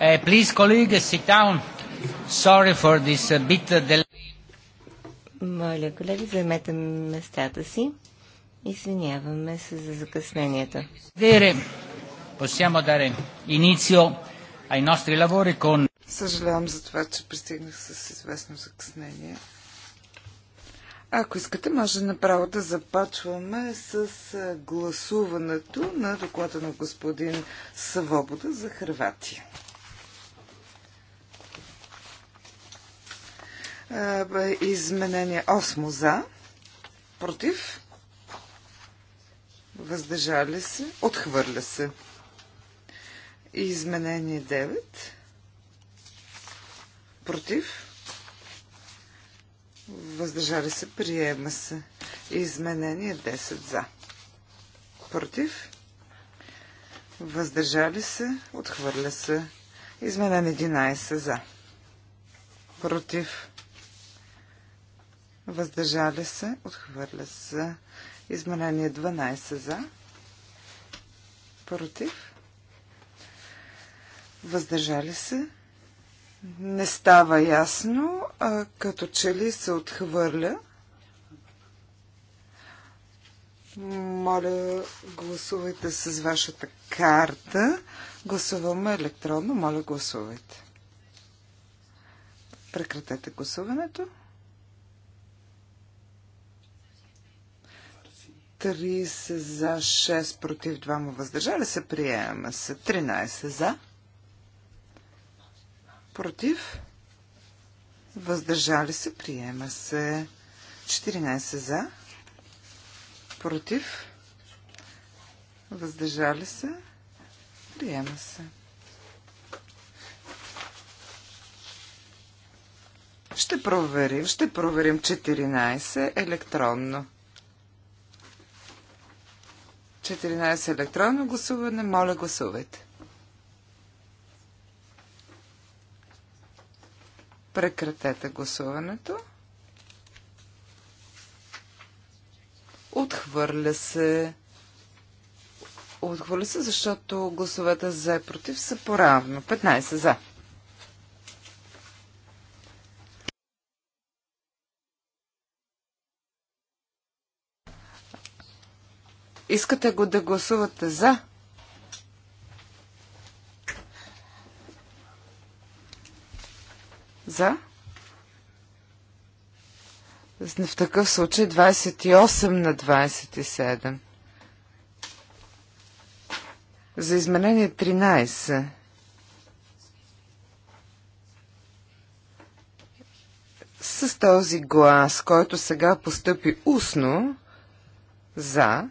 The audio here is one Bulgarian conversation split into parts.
Е, please, colleague, sit down. Sorry for this uh, bit uh, Моля, колеги, займете местата си. Извиняваме се за закъснението. possiamo dare inizio ai nostri lavori con... Съжалявам за това, че пристигнах с известно закъснение. Ако искате, може направо да започваме с гласуването на доклада на господин Савобода за Хрватия. Изменение 8 за, против, въздържали се, отхвърля се. Изменение 9, против, Въздържали се. Приема се. Изменение 10 за. Против. Въздържали се. Отхвърля се. Изменен 11 за. Против. Въздържали се. Отхвърля се. Изменение 12 за. Против. Въздържали се не става ясно, а като че ли се отхвърля. Моля, гласувайте с вашата карта. Гласуваме електронно. Моля, гласувайте. Прекратете гласуването. 30 за, 6 против, 2 въздържали се, приема се. 13 за, Против. Въздържали се. Приема се. 14 за. Против. Въздържали се. Приема се. Ще проверим. Ще проверим 14 електронно. 14 електронно гласуване. Моля, гласувайте. Прекратете гласуването. Отхвърля се. Отхвърля се, защото гласовете за и против са поравно. 15 за. Искате го да гласувате за? за. В такъв случай 28 на 27. За изменение 13. С този глас, който сега постъпи устно за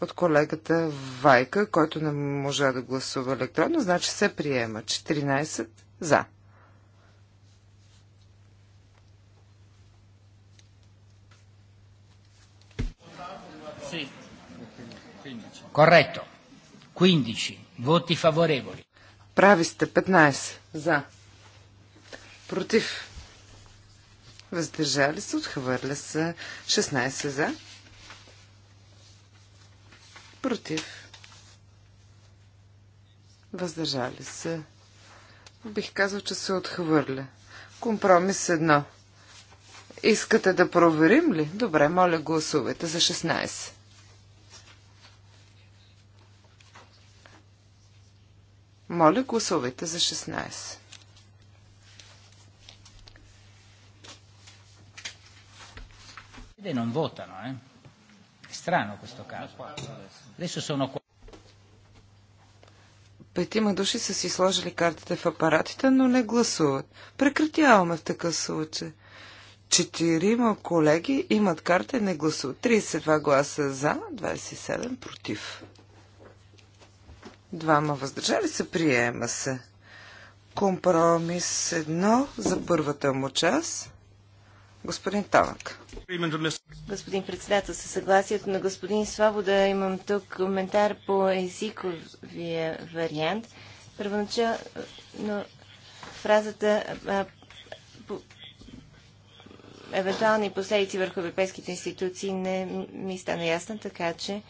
от колегата Вайка, който не можа да гласува електронно, значи се приема 14 за. Коректо. 15. Воти фавореволи. Прави сте 15. За. Против. Въздържали се, отхвърля се 16 за. Против. Въздържали се Бих казал, че се отхвърля. Компромис едно. Искате да проверим ли? Добре, моля гласувайте за 16. Моля гласувайте за 16. non votano, eh? Strano questo caso. Adesso sono qua. Петима души са си сложили картите в апаратите, но не гласуват. Прекратяваме в такъв случай. Четирима колеги имат карта и не гласуват. 32 гласа за, 27 против. Двама въздържали се, приема се. Компромис едно за първата му част. Господин Танък. Господин председател, със съгласието на господин Свобода имам тук коментар по езиковия вариант. Първоначално фразата а, по, евентуални последици върху европейските институции не ми стана ясна, така че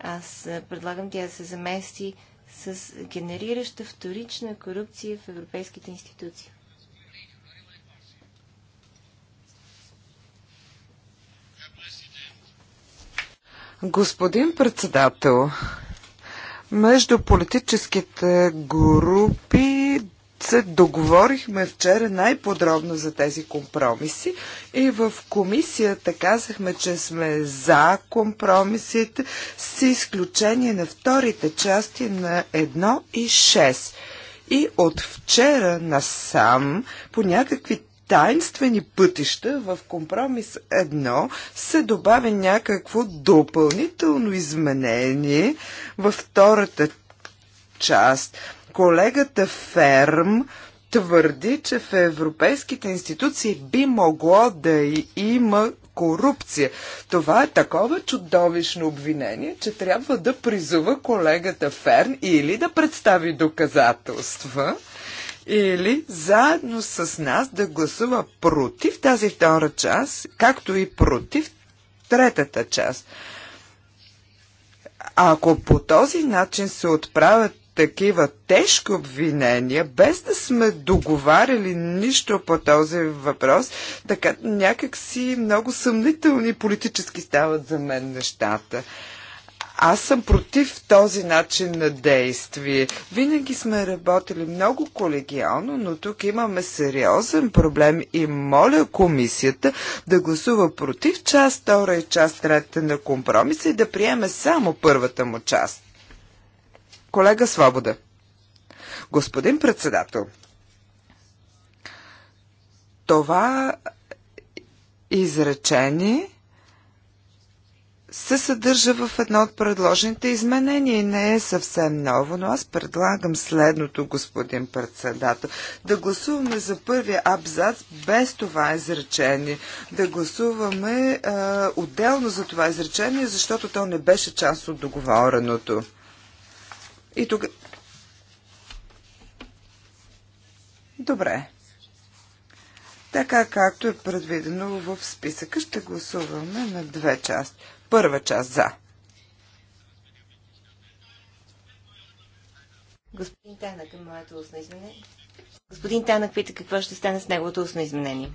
аз предлагам тя да се замести с генерираща вторична корупция в европейските институции. Господин председател, между политическите групи се договорихме вчера най-подробно за тези компромиси и в комисията казахме, че сме за компромисите с изключение на вторите части на 1 и 6. И от вчера насам по някакви тайнствени пътища в компромис 1 се добавя някакво допълнително изменение във втората част. Колегата Ферм твърди, че в европейските институции би могло да има корупция. Това е такова чудовищно обвинение, че трябва да призува колегата Ферн или да представи доказателства, или заедно с нас да гласува против тази втора част, както и против третата част. Ако по този начин се отправят такива тежки обвинения, без да сме договаряли нищо по този въпрос, така някакси много съмнителни политически стават за мен нещата. Аз съм против този начин на действие. Винаги сме работили много колегиално, но тук имаме сериозен проблем и моля комисията да гласува против част втора и част трета на компромиса и да приеме само първата му част. Колега Свобода. Господин председател, това изречение се съдържа в едно от предложените изменения и не е съвсем ново, но аз предлагам следното, господин председател. Да гласуваме за първия абзац без това изречение. Да гласуваме е, отделно за това изречение, защото то не беше част от договореното. И тук... Добре. Така както е предвидено в списъка, ще гласуваме на две части. Първа част за. Господин Танък, моето устно изменение. Господин Танък пита какво ще стане с неговото устно изменение.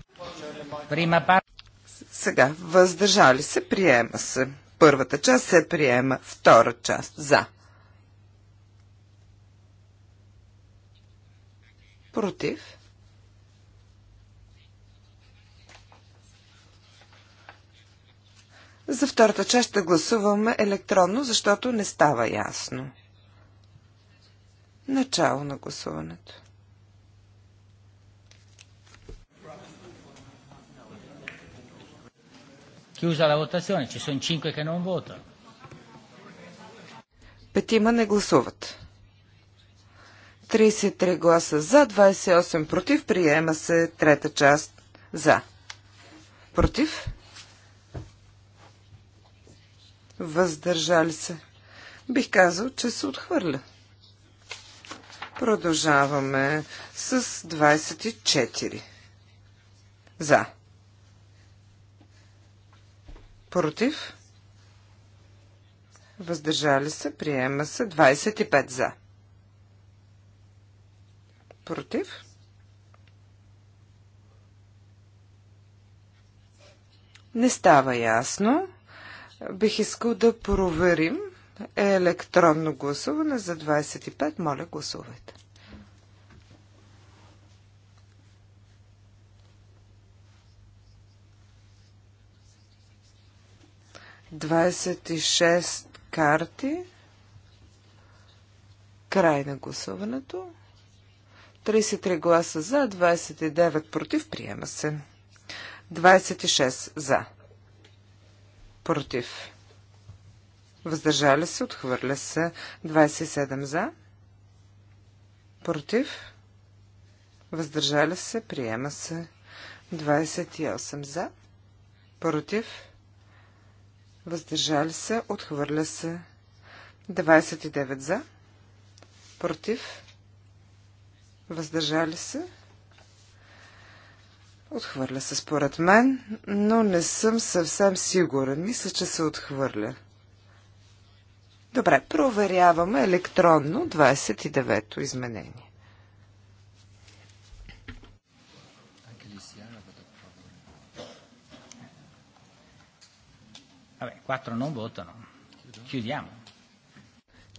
Сега, въздържали се, приема се. Първата част се приема, втора част за. Против. За втората част ще гласуваме електронно, защото не става ясно. Начало на гласуването. Chiusa la votazione, ci sono cinque che non votano. Петима не гласуват. 33 гласа за, 28 против, приема се трета част за. Против? въздържали се. Бих казал, че се отхвърля. Продължаваме с 24. За. Против. Въздържали се. Приема се. 25 за. Против. Не става ясно. Бих искал да проверим електронно гласуване за 25. Моля, гласувайте. Двадесет и шест карти. Край на гласуването. 33 гласа за, 29 против. Приема се. 26 за против. Въздържали се, отхвърля се 27 за, против. Въздържали се, приема се 28 за, против. Въздържали се, отхвърля се 29 за, против. Въздържали се Отхвърля се според мен, но не съм съвсем сигурен. Мисля, че се отхвърля. Добре, проверяваме електронно 29-то изменение.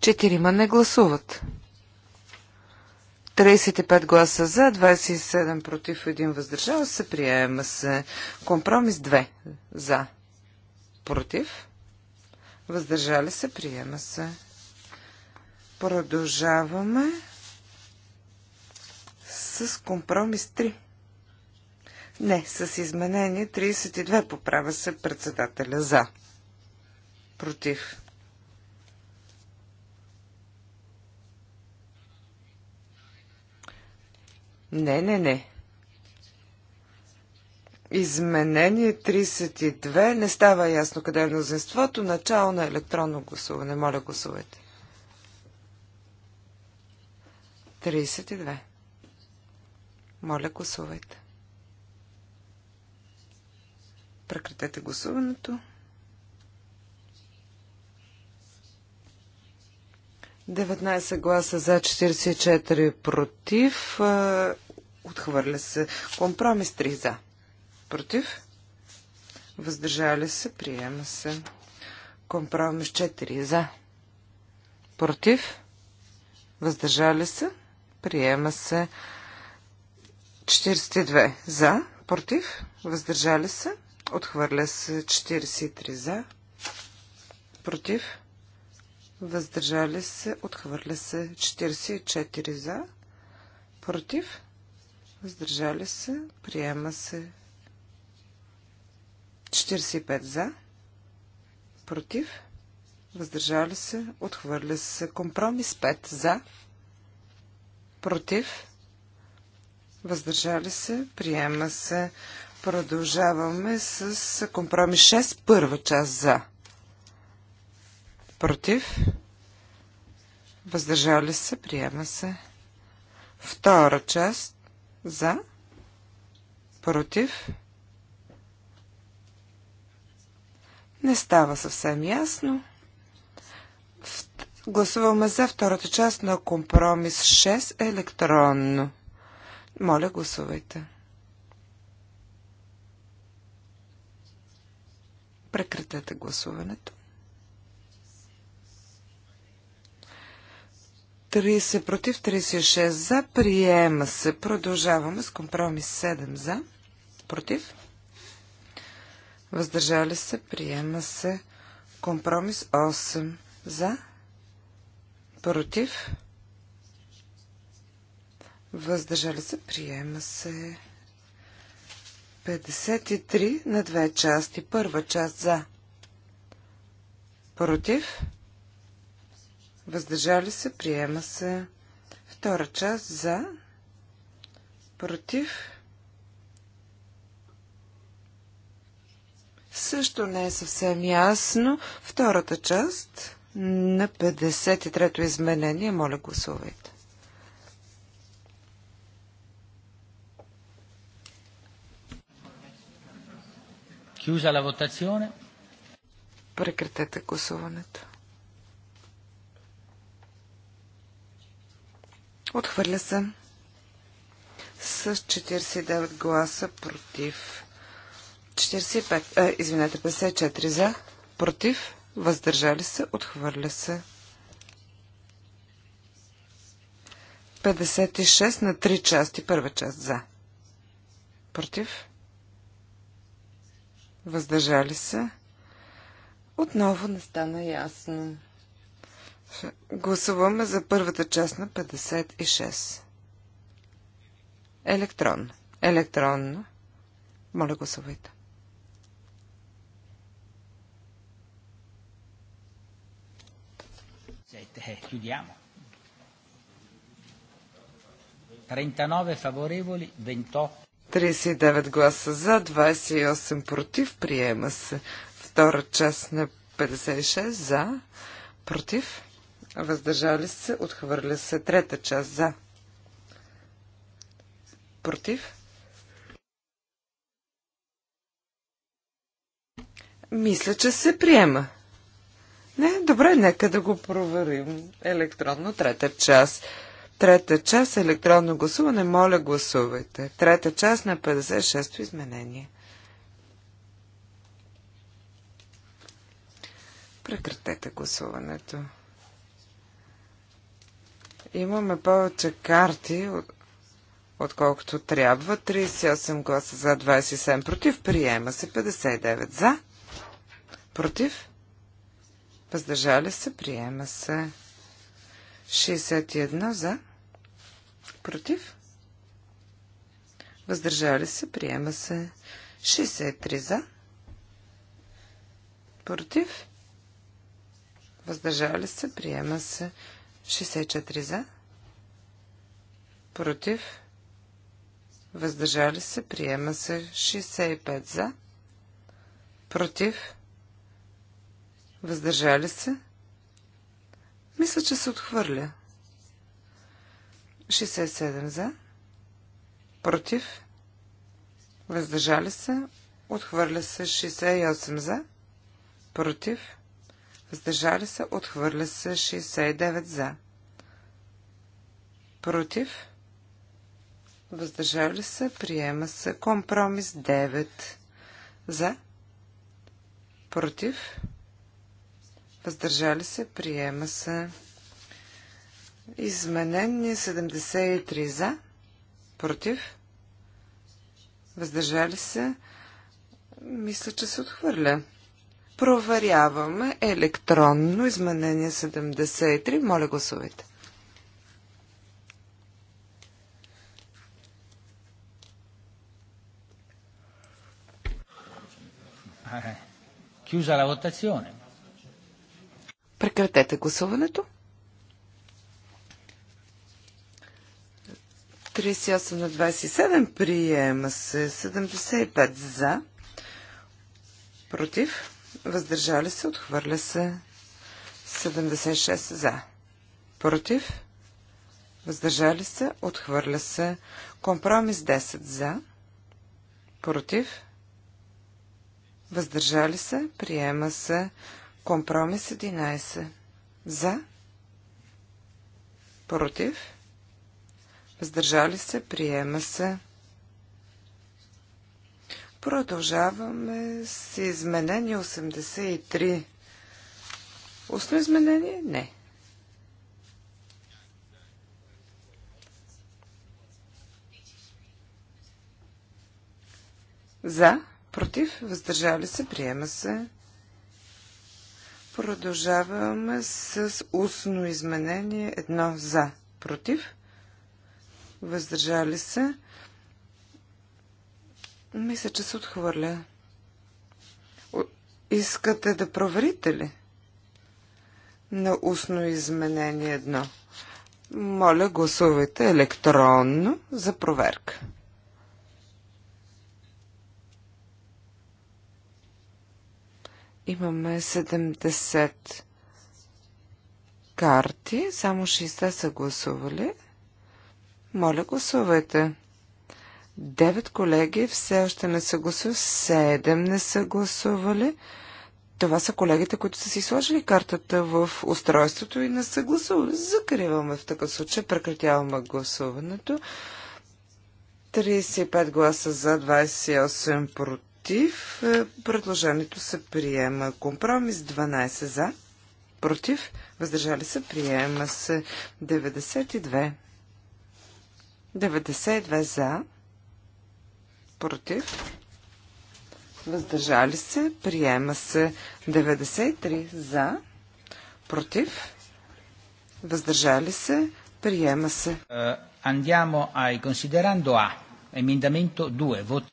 Четирима не гласуват. 35 гласа за, 27 против, 1 въздържал се. Приема се. Компромис 2 за, против, въздържали се. Приема се. Продължаваме с компромис 3. Не, с изменение 32 поправя се председателя за. Против. Не, не, не. Изменение 32. Не става ясно къде е мнозинството. Начало на електронно гласуване. Моля, гласувайте. 32. Моля, гласувайте. Прекратете гласуването. 19 гласа за, 44 против. Отхвърля се. Компромис 3 за. Против. Въздържали се. Приема се. Компромис 4 за. Против. Въздържали се. Приема се. 42 за. Против. Въздържали се. Отхвърля се. 43 за. Против. Въздържали се. Отхвърля се. 44 за. Против. Въздържали се. Приема се. 45 за. Против. Въздържали се. Отхвърля се. Компромис 5 за. Против. Въздържали се. Приема се. Продължаваме с компромис 6. Първа част за. Против. Въздържали се. Приема се. Втора част за. Против. Не става съвсем ясно. Гласуваме за втората част на компромис 6 електронно. Моля, гласувайте. Прекратете гласуването. 30 против, 36 за. Приема се. Продължаваме с компромис 7 за. Против. Въздържали се. Приема се. Компромис 8 за. Против. Въздържали се. Приема се. 53 на две части. Първа част за. Против въздържали се, приема се. Втора част за, против, също не е съвсем ясно. Втората част на 53-то изменение, моля гласувайте. Chiusa la votazione. Прекратете гласуването. Отхвърля се с 49 гласа против. 45, а, извинете, 54 за, против, въздържали се, отхвърля се. 56 на 3 части, първа част за. Против, въздържали се. Отново не стана ясно. Гласуваме за първата част на 56. Електронно. Електронно. Моля, гласувайте. Eh, chiudiamo. 39 favorevoli, 28. 39 гласа за, 28 против. Приема се. Втора част на 56 за, против въздържали се, отхвърля се. Трета част за, против. Мисля, че се приема. Не, добре, нека да го проверим. Електронно трета част. Трета част електронно гласуване. Моля, гласувайте. Трета част на 56-то изменение. Прекратете гласуването. Имаме повече карти, отколкото трябва. 38 гласа за, 27 против. Приема се 59 за. Против. Въздържали се. Приема се 61 за. Против. Въздържали се. Приема се 63 за. Против. Въздържали се. Приема се 64 за. Против. Въздържали се. Приема се 65 за. Против. Въздържали се. Мисля, че се отхвърля. 67 за. Против. Въздържали се. Отхвърля се 68 за. Против въздържали се, отхвърля се 69 за. Против, въздържали се, приема се компромис 9 за. Против, въздържали се, приема се Изменени 73 за. Против, въздържали се, мисля, че се отхвърля. Проверяваме електронно изменение 73. Моля гласувайте. Кюза лавотационе. Прекратете гласуването. 38 на 27 приема се 75 за, против въздържали се, отхвърля се 76 за. Против, въздържали се, отхвърля се компромис 10 за. Против, въздържали се, приема се компромис 11 за. Против, въздържали се, приема се Продължаваме с изменение 83. Устно изменение? Не. За, против, въздържали се, приема се. Продължаваме с устно изменение. Едно за, против, въздържали се, мисля, че се отхвърля. Искате да проверите ли? На устно изменение едно. Моля, гласувайте електронно за проверка. Имаме 70 карти, само 60 са гласували. Моля, гласувайте. Девет колеги все още не са гласували, седем не са гласували. Това са колегите, които са си сложили картата в устройството и не са гласували. Закриваме в такъв случай, прекратяваме гласуването. 35 гласа за, 28 против. Предложението се приема. Компромис 12 за, против, въздържали се, приема се 92. 92 за, против, въздържали се, приема се 93 за, против, въздържали се, приема се. Е, андямо ай консидерандо А. Емендаменто 2, voto.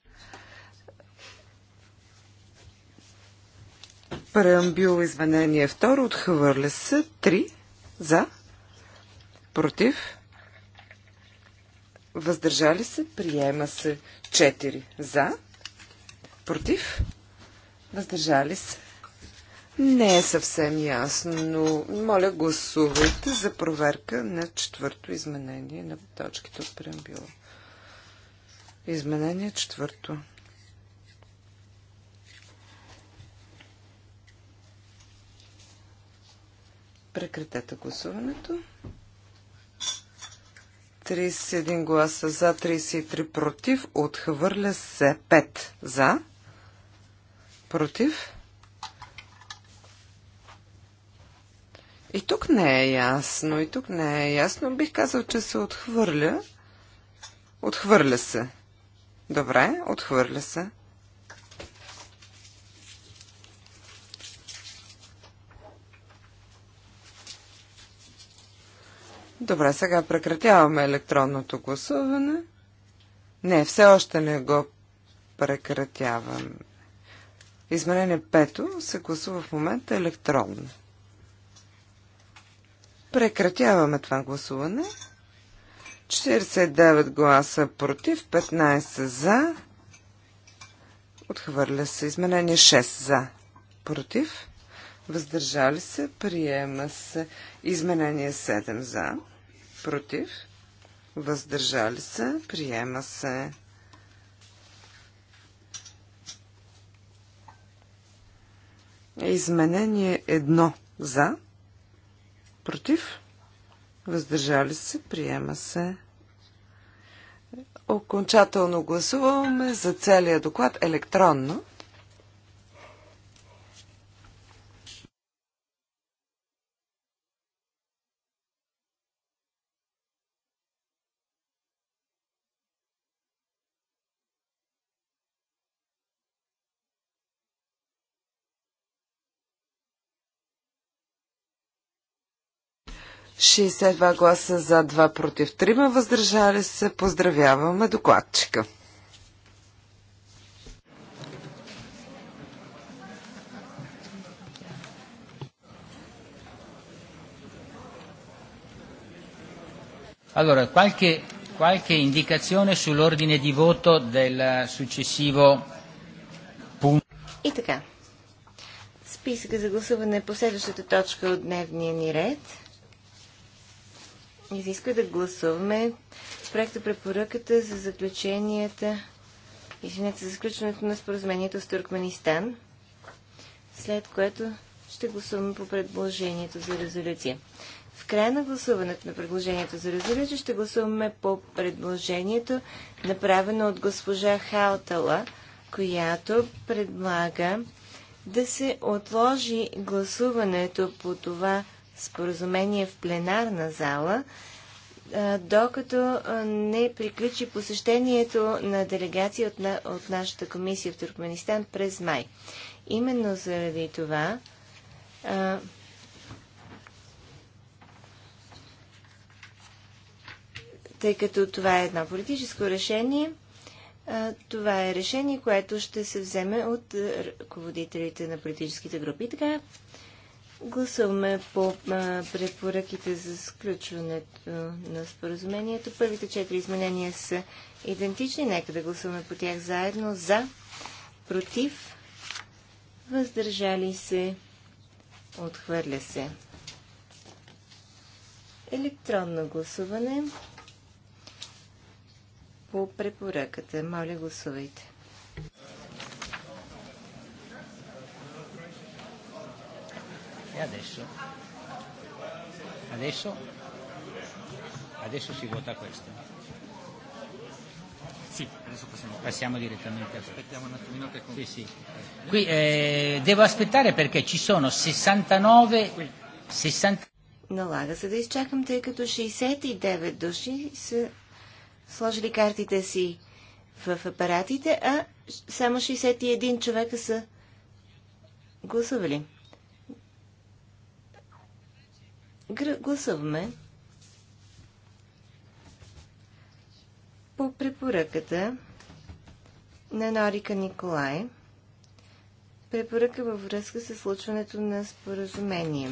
Преамбюл изменение 2 отхвърля се 3 за, против, въздържали се, приема се 4 за, против, въздържали се. Не е съвсем ясно. Моля, гласувайте за проверка на четвърто изменение на точките от преамбила. Изменение четвърто. Прекратете гласуването. 31 гласа за, 33 против, отхвърля се 5 за, против. И тук не е ясно, и тук не е ясно. Бих казал, че се отхвърля. Отхвърля се. Добре, отхвърля се. Добре, сега прекратяваме електронното гласуване. Не, все още не го прекратявам. Изменение пето се гласува в момента електронно. Прекратяваме това гласуване. 49 гласа против, 15 за. Отхвърля се изменение 6 за. Против. Въздържали се. Приема се изменение 7 за против, въздържали се, приема се. Изменение едно. за, против, въздържали се, приема се. Окончателно гласуваме за целия доклад електронно. 62 гласа за, 2 против, 3 въздържали се. Поздравяваме докладчика. Allora, qualche, qualche indicazione sull'ordine di voto del successivo punto. E така. Списъка за гласуване е последващата точка от дневния ни ред изисква да гласуваме проекта препоръката за заключенията, извинете, за заключването на споразумението с Туркменистан, след което ще гласуваме по предложението за резолюция. В края на гласуването на предложението за резолюция ще гласуваме по предложението, направено от госпожа Хаутала, която предлага да се отложи гласуването по това споразумение в пленарна зала, докато не приключи посещението на делегация от, на, от нашата комисия в Туркменистан през май. Именно заради това а, тъй като това е едно политическо решение, а, това е решение, което ще се вземе от ръководителите на политическите групи. И така, Гласуваме по препоръките за сключването на споразумението. Първите четири изменения са идентични. Нека да гласуваме по тях заедно. За, против, въздържали се, отхвърля се. Електронно гласуване по препоръката. Моля, гласувайте. adesso? Adesso? Adesso si vota questo. Sì, adesso possiamo. Passiamo direttamente a Aspettiamo un attimino che Sì, sì. Qui eh, devo aspettare perché ci sono 69 60 Налага се да изчакам, тъй като 69 души са сложили картите си в апаратите, а само 61 човека са гласували. Гласуваме по препоръката на Норика Николай. Препоръка във връзка с случването на споразумение.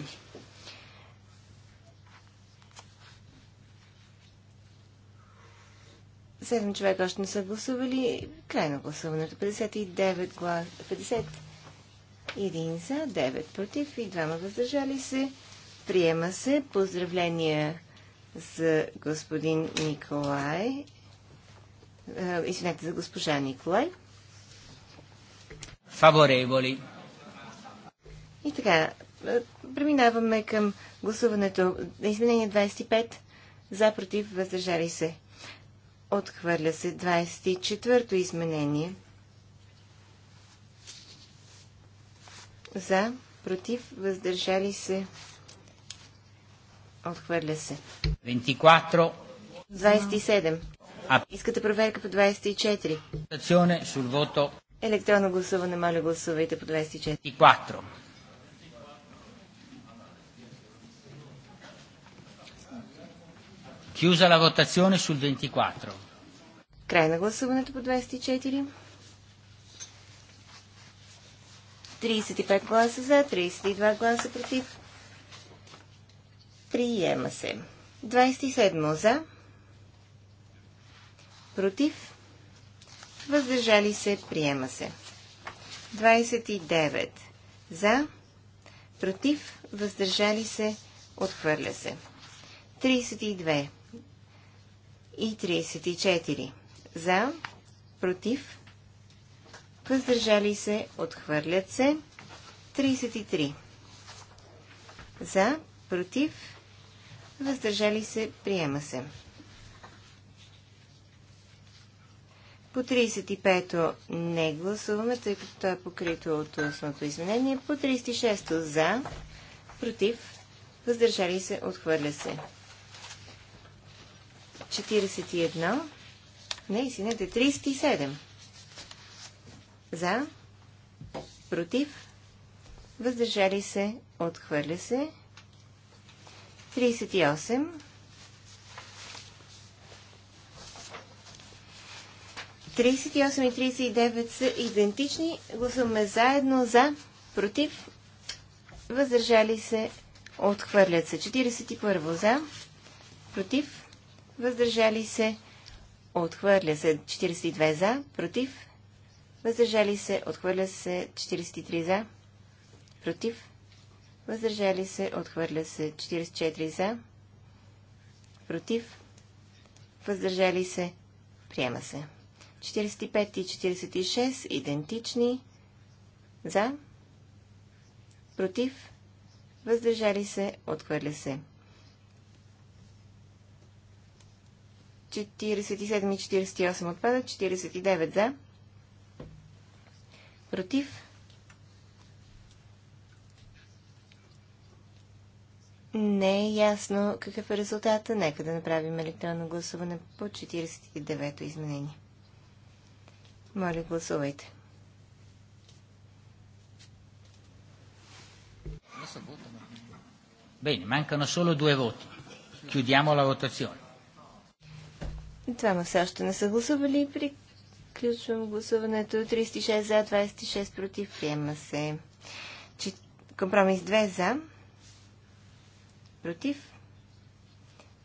Седем човека още не са гласували. Край на гласуването. 59 глас... 51 за, 9 против и 2 въздържали се. Приема се. Поздравления за господин Николай. Е, извинете, за госпожа Николай. Фаворейболи. И така, е, преминаваме към гласуването на изменение 25. За, против, въздържали се. Отхвърля се 24-то изменение. За, против, въздържали се. Отхвърля се. 24. 27. Искате проверка по 24. sul voto. Електронно гласуване, моля гласувайте по 24. 24. Chiusa la votazione sul 24. Край на гласуването по 24. 35 гласа за, 32 гласа против. Приема се. 27 за. Против. Въздържали се. Приема се. 29 за. Против. Въздържали се. Отхвърля се. 32 и 34 за. Против. Въздържали се. Отхвърлят се. 33 за. Против въздържали се, приема се. По 35-то не гласуваме, тъй като то е покрито от устното изменение. По 36-то за, против, въздържали се, отхвърля се. 41, не, извинете, 37. За, против, въздържали се, отхвърля се. 38. и 39 са идентични. Гласуваме заедно за, против, въздържали се, отхвърлят се. 41 за, против, въздържали се, отхвърля се. 42 за, против, въздържали се, отхвърля се. 43 за, против, въздържали се, отхвърля се 44 за, против, въздържали се, приема се. 45 и 46 идентични за, против, въздържали се, отхвърля се. 47 и 48 отпадат, 49 за, против, не е ясно какъв е резултата. Нека да направим електронно гласуване по 49-то изменение. Моля, гласувайте. Bene, mancano solo due voti. Chiudiamo la votazione. Двама все още не са гласували. Приключвам гласуването. 36 за, 26 против. Приема се. Компромис 2 за Против.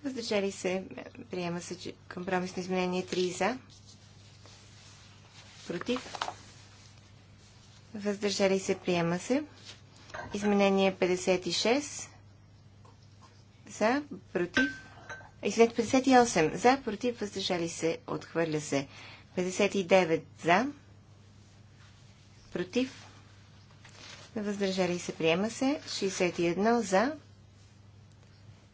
Въздържали се. Приема се компромисно изменение 3 за. Против. Въздържали се. Приема се. Изменение 56 за. Против. Извинете, 58 за. Против. Въздържали се. Отхвърля се. 59 за. Против. Въздържали се. Приема се. 61 за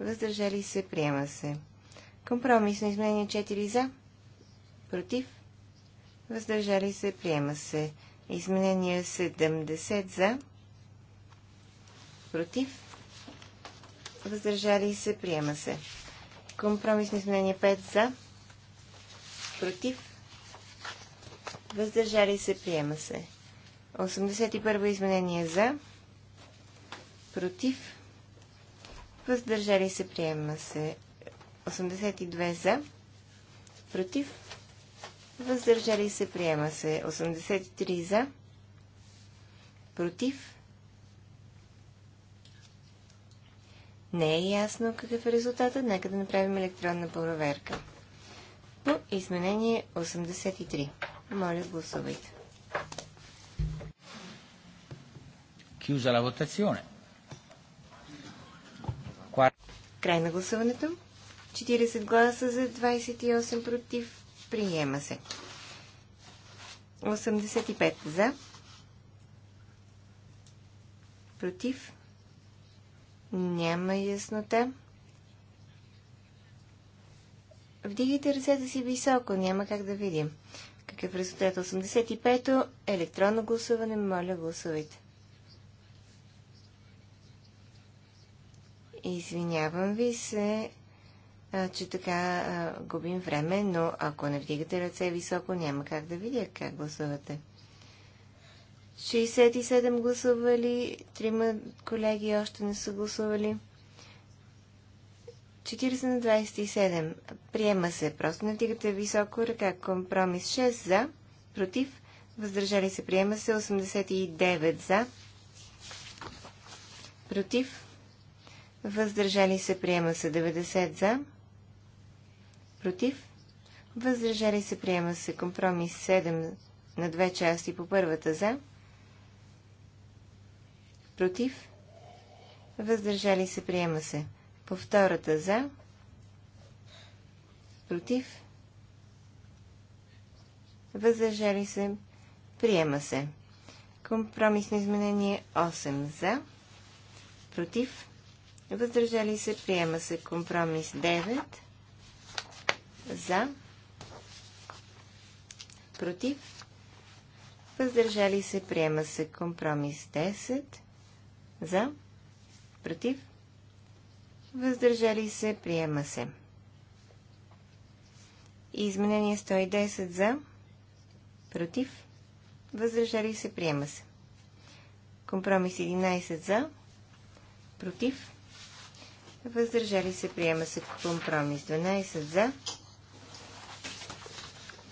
въздържали се, приема се. Компромисно изменение 4 за, против, въздържали се, приема се. Изменение 70 за, против, въздържали се, приема се. Компромисно изменение 5 за, против, въздържали се, приема се. 81 изменение за, против, въздържали се, приема се 82 за, против, въздържали се, приема се 83 за, против. Не е ясно какъв е резултатът, нека да направим електронна проверка. По изменение 83. Моля, гласувайте. Chiusa la votazione. Край на гласуването. 40 гласа за 28 против. Приема се. 85 за. Против. Няма яснота. Вдигайте ръцете си високо, няма как да видим. Какъв резултат? 85-то електронно гласуване, моля гласувайте. Извинявам ви се, че така губим време, но ако не вдигате ръце високо, няма как да видя как гласувате. 67 гласували, трима колеги още не са гласували. 40 на 27. Приема се. Просто не дигате високо ръка. Компромис 6 за. Против. Въздържали се. Приема се. 89 за. Против въздържали се, приема се 90 за, против, въздържали се, приема се компромис 7 на две части по първата за, против, въздържали се, приема се по втората за, против, въздържали се, приема се. Компромисно изменение 8 за, против, Въздържали се. Приема се. Компромис 9. За. Против. Въздържали се. Приема се. Компромис 10. За. Против. Въздържали се. Приема се. изменение 110 за. Против. Въздържали се. Приема се. Компромис 11 за. Против въздържали се, приема се компромис 12 за,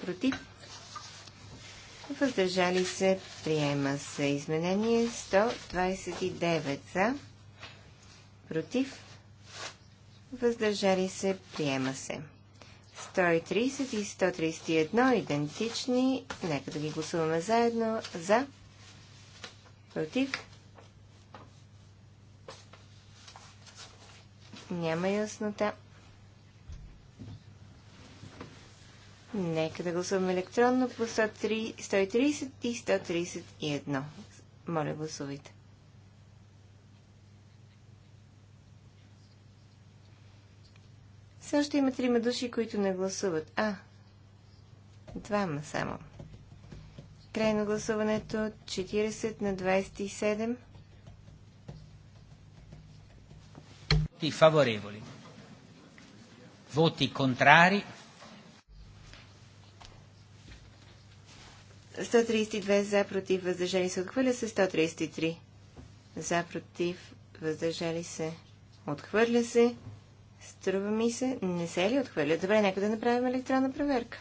против, въздържали се, приема се изменение 129 за, против, въздържали се, приема се. 130 и 131 идентични. Нека да ги гласуваме заедно. За. Против. Няма яснота. Нека да гласуваме електронно по 130 и 131. Моля, гласувайте. Все още има трима души, които не гласуват. А, двама само. Край на гласуването 40 на 27. Voti favorevoli. Voti contrari. 132 за, против, въздържали се, отхвърля се. 133 за, против, въздържали се, отхвърля се. Струва ми се, не се ли отхвърля? Добре, нека да направим електронна проверка.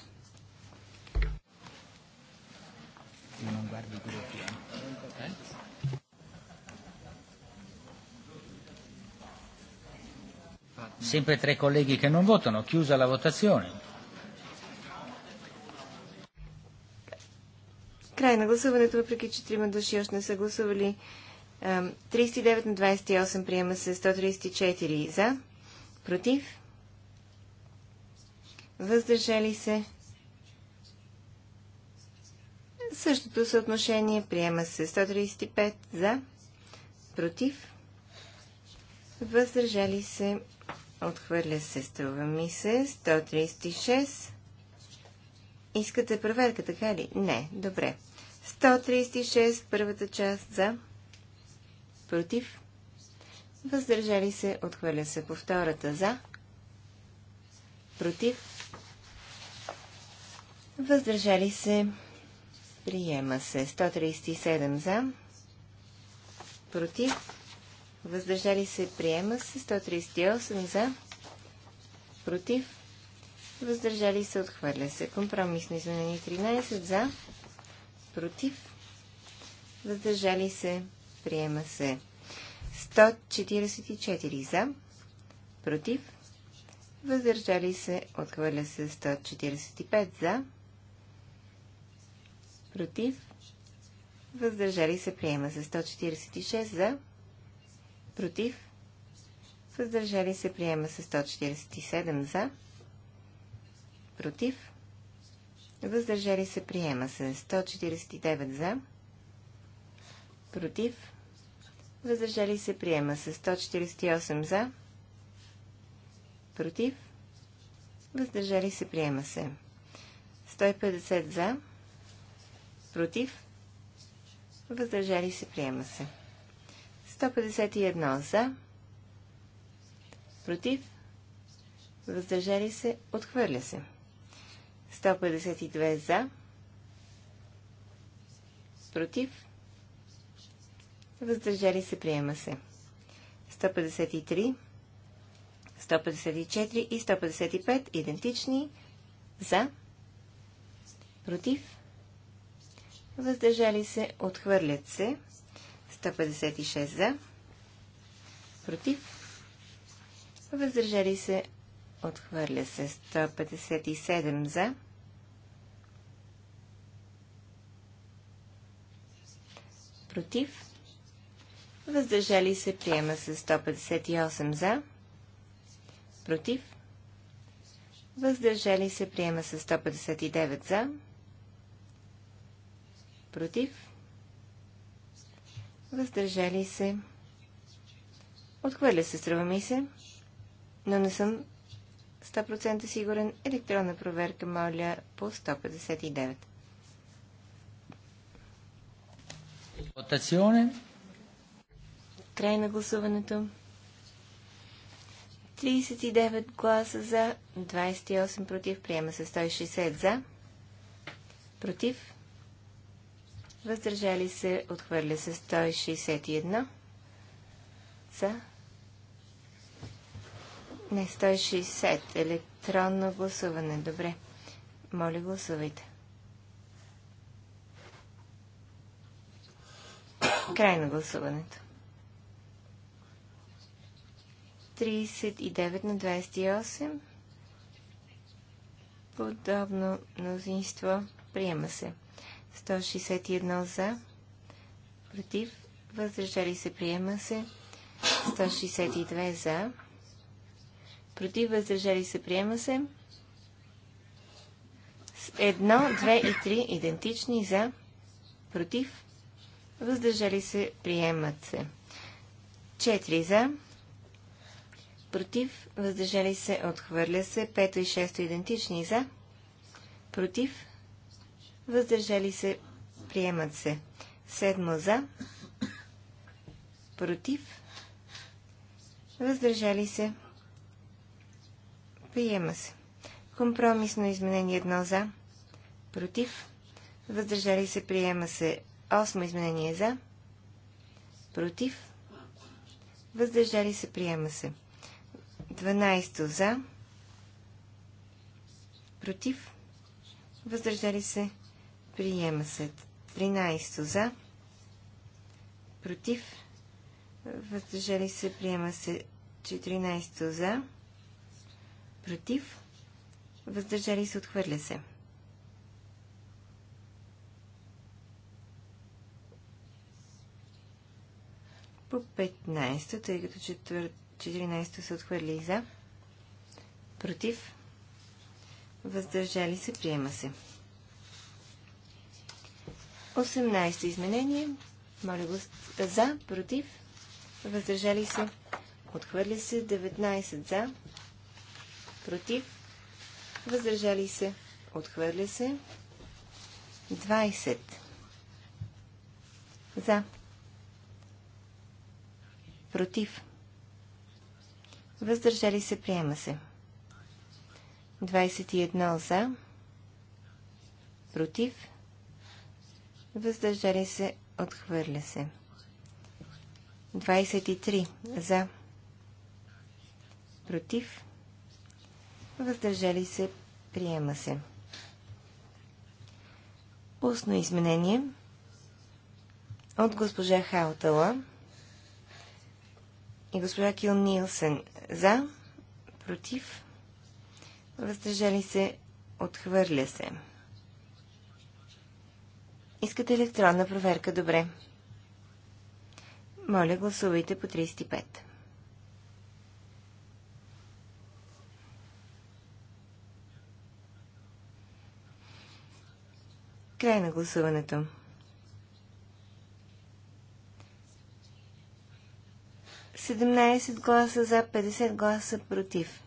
Non guardi quello piano. Sempre tre colleghi che non votano. Chiusa la votazione. Край на гласуването, въпреки че трима души още не са гласували. 39 на 28 приема се 134 за, против, въздържали се. Същото съотношение приема се 135 за, против, въздържали се, Отхвърля се, струва ми се. 136. Искате проверка, така ли? Не. Добре. 136, първата част за. Против. Въздържали се, отхвърля се по втората за. Против. Въздържали се. Приема се. 137 за. Против въздържали се, приема се. 138 за, против, въздържали се, отхвърля се. Компромисно изменени 13 за, против, въздържали се, приема се. 144 за, против, въздържали се, отхвърля се 145 за, против, въздържали се, приема се 146 за, против, въздържали се, приема се 147 за, против, въздържали се, приема се 149 за, против, въздържали се, приема се 148 за, против, въздържали се, приема се 150 за, против, въздържали се, приема се. 151 за, против, въздържали се, отхвърля се. 152 за, против, въздържали се, приема се. 153, 154 и 155 идентични за, против, въздържали се, отхвърлят се. 156 за. Против. Въздържали се. Отхвърля се. 157 за. Против. Въздържали се. Приема се 158 за. Против. Въздържали се. Приема се 159 за. Против въздържали се. Отхвърля се, струва ми се, но не съм 100% сигурен. Електронна проверка, моля, по 159. Votazione. Край на гласуването. 39 гласа за, 28 против, приема се 160 за, против, въздържали се, отхвърля се 161 за. Не, 160. Електронно гласуване. Добре. Моля, гласувайте. Край на гласуването. 39 на 28. Подобно мнозинство приема се. 161 за, против, въздържали се, приема се. 162 за, против, въздържали се, приема се. 1, 2 и 3 идентични за, против, въздържали се, приемат се. 4 за, против, въздържали се, отхвърля се. 5 и 6 идентични за, против, въздържали се, приемат се. Седмо за, против, въздържали се, приема се. Компромисно изменение едно за, против, въздържали се, приема се. Осмо изменение за, против, въздържали се, приема се. Дванайсто за, против, въздържали се, Приема се 13 за. Против. Въздържали се. Приема се 14 за. Против. Въздържали се. Отхвърля се. По 15, тъй като 14 се отхвърли за. Против. Въздържали се. Приема се. 18 изменение. Моля го за, против, въздържали се, отхвърля се. 19 за, против, въздържали се, отхвърля се. 20 за, против, въздържали се, приема се. 21 за, против, въздържали се, отхвърля се. 23 за, против, въздържали се, приема се. Устно изменение от госпожа Хаутала и госпожа Кил Нилсен за, против, въздържали се, отхвърля се. Искате електронна проверка? Добре. Моля, гласувайте по 35. Край на гласуването. Седемнадесет гласа за, 50 гласа против.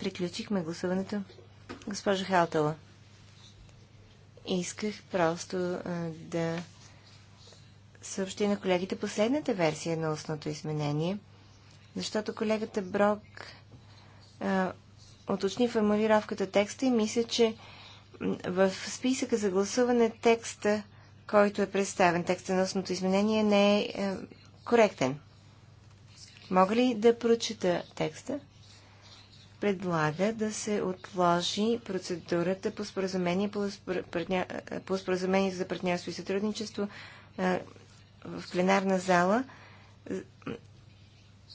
Приключихме гласуването. Госпожо Халтала, исках просто а, да съобщи на колегите последната версия на устното изменение, защото колегата Брок а, уточни формулировката текста и мисля, че в списъка за гласуване текста, който е представен, текста на устното изменение, не е, коректен. Мога ли да прочета текста? предлага да се отложи процедурата по споразумение, по, споразумение, по споразумение за партньорство и сътрудничество в пленарна зала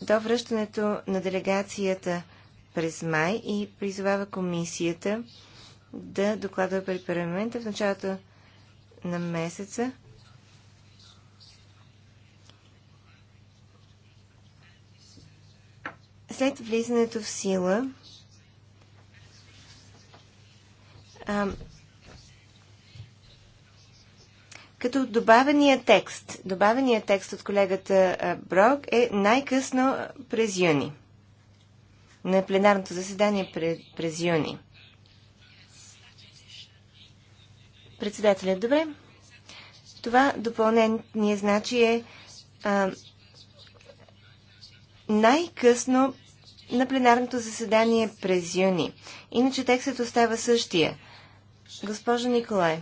до връщането на делегацията през май и призовава комисията да докладва пред парламента в началото на месеца след влизането в сила а, като добавения текст, добавения текст от колегата Брок е най-късно през юни. На пленарното заседание през, през юни. Председателя, добре. Това допълнение значи е най-късно на пленарното заседание през юни. Иначе текстът остава същия. Госпожо Николай.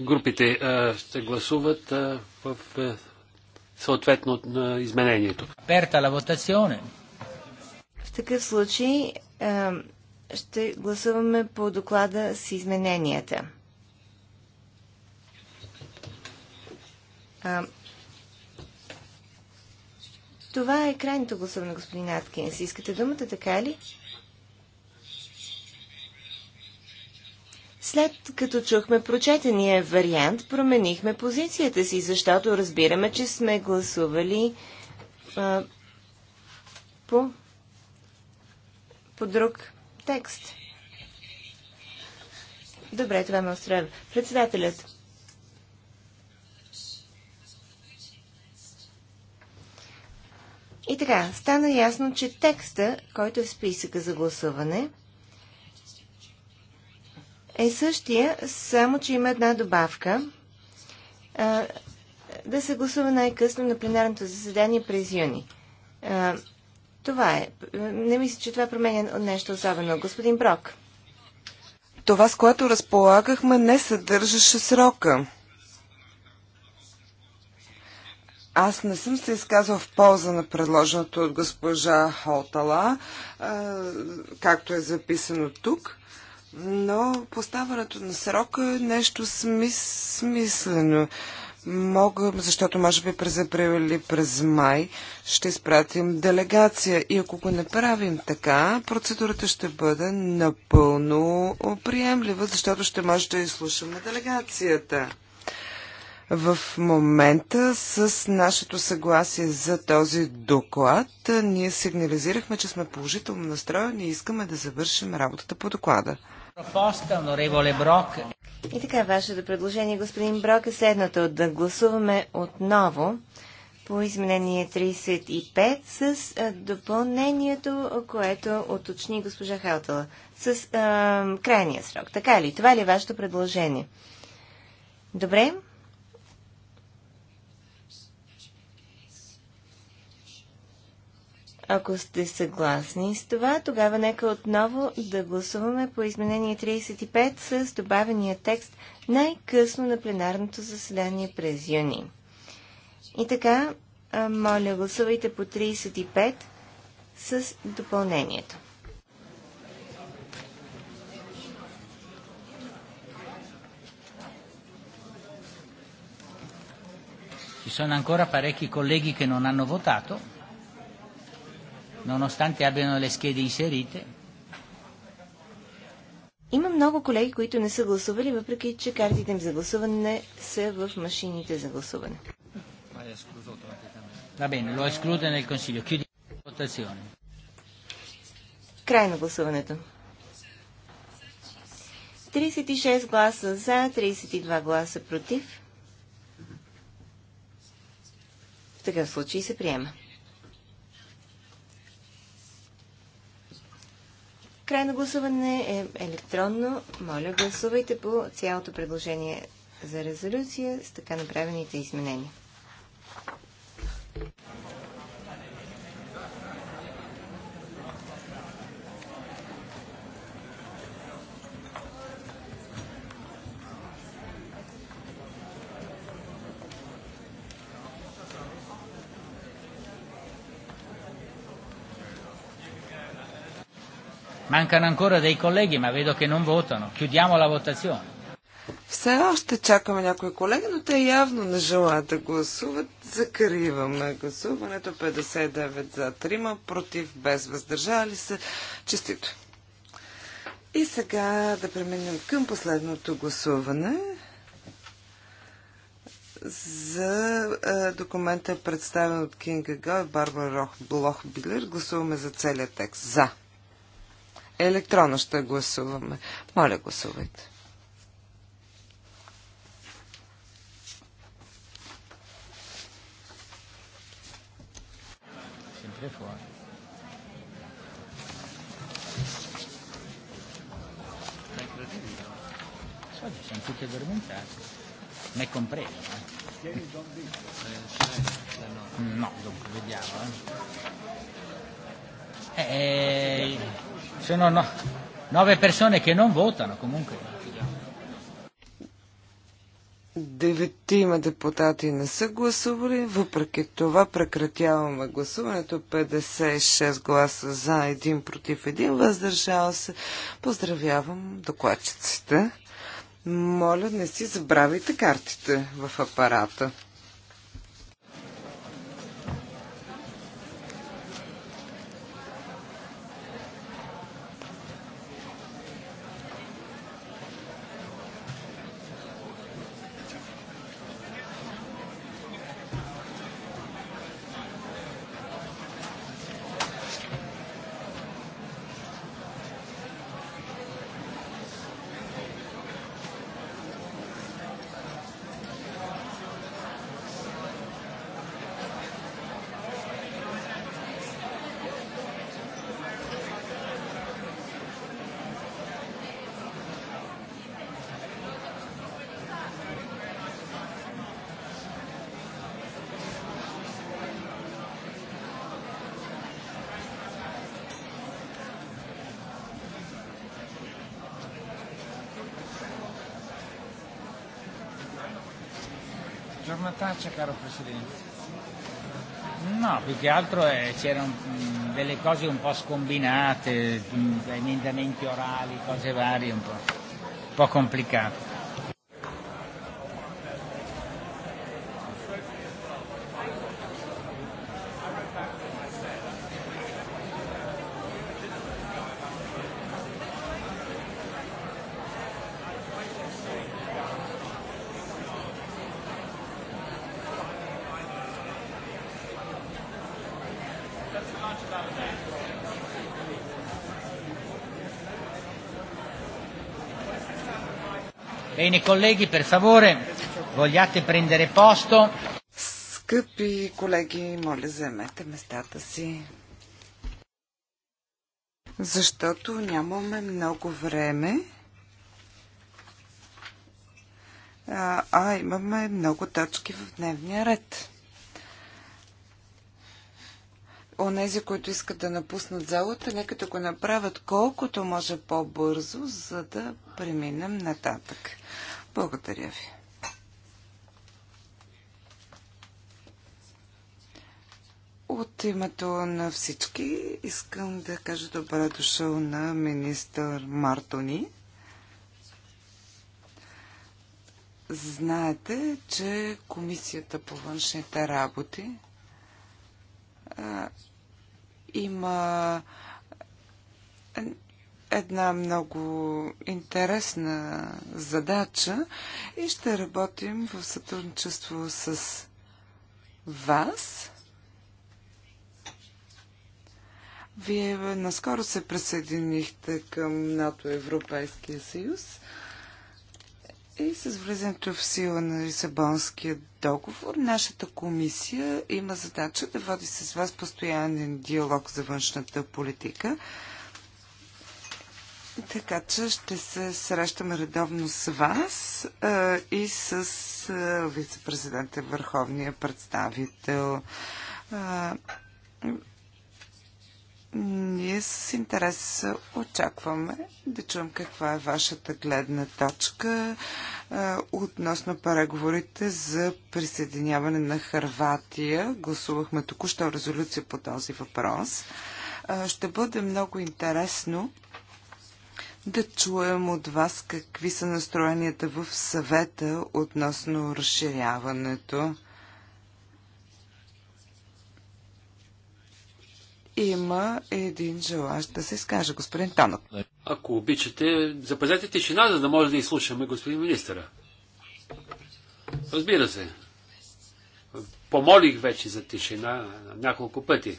групите а, ще гласуват а, в съответно на изменението. Аперта ла такъв случай е, ще гласуваме по доклада с измененията. Е, това е крайното гласуване, господин Аткинс. Искате думата, така ли? След като чухме прочетения вариант, променихме позицията си, защото разбираме, че сме гласували а, е, по по друг текст. Добре, това ме устроява. Председателят. И така, стана ясно, че текста, който е в списъка за гласуване, е същия, само че има една добавка. А, да се гласува най-късно на пленарното заседание през юни. А, това е. Не мисля, че това променя нещо особено. Господин Брок. Това, с което разполагахме, не съдържаше срока. Аз не съм се изказал в полза на предложеното от госпожа Холтала, както е записано тук, но поставането на срока е нещо смис, смислено мога, защото може би през април или през май ще изпратим делегация и ако го направим така, процедурата ще бъде напълно приемлива, защото ще може да изслушаме делегацията. В момента с нашето съгласие за този доклад ние сигнализирахме, че сме положително настроени и искаме да завършим работата по доклада. И така, вашето предложение, господин Брок, е следното да гласуваме отново по изменение 35 с допълнението, което оточни госпожа Хелтала с а, крайния срок. Така ли? Това ли е вашето предложение? Добре. Ако сте съгласни с това, тогава нека отново да гласуваме по изменение 35 с добавения текст най-късно на пленарното заседание през юни. И така, моля, гласувайте по 35 с допълнението. Ci sono ancora parecchi colleghi che non hanno votato nonostante abbiano le schede inserite. Има много колеги, които не са гласували, въпреки че картите им за гласуване са в машините за гласуване. Va bene, lo esclude nel Consiglio. Chiudi la votazione. Край на гласуването. 36 гласа за, 32 гласа против. В такъв случай се приема. Край на гласуване е електронно. Моля, гласувайте по цялото предложение за резолюция с така направените изменения. Mancano ancora dei colleghi, ma vedo che non votano. Chiudiamo la votazione. Все още чакаме някои колеги, но те явно не желаят да гласуват. Закриваме гласуването. 59 за 3, против без въздържали се. Честито. И сега да преминем към последното гласуване за е, документа, представен от Кинга Гал и Барбара Рох Блох Билер. Гласуваме за целият текст. За. Електронно ще гласуваме. Моля, гласувайте. Siamo tutti addormentati, me compreso. Eh. No, dunque, vediamo. Eh. Eh, Sono no, nove persone che non votano comunque. Деветима депутати не са гласували, въпреки това прекратяваме гласуването. 56 гласа за, 1 против, 1 въздържал се. Поздравявам докладчиците. Моля, не си забравяйте картите в апарата. faccia, caro Presidente. No, più che altro eh, c'erano delle cose un po' scombinate, emendamenti orali, cose varie, un po', un po complicate. Bene, colleghi, per favore, vogliate prendere posto. Скъпи колеги, моля, заемете местата си. Защото нямаме много време. А, а имаме много точки в дневния ред онези, които искат да напуснат залата, нека да го направят колкото може по-бързо, за да преминем нататък. Благодаря ви. От името на всички искам да кажа добре дошъл на министър Мартони. Знаете, че Комисията по външните работи има една много интересна задача и ще работим в сътрудничество с вас. Вие наскоро се присъединихте към НАТО Европейския съюз. И с влизането в сила на Лисабонския договор, нашата комисия има задача да води с вас постоянен диалог за външната политика. Така че ще се срещаме редовно с вас а, и с а, вице-президента Върховния представител. А, ние с интерес очакваме да чуем каква е вашата гледна точка а, относно преговорите за присъединяване на Харватия. Гласувахме току-що резолюция по този въпрос. А, ще бъде много интересно да чуем от вас какви са настроенията в съвета относно разширяването. Има един желащ да се изкаже, господин Танок. Ако обичате, запазете тишина, за да може да изслушаме господин министъра. Разбира се. Помолих вече за тишина няколко пъти.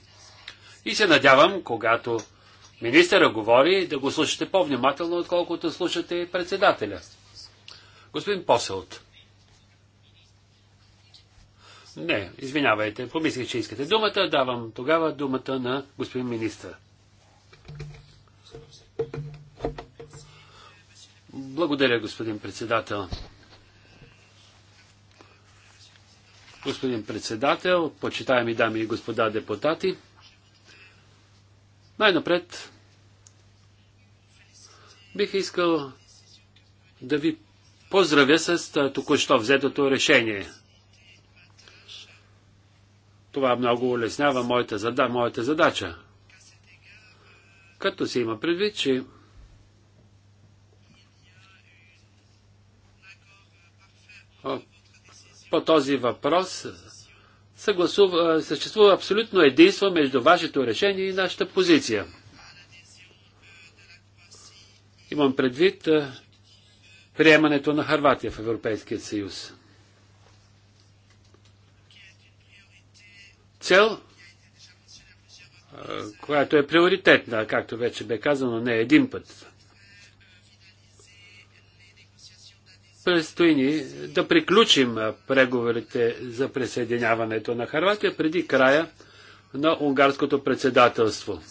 И се надявам, когато министъра говори, да го слушате по-внимателно, отколкото слушате председателя. Господин Поселт. Не, извинявайте, помислих, че искате думата. Давам тогава думата на господин министър. Благодаря, господин председател. Господин председател, почитаеми дами и господа депутати, най-напред бих искал да ви поздравя с току-що взетото решение – това много улеснява моята, зада, моята задача. Като се има предвид, че по този въпрос съгласува, съществува абсолютно единство между вашето решение и нашата позиция. Имам предвид е, приемането на Харватия в Европейския съюз. цел, която е приоритетна, както вече бе казано, не един път. Предстои ни да приключим преговорите за присъединяването на Харватия преди края на унгарското председателство.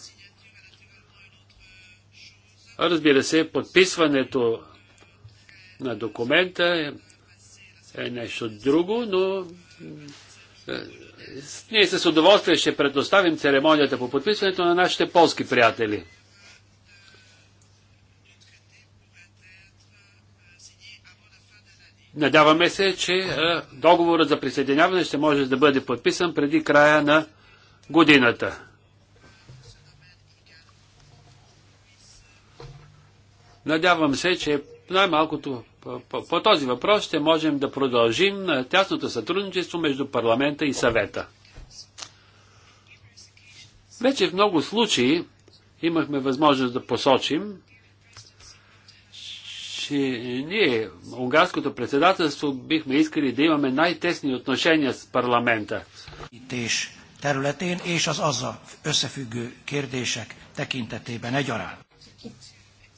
Разбира се, подписването на документа е, е нещо друго, но е, ние с удоволствие ще предоставим церемонията по подписването на нашите полски приятели. Надяваме се, че договорът за присъединяване ще може да бъде подписан преди края на годината. Надявам се, че най-малкото по, по, този въпрос ще можем да продължим е, тясното сътрудничество между парламента и съвета. Вече в много случаи имахме възможност да посочим, че ние, унгарското председателство, бихме искали да имаме най-тесни отношения с парламента. területén és az azzal összefüggő kérdések tekintetében egyaránt.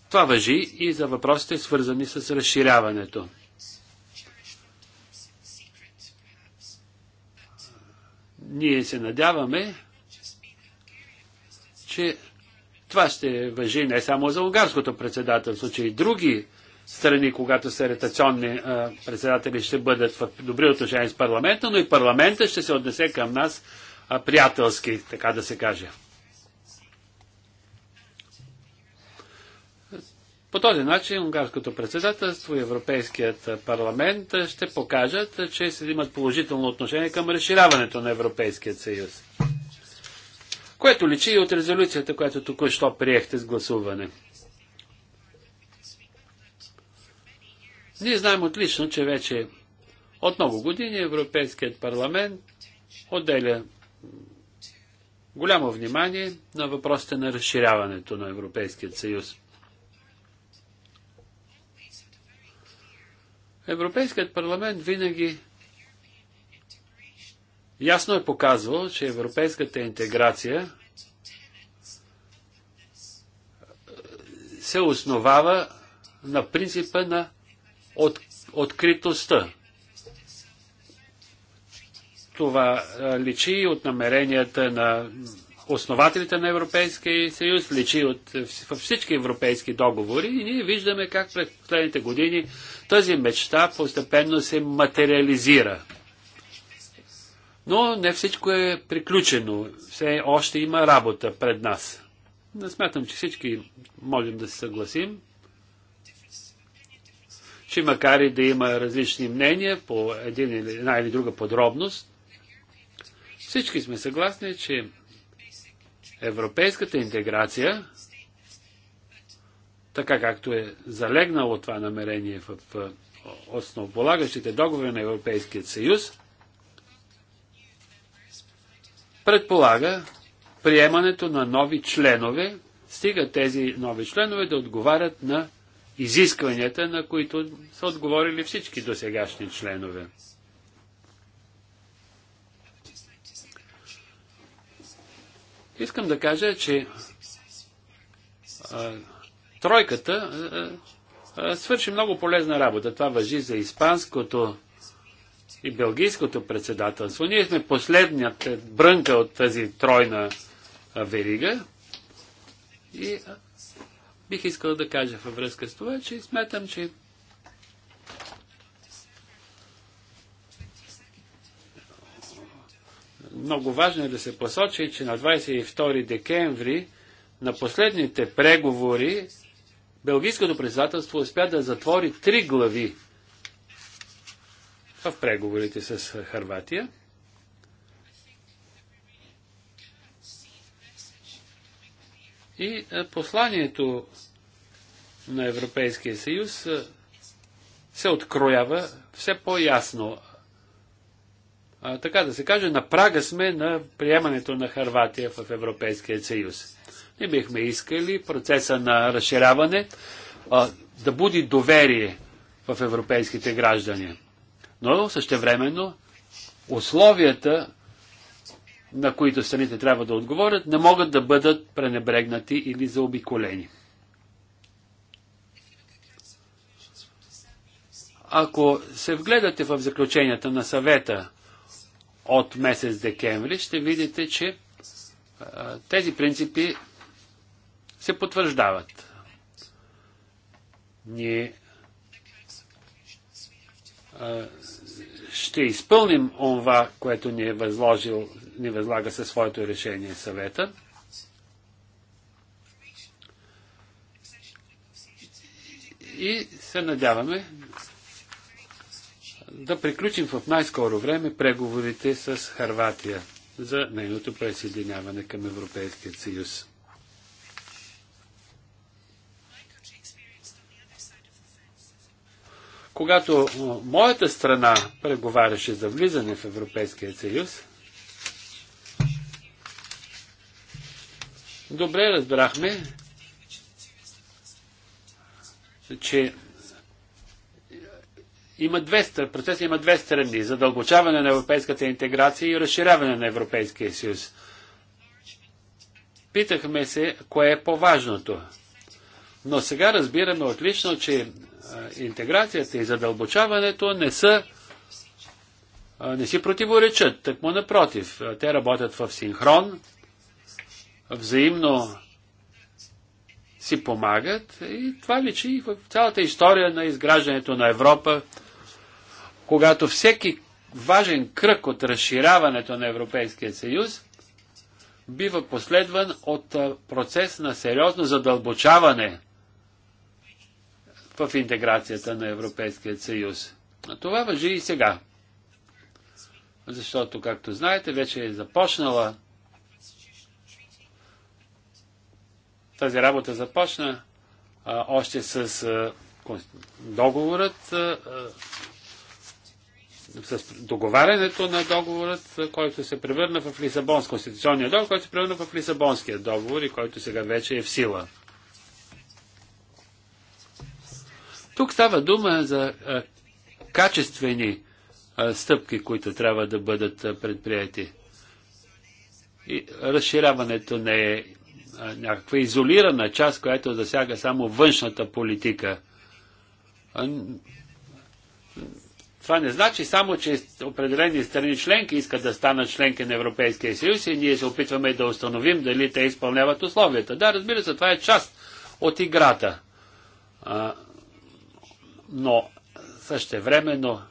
Това въжи и за въпросите, свързани с разширяването. Ние се надяваме, че това ще въжи не само за унгарското председателство, че и други страни, когато са ретационни председатели, ще бъдат в добри отношения с парламента, но и парламента ще се отнесе към нас приятелски, така да се каже. По този начин унгарското председателство и Европейският парламент ще покажат, че се имат положително отношение към разширяването на Европейският съюз. Което личи и от резолюцията, която току-що приехте с гласуване. Ние знаем отлично, че вече от много години Европейският парламент отделя голямо внимание на въпросите на разширяването на Европейският съюз. Европейският парламент винаги ясно е показвал, че европейската интеграция се основава на принципа на от, откритостта. Това личи от намеренията на основателите на Европейския съюз, личи от, във всички европейски договори и ние виждаме как през последните години тази мечта постепенно се материализира. Но не всичко е приключено. Все още има работа пред нас. Не смятам, че всички можем да се съгласим, че макар и да има различни мнения по един или, една или друга подробност, всички сме съгласни, че европейската интеграция така както е залегнало това намерение в основополагащите договори на Европейския съюз, предполага приемането на нови членове, стига тези нови членове да отговарят на изискванията, на които са отговорили всички досегашни членове. Искам да кажа, че а, тройката е, е, е, свърши много полезна работа. Това въжи за испанското и белгийското председателство. Ние сме последният брънка от тази тройна верига. И бих искал да кажа във връзка с това, че смятам, че много важно е да се посочи, че на 22 декември на последните преговори Белгийското председателство успя да затвори три глави в преговорите с Харватия. И е, посланието на Европейския съюз е, се откроява все по-ясно. така да се каже, на прага сме на приемането на Харватия в Европейския съюз. Не бихме искали процеса на разширяване а, да буди доверие в европейските граждани. Но същевременно условията, на които страните трябва да отговорят, не могат да бъдат пренебрегнати или заобиколени. Ако се вгледате в заключенията на съвета от месец декември, ще видите, че а, тези принципи се потвърждават. Ние ще изпълним онва, което ни е възложил, ни възлага със своето решение съвета. И се надяваме да приключим в най-скоро време преговорите с Харватия за нейното присъединяване към Европейския съюз. Когато моята страна преговаряше за влизане в Европейския съюз, добре разбрахме, че има две, процеса има две страни. Задълбочаване на европейската интеграция и разширяване на Европейския съюз. Питахме се, кое е по-важното. Но сега разбираме отлично, че интеграцията и задълбочаването не са не си противоречат, му напротив. Те работят в синхрон, взаимно си помагат и това личи и в цялата история на изграждането на Европа, когато всеки важен кръг от разширяването на Европейския съюз бива последван от процес на сериозно задълбочаване в интеграцията на Европейския съюз. А това въжи и сега. Защото, както знаете, вече е започнала тази работа започна а, още с а, договорът, а, с договарянето на договорът, който се превърна в Лисабонс, конституционния договор, който се превърна в Лисабонския договор и който сега вече е в сила. Тук става дума за качествени стъпки, които трябва да бъдат предприяти. И разширяването не е някаква изолирана част, която засяга само външната политика. Това не значи само, че определени страни членки искат да станат членки на Европейския съюз и ние се опитваме да установим дали те изпълняват условията. Да, разбира се, това е част от играта но същевременно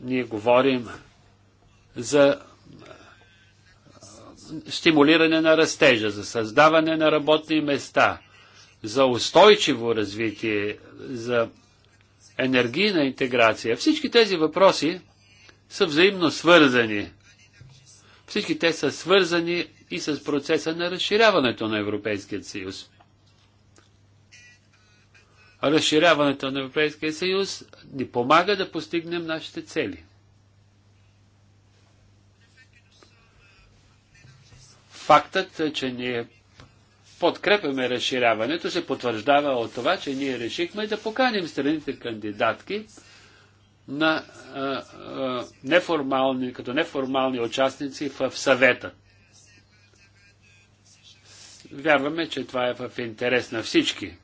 ние говорим за стимулиране на растежа, за създаване на работни места, за устойчиво развитие, за енергийна интеграция. Всички тези въпроси са взаимно свързани. Всички те са свързани и с процеса на разширяването на Европейския съюз разширяването на Европейския съюз ни помага да постигнем нашите цели. Фактът, че ние подкрепяме разширяването, се потвърждава от това, че ние решихме да поканим страните кандидатки на а, а, неформални, като неформални участници в, в съвета. Вярваме, че това е в интерес на всички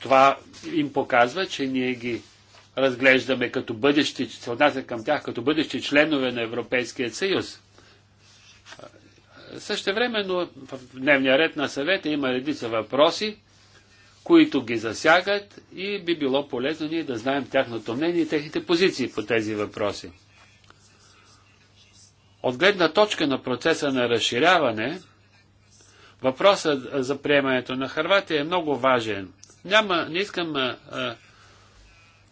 това им показва, че ние ги разглеждаме като бъдещи, се отнася към тях като бъдещи членове на Европейския съюз. Също времено в дневния ред на съвета има редица въпроси, които ги засягат и би било полезно ние да знаем тяхното мнение и техните позиции по тези въпроси. От гледна точка на процеса на разширяване, въпросът за приемането на Харватия е много важен. Няма, не искам а,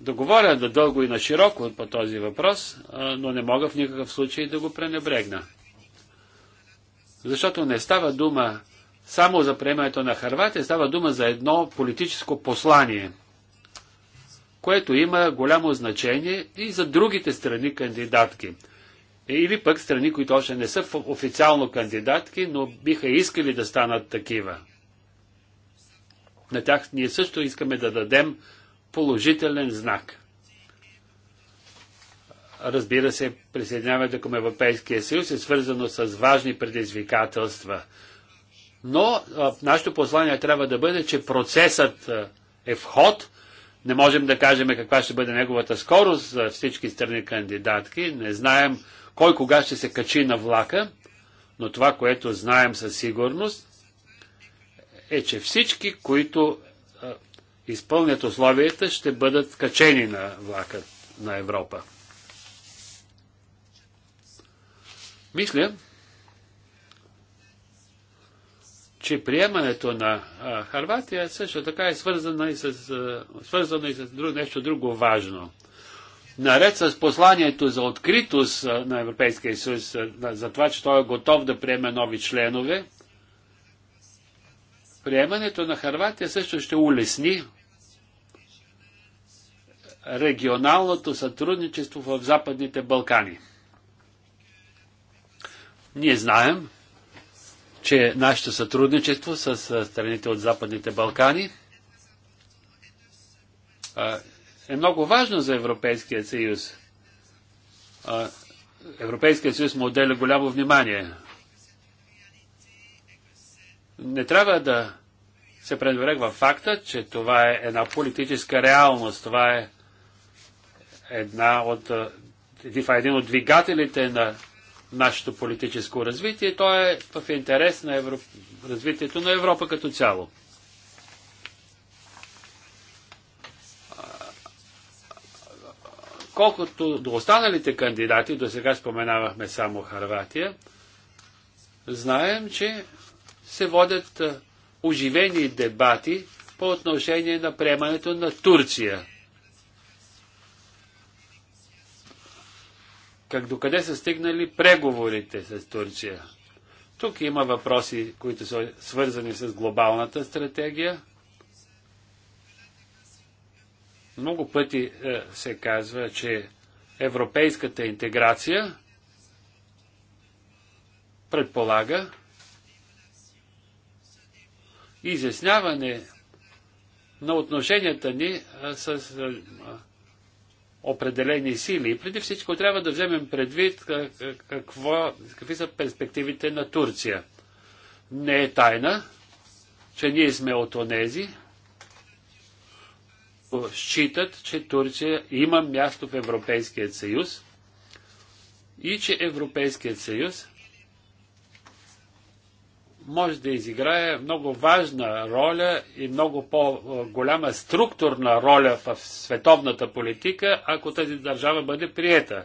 да говоря да дълго и на широко по този въпрос, а, но не мога в никакъв случай да го пренебрегна. Защото не става дума само за приемането на Харватия, става дума за едно политическо послание, което има голямо значение и за другите страни кандидатки. Или пък страни, които още не са официално кандидатки, но биха искали да станат такива на тях ние също искаме да дадем положителен знак. Разбира се, присъединяването към Европейския съюз е свързано с важни предизвикателства. Но нашето послание трябва да бъде, че процесът е в ход. Не можем да кажем каква ще бъде неговата скорост за всички страни кандидатки. Не знаем кой кога ще се качи на влака. Но това, което знаем със сигурност, е, че всички, които а, изпълнят условията, ще бъдат качени на влака на Европа. Мисля, че приемането на а, Харватия също така е свързано и с, а, свързано и с друг, нещо друго важно. Наред с посланието за откритост на Европейския съюз, за това, че той е готов да приеме нови членове, Приемането на Харватия също ще улесни регионалното сътрудничество в Западните Балкани. Ние знаем, че нашето сътрудничество с страните от Западните Балкани е много важно за Европейския съюз. Европейския съюз му отделя голямо внимание не трябва да се пренебрегва факта, че това е една политическа реалност, това е една от, това е един от двигателите на нашето политическо развитие. То е в интерес на Европ... развитието на Европа като цяло. Колкото до останалите кандидати, до сега споменавахме само Харватия, знаем, че се водят оживени дебати по отношение на приемането на Турция. Как докъде са стигнали преговорите с Турция? Тук има въпроси, които са свързани с глобалната стратегия. Много пъти е, се казва, че европейската интеграция предполага изясняване на отношенията ни с определени сили. И преди всичко трябва да вземем предвид какво, какви са перспективите на Турция. Не е тайна, че ние сме от онези, считат, че Турция има място в Европейският съюз и че Европейският съюз може да изиграе много важна роля и много по-голяма структурна роля в световната политика, ако тази държава бъде приета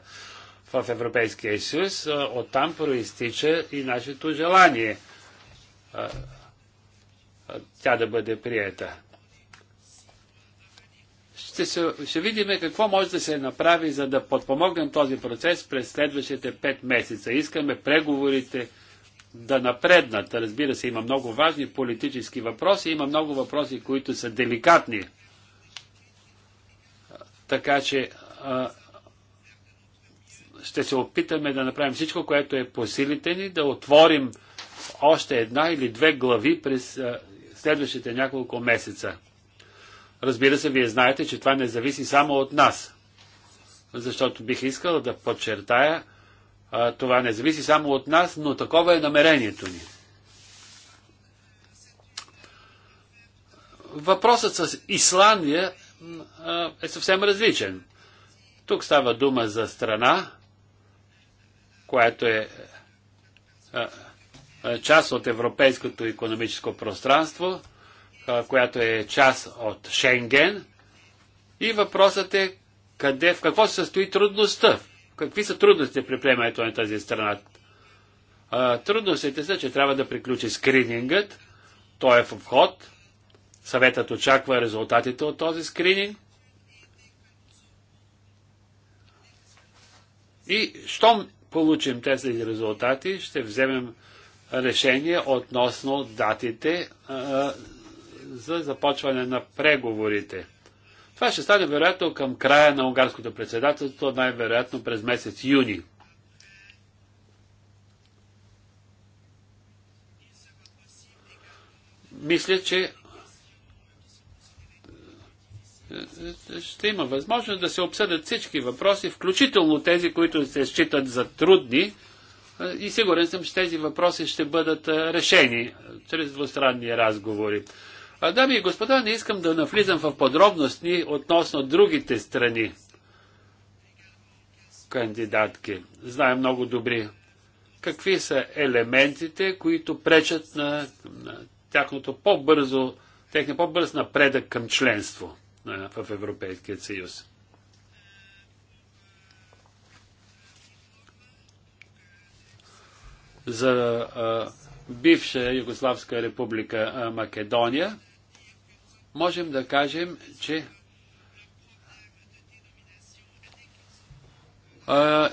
в Европейския съюз. Оттам проистича и нашето желание тя да бъде приета. Ще, се, ще видим какво може да се направи, за да подпомогнем този процес през следващите 5 месеца. Искаме преговорите да напреднат. Разбира се, има много важни политически въпроси, има много въпроси, които са деликатни. Така че а, ще се опитаме да направим всичко, което е по силите ни, да отворим още една или две глави през а, следващите няколко месеца. Разбира се, вие знаете, че това не зависи само от нас, защото бих искал да подчертая, това не зависи само от нас, но такова е намерението ни. Въпросът с Исландия е съвсем различен. Тук става дума за страна, която е част от европейското економическо пространство, която е част от Шенген. И въпросът е къде, в какво се състои трудността какви са трудностите при приемането на тази страна? А, трудностите са, че трябва да приключи скринингът. Той е в обход. Съветът очаква резултатите от този скрининг. И щом получим тези резултати, ще вземем решение относно датите а, за започване на преговорите. Това ще стане вероятно към края на унгарското председателство, най-вероятно през месец юни. Мисля, че е, е, ще има възможност да се обсъдят всички въпроси, включително тези, които се считат за трудни. Е, и сигурен съм, че тези въпроси ще бъдат решени чрез двустранни разговори. Дами и господа, не искам да навлизам в подробности относно другите страни кандидатки. Знаем много добри какви са елементите, които пречат на, на тяхното по-бързо, техния по-бърз напредък към членство в Европейския съюз. За а, бивша Югославска република а, Македония можем да кажем, че а,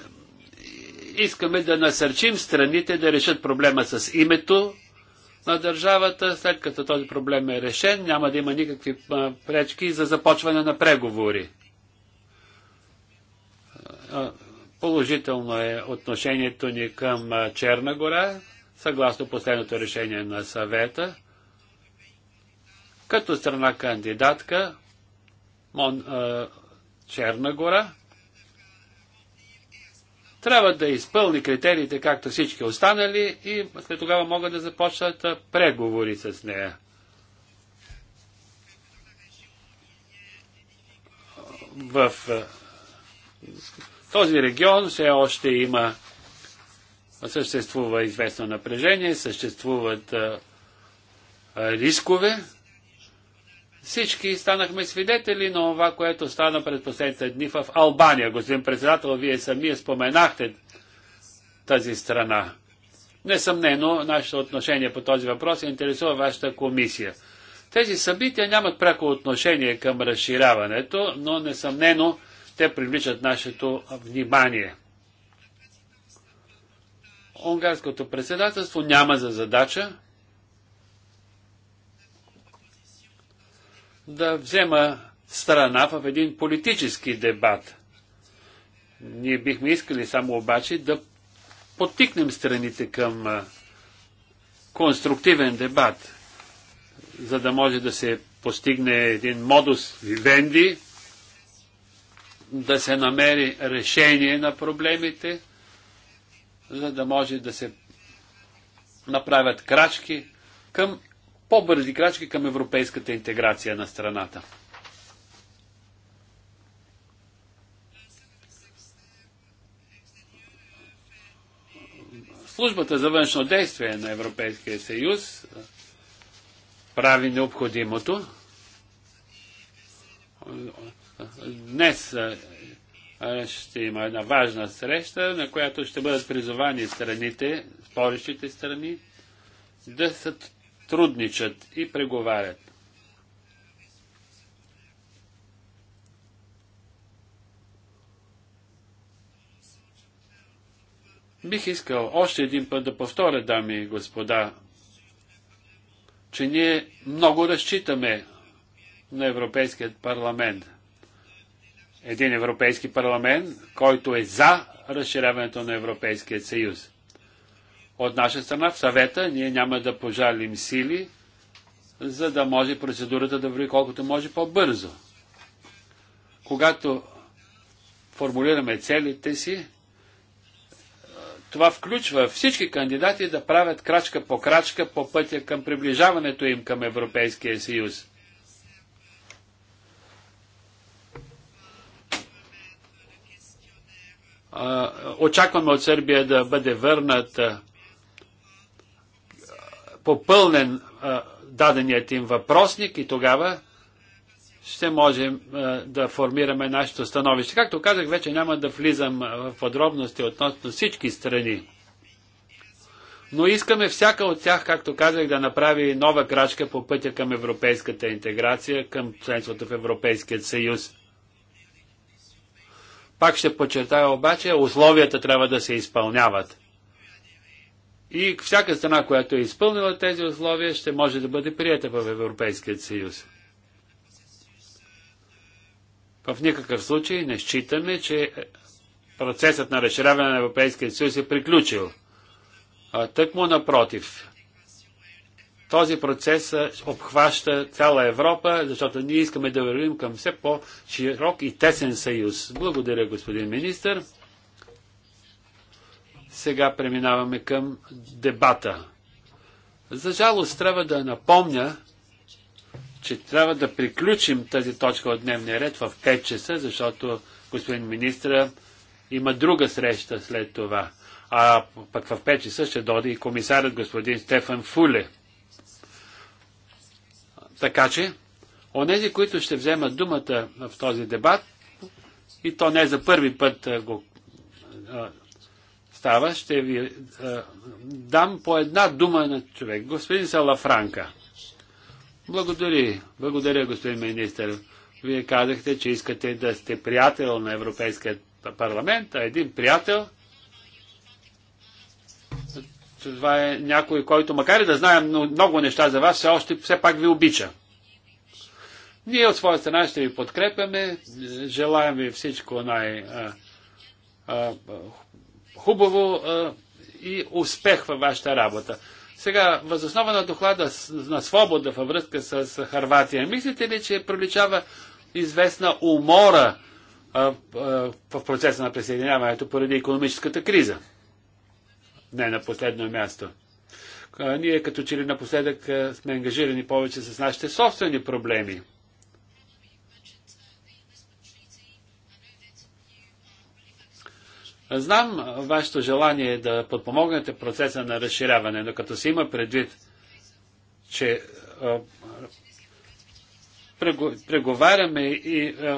искаме да насърчим страните да решат проблема с името на държавата. След като този проблем е решен, няма да има никакви пречки за започване на преговори. положително е отношението ни към Черна гора, съгласно последното решение на съвета – като страна кандидатка Мон, а, Черна гора трябва да изпълни критериите, както всички останали, и след тогава могат да започнат преговори с нея. В този регион все още има съществува известно напрежение, съществуват рискове, всички станахме свидетели на това, което стана през последните дни в Албания. Господин председател, вие самия споменахте тази страна. Несъмнено, нашето отношение по този въпрос интересува вашата комисия. Тези събития нямат пряко отношение към разширяването, но несъмнено те привличат нашето внимание. Унгарското председателство няма за задача да взема страна в един политически дебат. Ние бихме искали само обаче да подтикнем страните към конструктивен дебат, за да може да се постигне един модус вивенди, да се намери решение на проблемите, за да може да се направят крачки към по-бързи крачки към европейската интеграция на страната. Службата за външно действие на Европейския съюз прави необходимото. Днес ще има една важна среща, на която ще бъдат призовани страните, спорещите страни, да са трудничат и преговарят. Бих искал още един път да повторя, дами и господа, че ние много разчитаме на Европейският парламент. Един Европейски парламент, който е за разширяването на Европейския съюз. От наша страна в съвета ние няма да пожалим сили, за да може процедурата да върви колкото може по-бързо. Когато формулираме целите си, това включва всички кандидати да правят крачка по крачка по пътя към приближаването им към Европейския съюз. Очакваме от Сърбия да бъде върнат попълнен а, даденият им въпросник и тогава ще можем а, да формираме нашето становище. Както казах, вече няма да влизам в подробности относно всички страни. Но искаме всяка от тях, както казах, да направи нова крачка по пътя към европейската интеграция, към членството в Европейският съюз. Пак ще подчертая обаче, условията трябва да се изпълняват. И всяка страна, която е изпълнила тези условия, ще може да бъде прията в Европейския съюз. В никакъв случай не считаме, че процесът на разширяване на Европейския съюз е приключил. А, му напротив. Този процес обхваща цяла Европа, защото ние искаме да вървим към все по-широк и тесен съюз. Благодаря, господин министр. Сега преминаваме към дебата. За жалост трябва да напомня, че трябва да приключим тази точка от дневния ред в 5 часа, защото господин министра има друга среща след това. А пък в 5 часа ще дойде и комисарът господин Стефан Фуле. Така че, онези, които ще вземат думата в този дебат, и то не за първи път го става, ще ви е, дам по една дума на човек. Господин Салафранка. Благодаря, благодаря, господин министър. Вие казахте, че искате да сте приятел на Европейския парламент, а един приятел това е някой, който макар и да знае много неща за вас, все още все пак ви обича. Ние от своя страна ще ви подкрепяме, желаем ви всичко най- хубаво и успех във вашата работа. Сега, възоснова на доклада на свобода във връзка с Харватия, мислите ли, че проличава известна умора а, а, в процеса на присъединяването поради економическата криза? Не на последно място. А, ние като че ли напоследък сме ангажирани повече с нашите собствени проблеми. Знам вашето желание да подпомогнете процеса на разширяване, но като се има предвид, че е, преговаряме и е, е,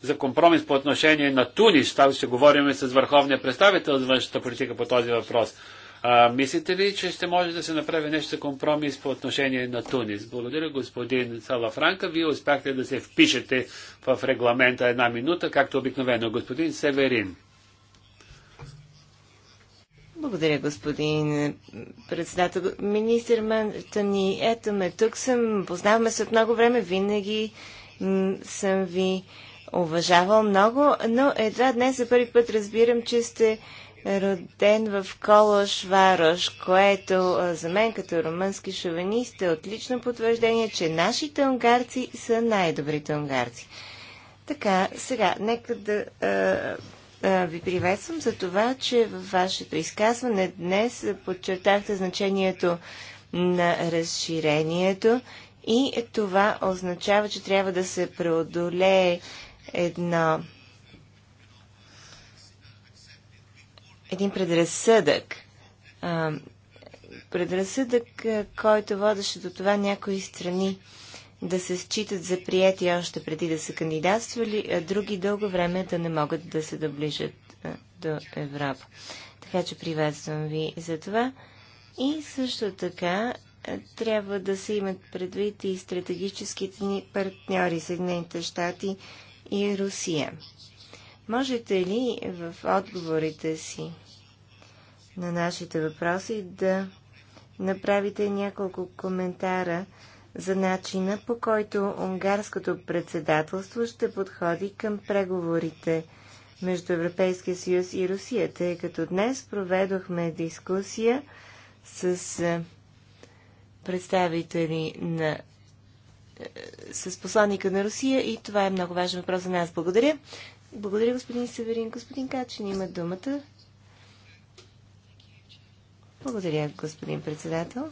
за компромис по отношение на Тунис, там ще говорим с върховния представител за външната политика по този въпрос. А, мислите ли, че ще може да се направи нещо за компромис по отношение на Тунис? Благодаря, господин Салафранка. Вие успяхте да се впишете в регламента една минута, както обикновено. Господин Северин. Благодаря, господин председател. Министър Мантани, ето ме, тук съм, познаваме се от много време, винаги съм ви уважавал много, но едва днес за първи път разбирам, че сте роден в Колош Варош, което за мен като румънски шовенист е отлично потвърждение, че нашите унгарци са най-добрите унгарци. Така, сега, нека да а, ви приветствам за това, че във вашето изказване днес подчертахте значението на разширението и това означава, че трябва да се преодолее едно един предразсъдък. Предразсъдък, който водеше до това някои страни да се считат за прияти още преди да са кандидатствали, а други дълго време да не могат да се доближат до Европа. Така че приветствам ви за това. И също така трябва да се имат предвид и стратегическите ни партньори Съединените щати и Русия. Можете ли в отговорите си на нашите въпроси да направите няколко коментара за начина по който унгарското председателство ще подходи към преговорите между Европейския съюз и Русия, тъй като днес проведохме дискусия с е, представители на е, с посланника на Русия и това е много важен въпрос за нас. Благодаря. Благодаря, господин Северин. Господин Качин има думата. Благодаря, господин председател.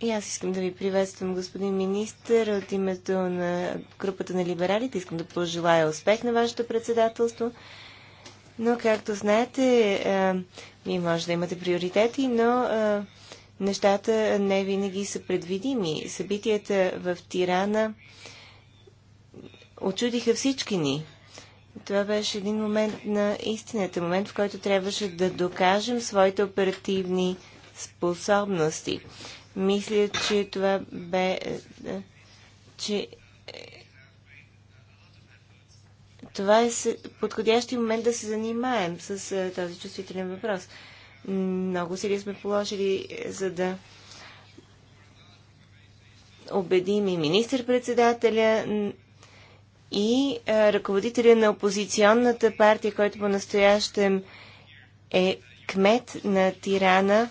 И аз искам да ви приветствам, господин министр, от името на групата на либералите. Искам да пожелая успех на вашето председателство. Но, както знаете, е, ви вие може да имате приоритети, но е, нещата не винаги са предвидими. Събитията в Тирана очудиха всички ни. Това беше един момент на истината, момент в който трябваше да докажем своите оперативни способности. Мисля, че това бе... Е, че е, това е подходящия момент да се занимаем с е, този чувствителен въпрос. Много сили сме положили, за да убедим и министър-председателя, и ръководителя на опозиционната партия, който по-настоящем е кмет на Тирана,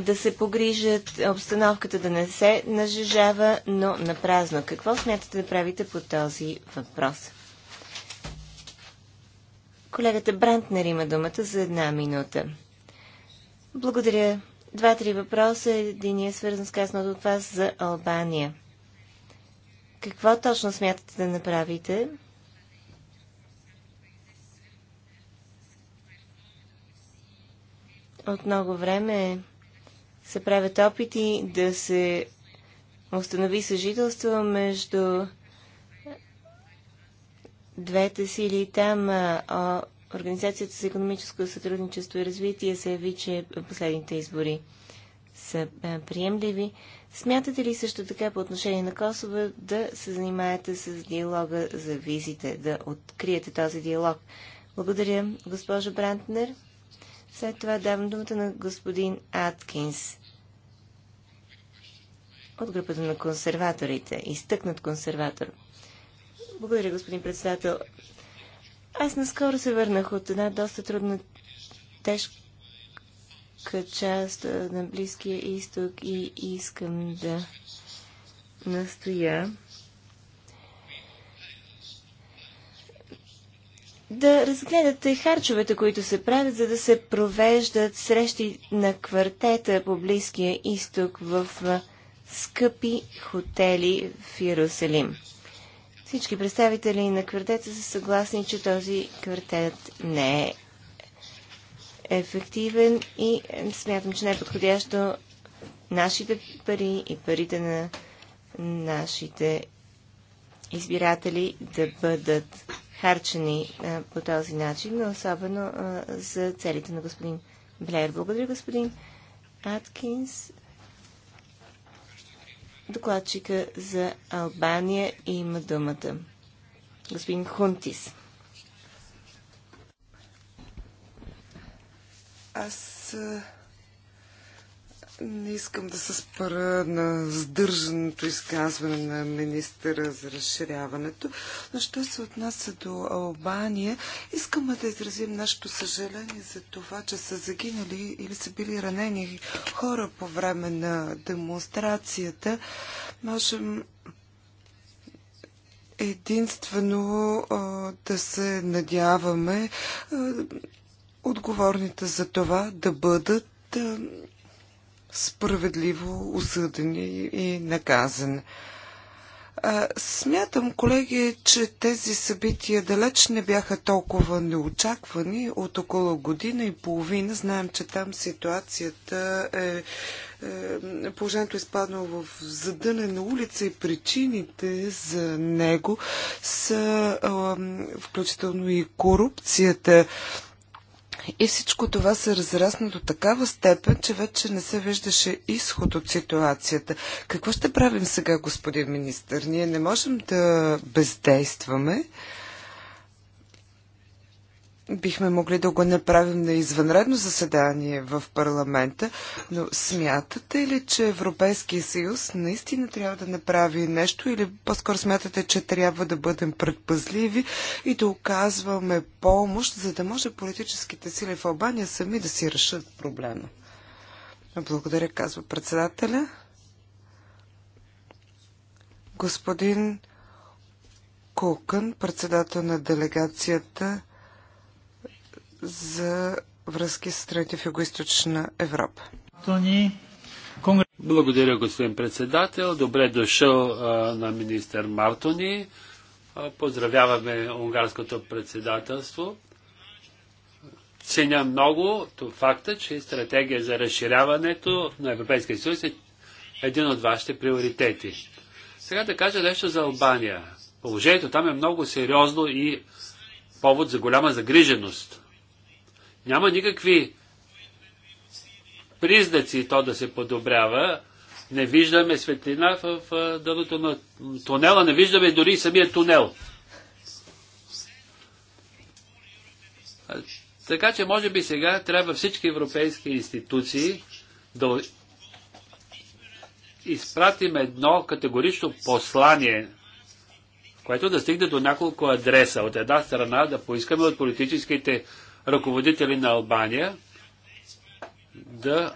да се погрижат обстановката да не се нажежава, но на празно. Какво смятате да правите по този въпрос? Колегата Брантнер има думата за една минута. Благодаря. Два-три въпроса. Един е свързан с казаното от вас за Албания. Какво точно смятате да направите? От много време се правят опити да се установи съжителство между двете сили. Там а, Организацията за економическо сътрудничество и развитие заяви, че последните избори са а, приемливи. Смятате ли също така по отношение на Косово да се занимаете с диалога за визите, да откриете този диалог? Благодаря, госпожо Брантнер. След това давам думата на господин Аткинс от групата на консерваторите. Изтъкнат консерватор. Благодаря, господин председател. Аз наскоро се върнах от една доста трудна, тежка част на Близкия изток и искам да настоя да разгледате харчовете, които се правят, за да се провеждат срещи на квартета по Близкия изток в скъпи хотели в Иерусалим. Всички представители на квартета са съгласни, че този квартет не е ефективен и смятам, че не е подходящо нашите пари и парите на нашите избиратели да бъдат харчени а, по този начин, но особено а, за целите на господин Блеер. Благодаря, господин Аткинс. Докладчика за Албания и има думата. Господин Хунтис. Аз не искам да се спра на сдържаното изказване на министъра за разширяването, но що се отнася до Албания, искам да изразим нашето съжаление за това, че са загинали или са били ранени хора по време на демонстрацията. Можем единствено да се надяваме отговорните за това да бъдат справедливо осъдени и наказани. Смятам, колеги, че тези събития далеч не бяха толкова неочаквани. От около година и половина знаем, че там ситуацията е, е положението е изпаднало в задънена улица и причините за него са е, включително и корупцията. И всичко това се разрасна до такава степен, че вече не се виждаше изход от ситуацията. Какво ще правим сега, господин министр? Ние не можем да бездействаме. Бихме могли да го направим на извънредно заседание в парламента, но смятате ли, че Европейския съюз наистина трябва да направи нещо или по-скоро смятате, че трябва да бъдем предпазливи и да оказваме помощ, за да може политическите сили в Албания сами да си решат проблема? Благодаря, казва председателя. Господин Кукън, председател на делегацията за връзки с страните в Юго-Источна Европа. Благодаря, господин председател. Добре дошъл а, на министър Мартони. А, поздравяваме унгарското председателство. Ценя много то факта, че стратегия за разширяването на Европейския съюз е един от вашите приоритети. Сега да кажа нещо за Албания. Положението там е много сериозно и повод за голяма загриженост. Няма никакви признаци то да се подобрява. Не виждаме светлина в, дъното на тунела, не виждаме дори самия тунел. Така че, може би сега трябва всички европейски институции да изпратим едно категорично послание, което да стигне до няколко адреса. От една страна да поискаме от политическите ръководители на Албания да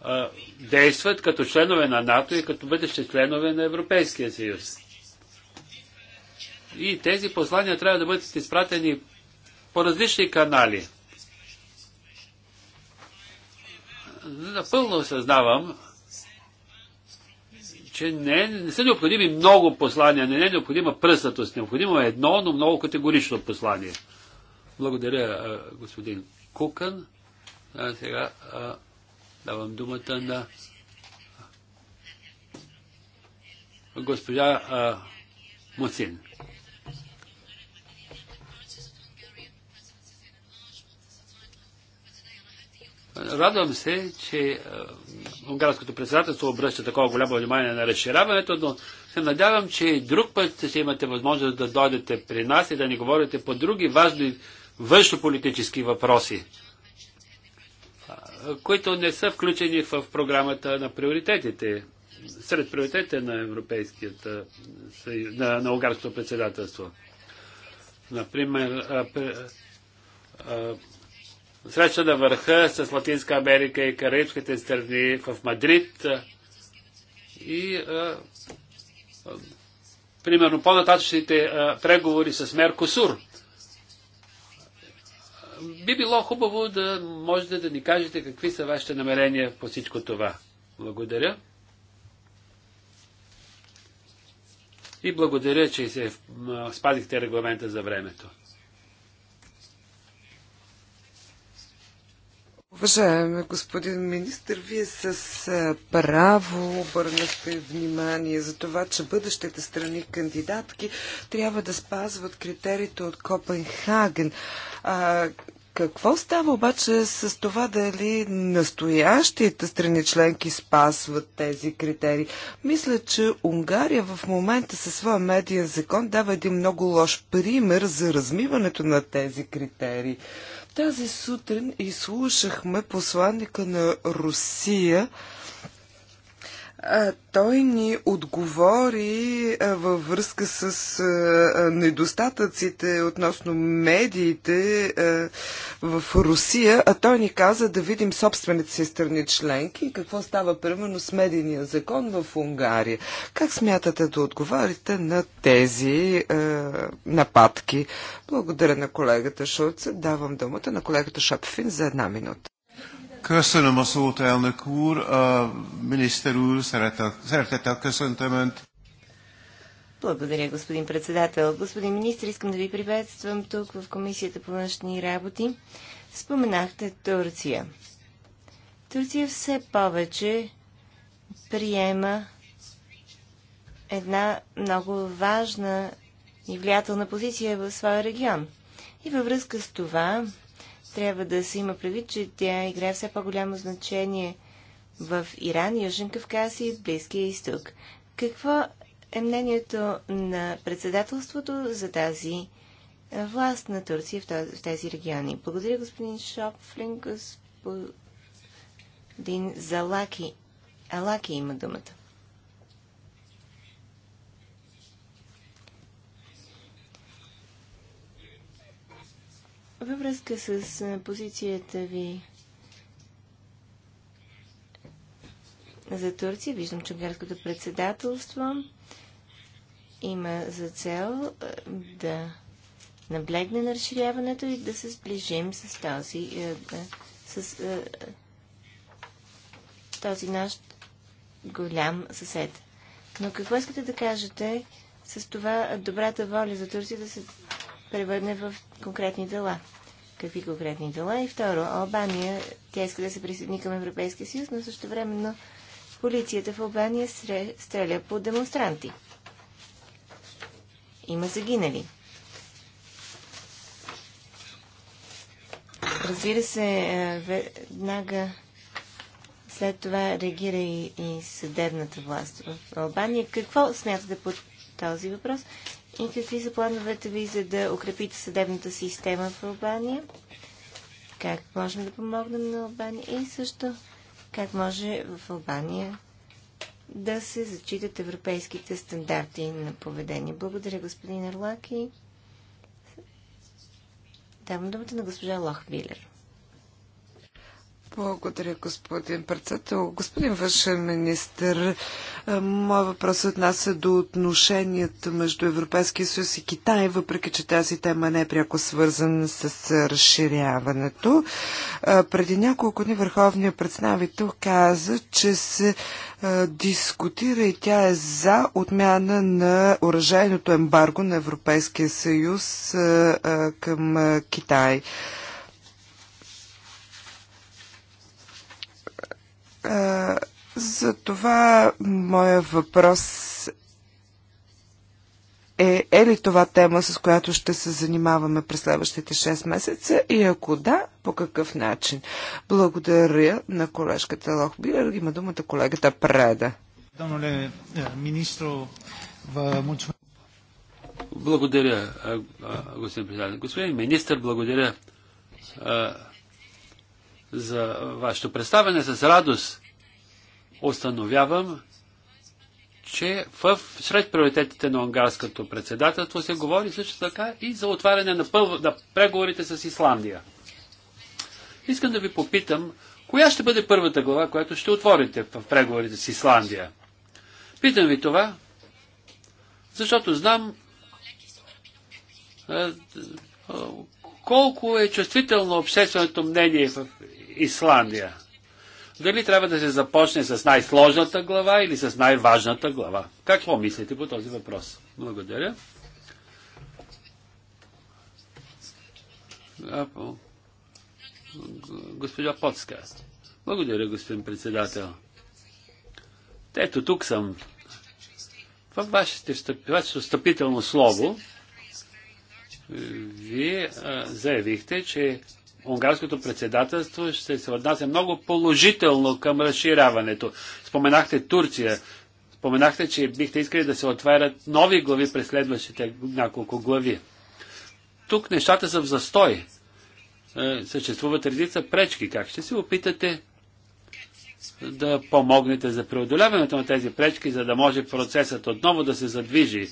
а, действат като членове на НАТО и като бъдещи членове на Европейския съюз. И тези послания трябва да бъдат изпратени по различни канали. Напълно осъзнавам, че не, не са необходими много послания, не е необходима пръстатост, необходимо е едно, но много категорично послание. Благодаря, господин Кукан. А сега а, давам думата на госпожа а, Муцин. Радвам се, че унгарското председателство обръща такова голямо внимание на разширяването, но се надявам, че друг път ще имате възможност да дойдете при нас и да ни говорите по други важни външнополитически въпроси, които не са включени в програмата на приоритетите, сред приоритетите на Европейският на, на Угарското председателство. Например, среща на върха с Латинска Америка и Карибските страни в Мадрид и а, а, примерно по-нататъчните преговори с Меркосур би било хубаво да можете да ни кажете какви са вашите намерения по всичко това. Благодаря. И благодаря, че се спазихте регламента за времето. Уважаеми господин министр, вие с право обърнахте внимание за това, че бъдещите страни кандидатки трябва да спазват критериите от Копенхаген. А, какво става обаче с това дали настоящите страни членки спазват тези критерии? Мисля, че Унгария в момента със своя медиен закон дава един много лош пример за размиването на тези критерии. Тази сутрин изслушахме посланника на Русия той ни отговори във връзка с недостатъците относно медиите в Русия, а той ни каза да видим собствените си страни членки и какво става примерно с медийния закон в Унгария. Как смятате да отговорите на тези нападки? Благодаря на колегата Шуц. Давам думата на колегата Шапфин за една минута. Köszönöm a szót, elnök úr. A miniszter úr, szeretettel, szeretettel köszöntöm Önt. Благодаря, господин председател. Господин министр, искам да ви приветствам тук в Комисията по външни работи. Споменахте Турция. Турция все повече приема една много важна и влиятелна позиция в своя регион. И във връзка с това трябва да се има предвид, че тя играе все по-голямо значение в Иран, Южен Кавказ и Близкия изток. Какво е мнението на председателството за тази власт на Турция в, тези региони? Благодаря, господин Шопфлин. Господин Залаки. Алаки има думата. Във връзка с позицията ви за Турция, виждам, че унгарското председателство има за цел да наблегне на разширяването и да се сближим с този, с, този наш голям съсед. Но какво искате да кажете с това добрата воля за Турция да се превърне в конкретни дела. Какви конкретни дела? И второ, Албания, тя иска да се присъедини към Европейския съюз, но също времено полицията в Албания стреля по демонстранти. Има загинали. Разбира се, е, веднага след това реагира и, и съдебната власт в Албания. Какво смятате по този въпрос? И какви са плановете ви за да укрепите съдебната система в Албания? Как можем да помогнем на Албания? И също как може в Албания да се зачитат европейските стандарти на поведение. Благодаря, господин Арлаки. Давам думата на госпожа Лохбилер. Благодаря, господин председател. Господин външен министр, моят въпрос е отнася до отношенията между Европейския съюз и Китай, въпреки че тази тема не е пряко свързана с разширяването. Преди няколко дни върховният представител каза, че се дискутира и тя е за отмяна на оръжейното ембарго на Европейския съюз към Китай. За това моя въпрос е, е ли това тема, с която ще се занимаваме през следващите 6 месеца и ако да, по какъв начин? Благодаря на колежката Лохбилер. Има думата колегата Преда. Е, благодаря, господин председател. Господин министр, благодаря за вашето представяне. С радост установявам, че в, сред приоритетите на унгарското председателство се говори също така и за отваряне на, пъл, на преговорите с Исландия. Искам да ви попитам, коя ще бъде първата глава, която ще отворите в преговорите с Исландия? Питам ви това, защото знам е, колко е чувствително общественото мнение в Исландия. Дали трябва да се започне с най-сложната глава или с най-важната глава? Какво мислите по този въпрос? Благодаря. Госпожа Поцка. Благодаря, господин председател. Ето тук съм. Във вашето встъпително слово е, вие а, заявихте, че унгарското председателство ще се отнася много положително към разширяването. Споменахте Турция. Споменахте, че бихте искали да се отварят нови глави през следващите няколко глави. Тук нещата са в застой. Е, съществуват редица пречки. Как ще се опитате да помогнете за преодоляването на тези пречки, за да може процесът отново да се задвижи?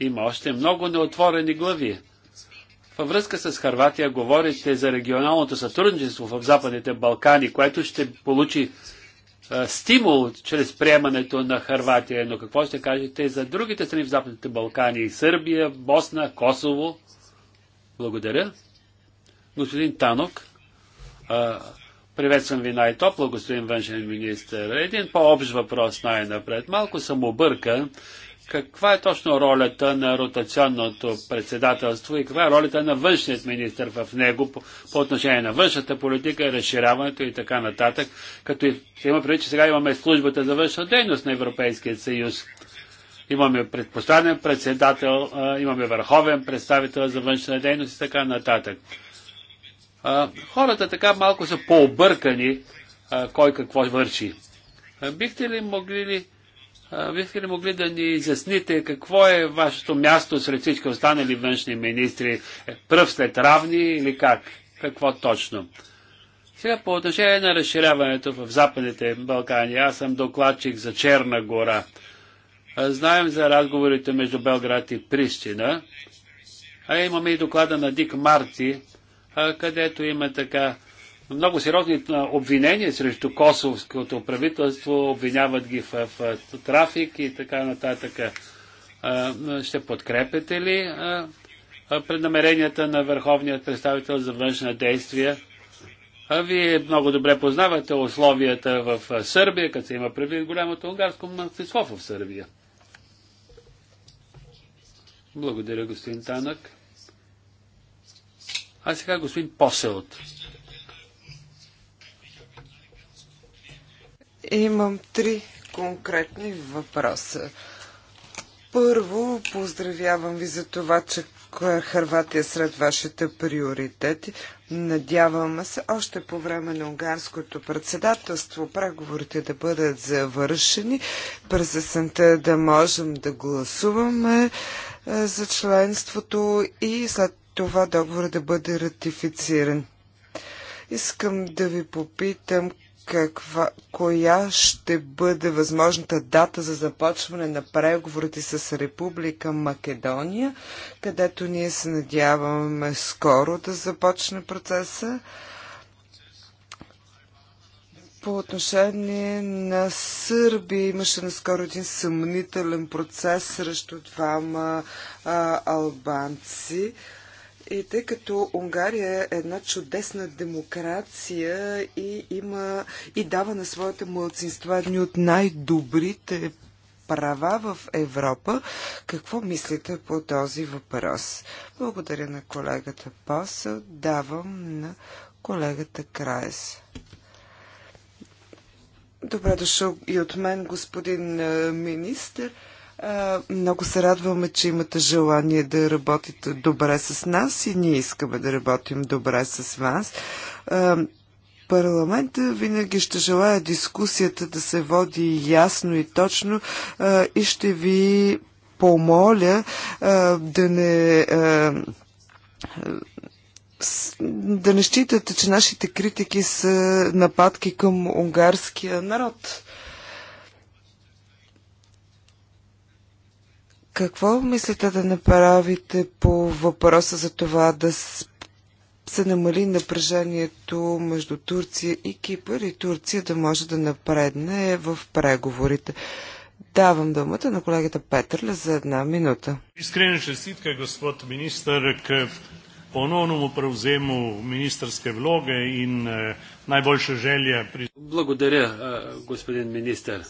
Има още много неотворени глави. Във връзка с Харватия говорите за регионалното сътрудничество в Западните Балкани, което ще получи а, е, стимул чрез приемането на Харватия. Но какво ще кажете за другите страни в Западните Балкани? Сърбия, Босна, Косово? Благодаря. Господин Танок, а, е, приветствам ви най-топло, господин външен министр. Един по-общ въпрос най-напред. Малко съм объркан каква е точно ролята на ротационното председателство и каква е ролята на външният министр в него по, по отношение на външната политика, разширяването и така нататък, като има преди, че сега имаме службата за външна дейност на Европейския съюз. Имаме предпоставен председател, имаме върховен представител за външна дейност и така нататък. Хората така малко са пообъркани кой какво върши. Бихте ли могли ли Бихте ли могли да ни изясните какво е вашето място сред всички останали външни министри? Е, пръв след равни или как? Какво точно? Сега по отношение на разширяването в Западните Балкани. Аз съм докладчик за Черна гора. Знаем за разговорите между Белград и Прищина. А имаме и доклада на Дик Марти, където има така много сериозни обвинения срещу косовското правителство, обвиняват ги в, в трафик и така нататък. Ще подкрепете ли преднамеренията на Върховният представител за външна действия? Вие много добре познавате условията в Сърбия, като се има предвид голямото унгарско мълцинство в Сърбия. Благодаря, господин Танък. А сега господин Поселт. Имам три конкретни въпроса. Първо, поздравявам ви за това, че Харватия е сред вашите приоритети. Надяваме се още по време на унгарското председателство преговорите да бъдат завършени, през есента да можем да гласуваме е, за членството и след това договор да бъде ратифициран. Искам да ви попитам каква, коя ще бъде възможната дата за започване на преговорите с Република Македония, където ние се надяваме скоро да започне процеса по отношение на Сърбия имаше наскоро един съмнителен процес срещу двама а, албанци. А, и тъй като Унгария е една чудесна демокрация и има и дава на своите младсинства едни от най-добрите права в Европа, какво мислите по този въпрос? Благодаря на колегата Паса, Давам на колегата Краес. Добре дошъл и от мен, господин е, министр. Много се радваме, че имате желание да работите добре с нас и ние искаме да работим добре с вас. Парламента винаги ще желая дискусията да се води ясно и точно и ще ви помоля да не да не считате, че нашите критики са нападки към унгарския народ. Какво мислите да направите по въпроса за това да се намали напрежението между Турция и Кипър и Турция да може да напредне в преговорите? Давам думата на колегата Петърля за една минута. Искрена честитка, господ министър, к ponovnemu prevzemu ministerske vloge in najboljše želje. Pri... Благодаря, е, господин министър.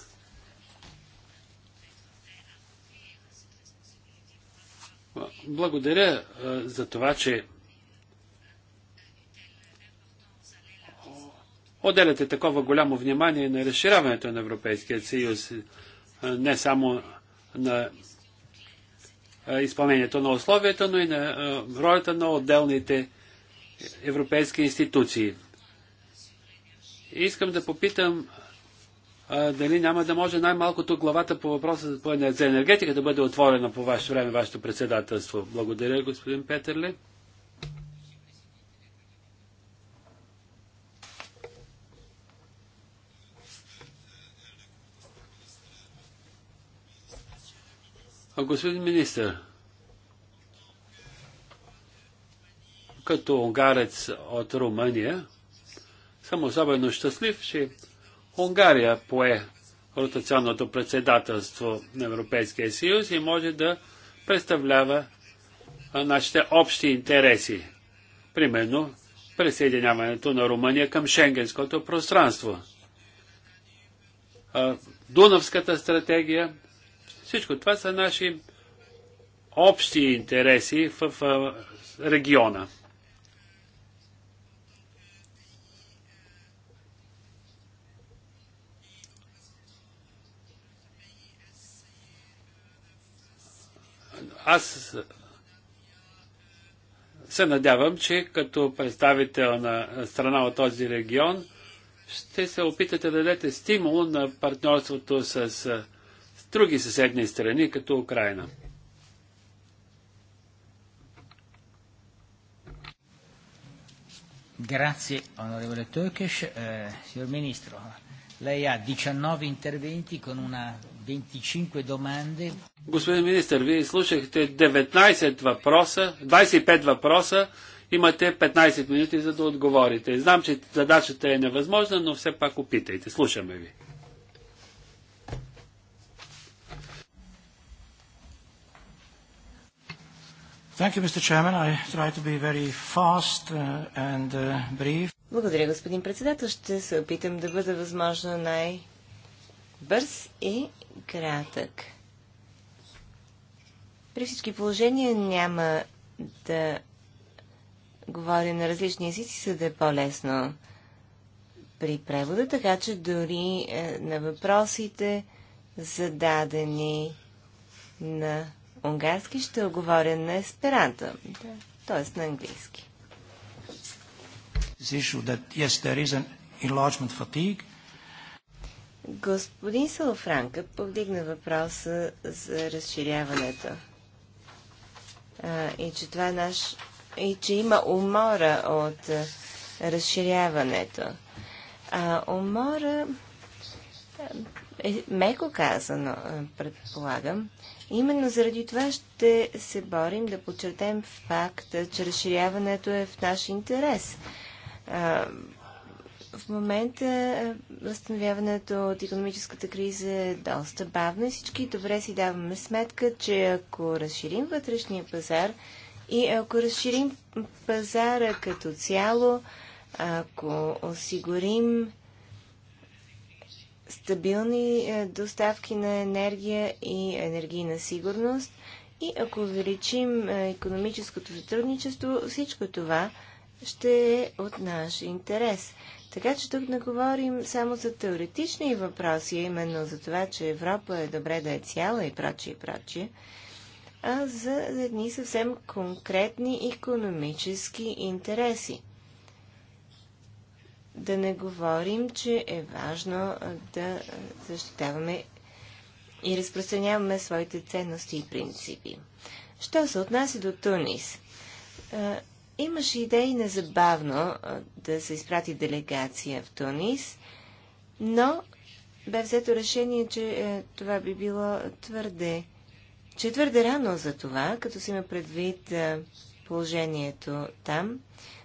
Благодаря за това, че отделяте такова голямо внимание на разширяването на Европейския съюз, не само на изпълнението на условията, но и на ролята на отделните европейски институции. Искам да попитам дали няма да може най-малкото главата по въпроса за енергетика да бъде отворена по ваше време, вашето председателство. Благодаря, господин Петерли. А господин министър, като унгарец от Румъния, съм особено щастлив, че Унгария пое ротационното председателство на Европейския съюз и може да представлява нашите общи интереси. Примерно, присъединяването на Румъния към шенгенското пространство. Дунавската стратегия, всичко това са наши общи интереси в региона. аз се надявам, че като представител на страна от този регион ще се опитате да дадете стимул на партньорството с, с други съседни страни, като Украина. Grazie onorevole Turkish. Eh, signor Ministro, lei ha 19 interventi con una Господин министр, вие слушахте 19 въпроса, 25 въпроса, имате 15 минути за да отговорите. Знам, че задачата е невъзможна, но все пак опитайте. Слушаме ви. Thank you, Mr. Chairman. I try to be very fast uh, and uh, brief. Благодаря, господин председател. Ще се опитам да бъда възможно най- бърз и кратък. При всички положения няма да говоря на различни езици, за да е по-лесно при превода, така че дори е, на въпросите, зададени на унгарски, ще оговоря на есперанто, да. т.е. на английски. That, yes, there is an enlargement fatigue, Господин Салафранка повдигна въпроса за разширяването а, и че това е наш... и че има умора от разширяването. А умора е меко казано, предполагам. Именно заради това ще се борим да подчертаем факта, че разширяването е в наш интерес. А, в момента е, възстановяването от економическата криза е доста бавно и всички добре си даваме сметка, че ако разширим вътрешния пазар и ако разширим пазара като цяло, ако осигурим стабилни е, доставки на енергия и енергийна сигурност и ако увеличим е, економическото сътрудничество, всичко това ще е от наш интерес. Така че тук не говорим само за теоретични въпроси, именно за това, че Европа е добре да е цяла и прочие, и прочие, а за едни съвсем конкретни економически интереси. Да не говорим, че е важно да защитаваме и разпространяваме своите ценности и принципи. Що се отнася до Тунис? Имаше идеи незабавно да се изпрати делегация в Тунис, но бе взето решение, че е, това би било твърде, че е твърде рано за това, като си има предвид е, положението там,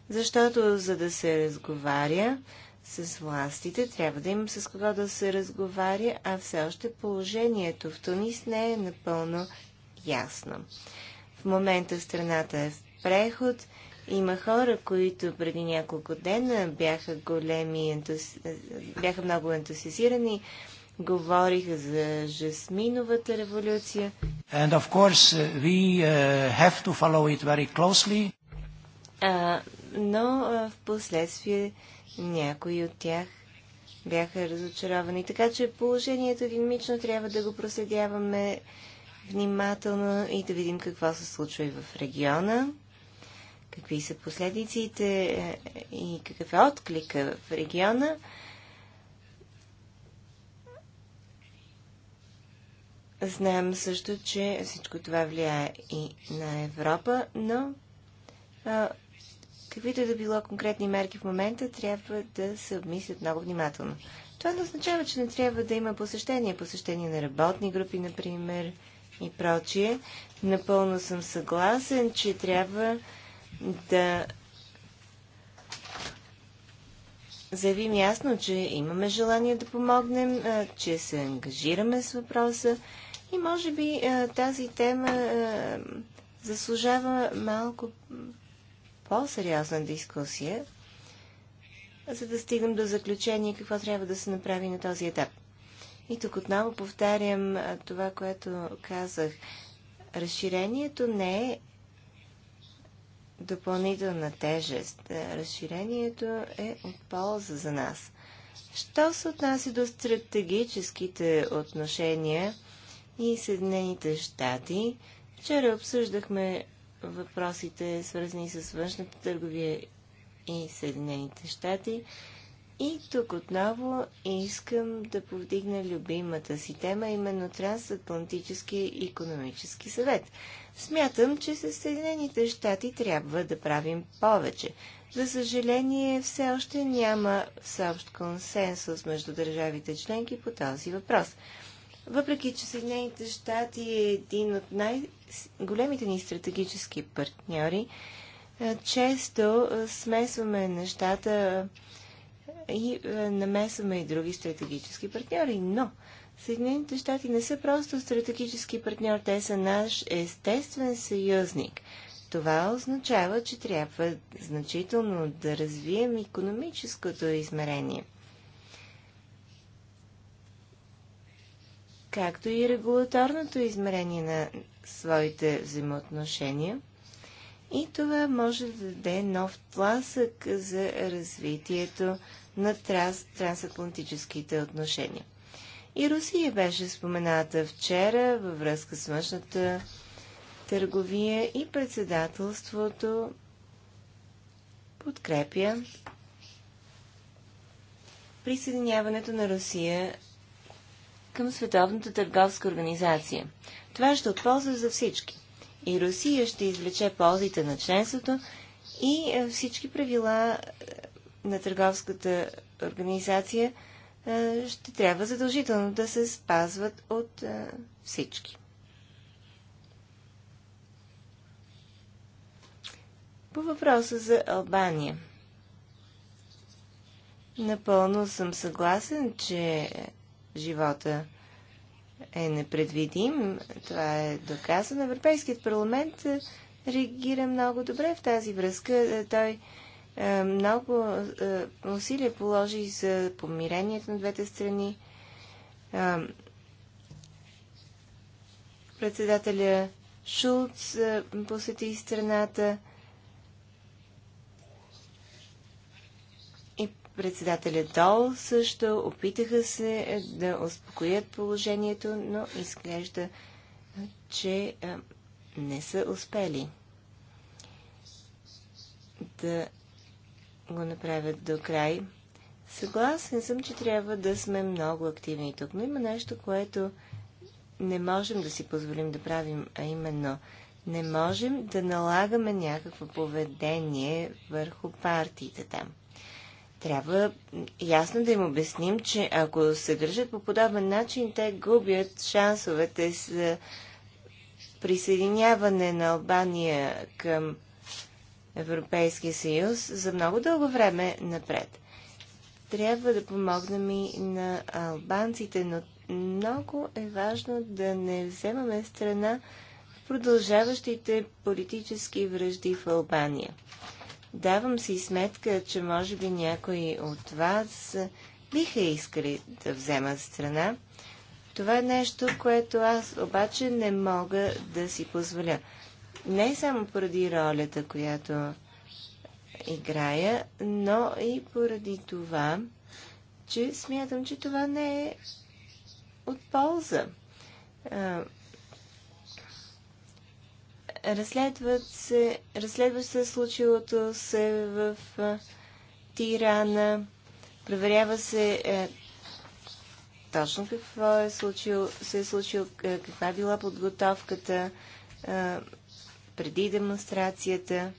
защото за да се разговаря с властите, трябва да им с кого да се разговаря, а все още положението в Тунис не е напълно ясно. В момента страната е в преход има хора, които преди няколко дена бяха големи, бяха много ентусизирани, говориха за жасминовата революция. And of course uh, we uh, have to follow it very closely. А, но в последствие някои от тях бяха разочаровани. Така че положението динамично трябва да го проследяваме внимателно и да видим какво се случва и в региона какви са последиците е, и какъв е отклика в региона. Знаем също, че всичко това влияе и на Европа, но а, каквито да било конкретни мерки в момента, трябва да се обмислят много внимателно. Това не означава, че не трябва да има посещение. Посещение на работни групи, например, и прочие. Напълно съм съгласен, че трябва да заявим ясно, че имаме желание да помогнем, че се ангажираме с въпроса и може би тази тема заслужава малко по-сериозна дискусия, за да стигнем до заключение какво трябва да се направи на този етап. И тук отново повтарям това, което казах. Разширението не е допълнителна тежест. Е, разширението е от полза за нас. Що се отнася до стратегическите отношения и Съединените щати, вчера обсъждахме въпросите, свързани с външната търговия и Съединените щати. И тук отново искам да повдигна любимата си тема, именно Трансатлантическия економически съвет. Смятам, че с Съединените щати трябва да правим повече. За съжаление, все още няма съобщ консенсус между държавите членки по този въпрос. Въпреки, че Съединените щати е един от най-големите ни стратегически партньори, често смесваме нещата и намесваме и други стратегически партньори, но Съединените щати не са просто стратегически партньор, те са наш естествен съюзник. Това означава, че трябва значително да развием економическото измерение. както и регулаторното измерение на своите взаимоотношения. И това може да даде нов тласък за развитието на транс, трансатлантическите отношения. И Русия беше спомената вчера във връзка с външната търговия и председателството подкрепя присъединяването на Русия към Световната търговска организация. Това ще отползва за всички. И Русия ще извлече ползите на членството и е, всички правила е, на търговската организация – е, ще трябва задължително да се спазват от е, всички. По въпроса за Албания. Напълно съм съгласен, че живота е непредвидим. Това е доказано. Европейският парламент е, реагира много добре в тази връзка. Той е, Много е, усилия положи за помирението на двете страни. Е, председателя Шулц посети страната и председателя Дол също опитаха се да успокоят положението, но изглежда, че не са успели да го направят до край. Съгласен съм, че трябва да сме много активни тук, но има нещо, което не можем да си позволим да правим, а именно не можем да налагаме някакво поведение върху партиите там. Трябва ясно да им обясним, че ако се държат по подобен начин, те губят шансовете с присъединяване на Албания към Европейския съюз за много дълго време напред. Трябва да помогнем и на албанците, но много е важно да не вземаме страна в продължаващите политически връжди в Албания. Давам си сметка, че може би някои от вас биха искали да вземат страна. Това е нещо, което аз обаче не мога да си позволя не само поради ролята, която играя, но и поради това, че смятам, че това не е от полза. Разследват се, разследва се случилото се в Тирана, проверява се е, точно какво е случило, се е случило, е, каква е била подготовката, преди демонстрацията.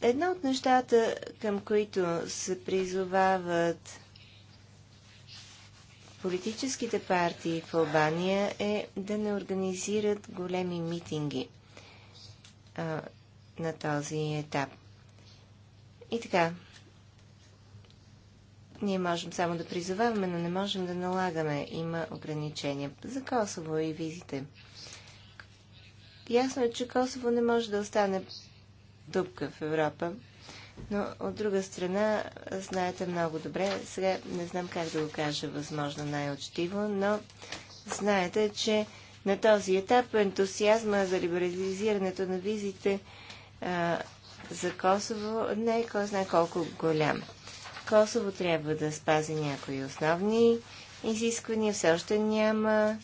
Една от нещата, към които се призовават политическите партии в Албания е да не организират големи митинги а, на този етап. И така, ние можем само да призоваваме, но не можем да налагаме. Има ограничения за Косово и визите. Ясно е, че Косово не може да остане дупка в Европа, но от друга страна, знаете много добре, сега не знам как да го кажа възможно най-очтиво, но знаете, че на този етап ентусиазма за либерализирането на визите а, за Косово не е кой знае колко голям. Косово трябва да спази някои основни изисквания, все още няма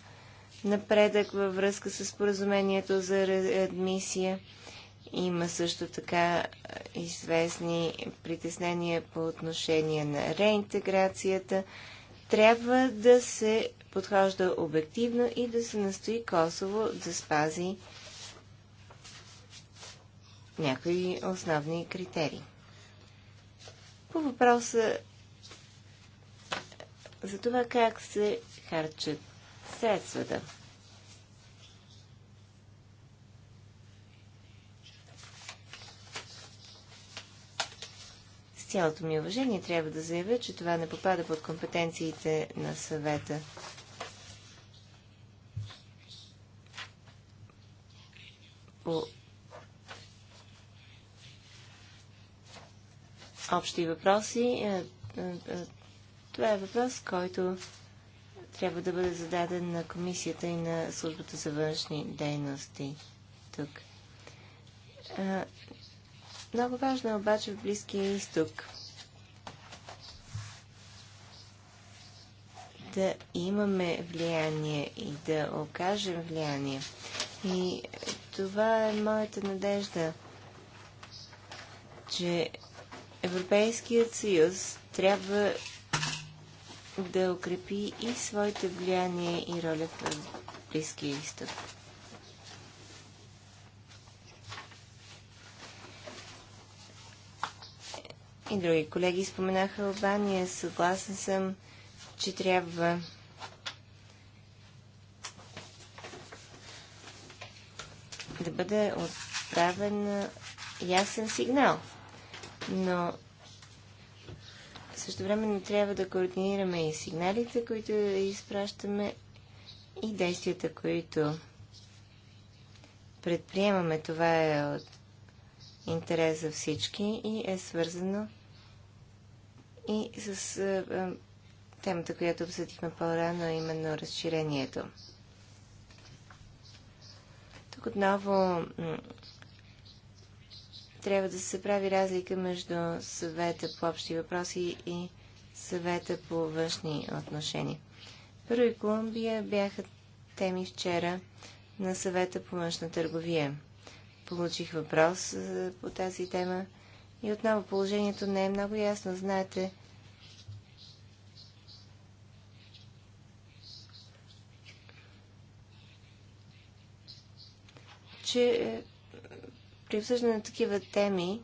напредък във връзка с поразумението за адмисия Има също така известни притеснения по отношение на реинтеграцията. Трябва да се подхожда обективно и да се настои Косово да спази някои основни критерии. По въпроса за това как се харчат средствата. С цялото ми уважение трябва да заявя, че това не попада под компетенциите на съвета. По общи въпроси, е, е, е, това е въпрос, който трябва да бъде зададен на комисията и на службата за външни дейности тук. А, много важно е обаче в Близкия изток да имаме влияние и да окажем влияние. И това е моята надежда, че Европейският съюз трябва да укрепи и своите влияние и роля в Близкия изток. И други колеги споменаха Албания. Съгласен съм, че трябва да бъде отправен ясен сигнал. Но също не трябва да координираме и сигналите, които изпращаме и действията, които предприемаме. Това е от интерес за всички и е свързано и с а, темата, която обсъдихме по-рано, именно разширението. Тук отново трябва да се прави разлика между съвета по общи въпроси и съвета по външни отношения. Първо и Колумбия бяха теми вчера на съвета по външна търговия. Получих въпрос по тази тема и отново положението не е много ясно. Знаете, че е, при обсъждане на такива теми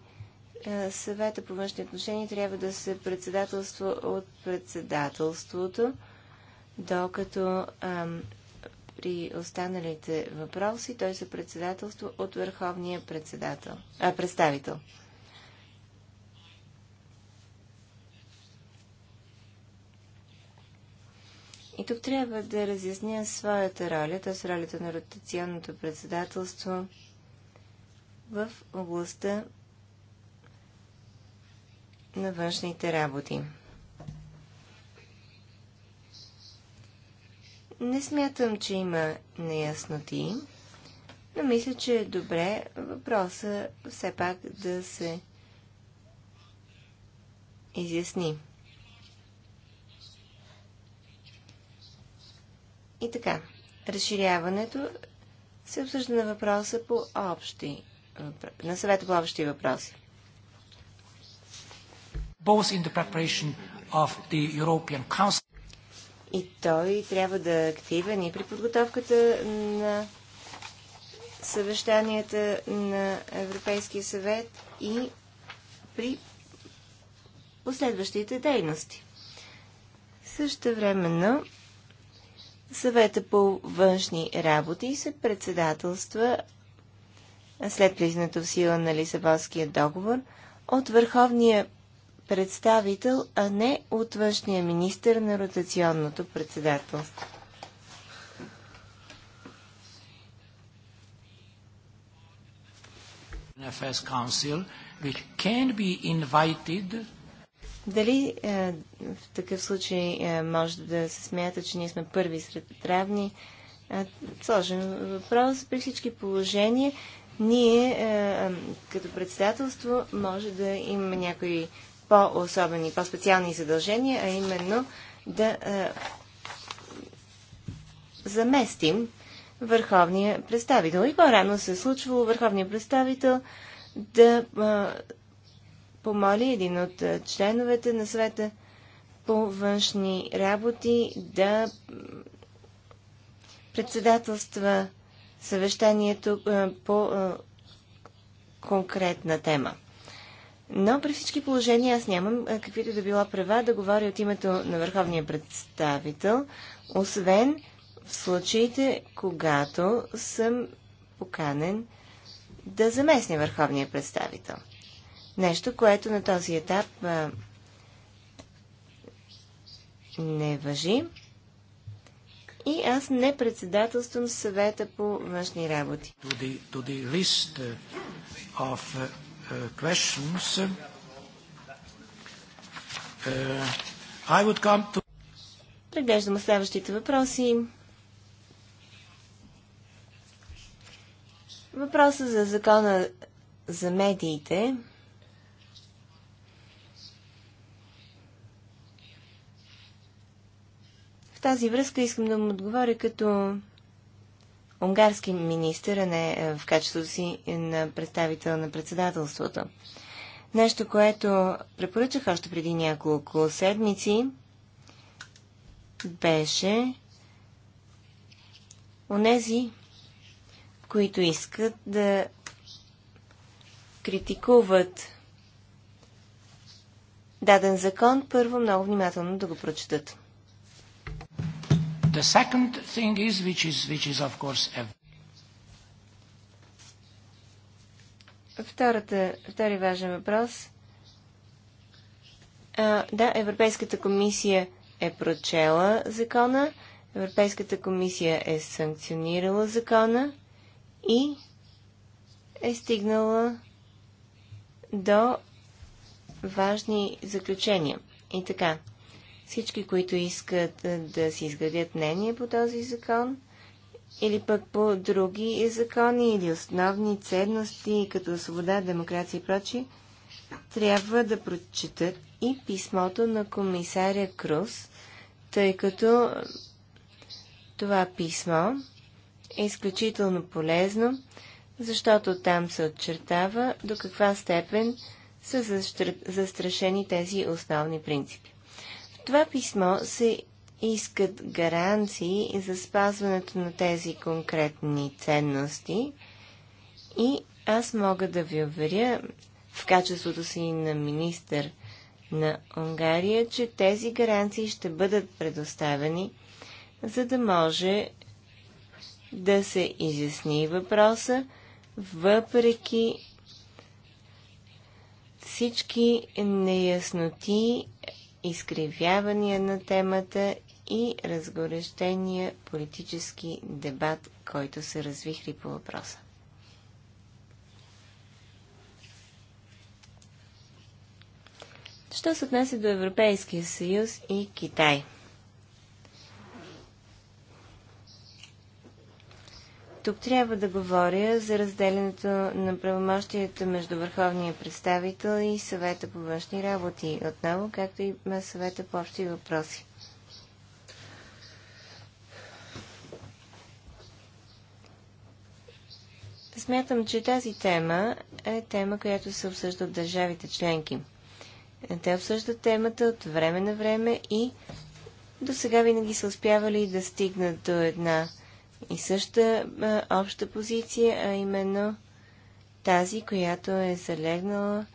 е, съвета по външни отношения трябва да се председателства от председателството, докато ам, при останалите въпроси той се председателства от върховния председател, а, представител. И тук трябва да разясня своята роля, т.е. ролята на ротационното председателство – в областта на външните работи. Не смятам, че има неясноти, но мисля, че е добре въпроса все пак да се изясни. И така, разширяването се обсъжда на въпроса по общи е, на съвета по общи въпроси. И той трябва да е активен и при подготовката на съвещанията на Европейския съвет и при последващите дейности. Също времено съвета по външни работи се председателства след влизането в сила на Лисабонския договор от върховния представител, а не от външния министр на ротационното председателство. Дали е, в такъв случай е, може да се смята, че ние сме първи сред равни? Е, сложен въпрос. При всички положения ние е, като председателство може да имаме някои по-особени, по-специални задължения, а именно да е, заместим върховния представител. И по-рано се е случвало върховния представител да е, помоли един от членовете на света по външни работи да председателства съвещанието е, по е, конкретна тема. Но при всички положения аз нямам е, каквито да било права да говоря от името на върховния представител, освен в случаите, когато съм поканен да заместня върховния представител. Нещо, което на този етап а, не въжи и аз не председателствам съвета по външни работи. To the, to the list uh, of uh, uh, questions, I would come to... Преглеждам следващите въпроси. Въпросът за закона за медиите – тази връзка искам да му отговоря като унгарски министър, а не е, в качеството си на представител на председателството. Нещо, което препоръчах още преди няколко седмици, беше онези, които искат да критикуват даден закон, първо много внимателно да го прочетат. The second thing is, which is, which is of course a Втората, втори важен въпрос. А, да, Европейската комисия е прочела закона, Европейската комисия е санкционирала закона и е стигнала до важни заключения. И така, всички, които искат да си изградят мнение по този закон, или пък по други закони или основни ценности, като свобода, демокрация и прочи, трябва да прочитат и писмото на комисаря Крус, тъй като това писмо е изключително полезно, защото там се отчертава до каква степен са застрашени тези основни принципи това писмо се искат гаранции за спазването на тези конкретни ценности и аз мога да ви уверя в качеството си на министър на Унгария, че тези гаранции ще бъдат предоставени, за да може да се изясни въпроса, въпреки всички неясноти изкривявания на темата и разгорещения политически дебат, който се развихри по въпроса. Що се отнася до Европейския съюз и Китай? Тук трябва да говоря за разделянето на правомощията между Върховния представител и съвета по външни работи, отново, както и съвета по общи въпроси. Смятам, че тази тема е тема, която се обсъжда от държавите членки. Те обсъждат темата от време на време и до сега винаги са успявали да стигнат до една и съща а, обща позиция, а именно тази, която е залегнала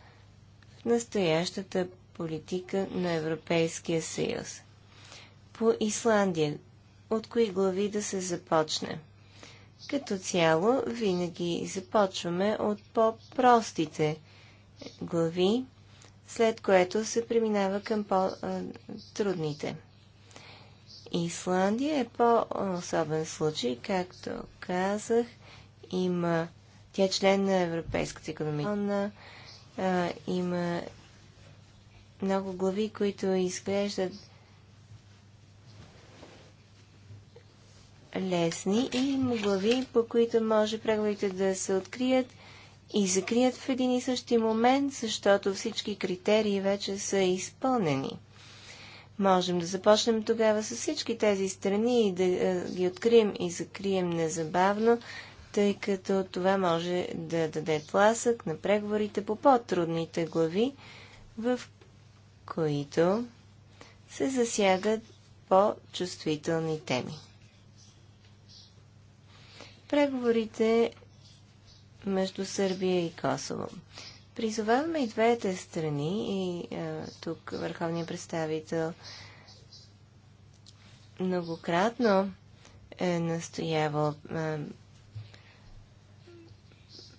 в настоящата политика на Европейския съюз. По Исландия, от кои глави да се започне? Като цяло, винаги започваме от по-простите глави, след което се преминава към по-трудните. Исландия е по-особен случай, както казах. Има... Тя е член на Европейската економика. Има много глави, които изглеждат лесни и има глави, по които може преговорите да се открият и закрият в един и същи момент, защото всички критерии вече са изпълнени. Можем да започнем тогава с всички тези страни и да е, ги открием и закрием незабавно, тъй като това може да даде тласък на преговорите по по-трудните глави, в които се засягат по-чувствителни теми. Преговорите между Сърбия и Косово. Призоваваме и двете страни и е, тук върховният представител многократно е настоявал е,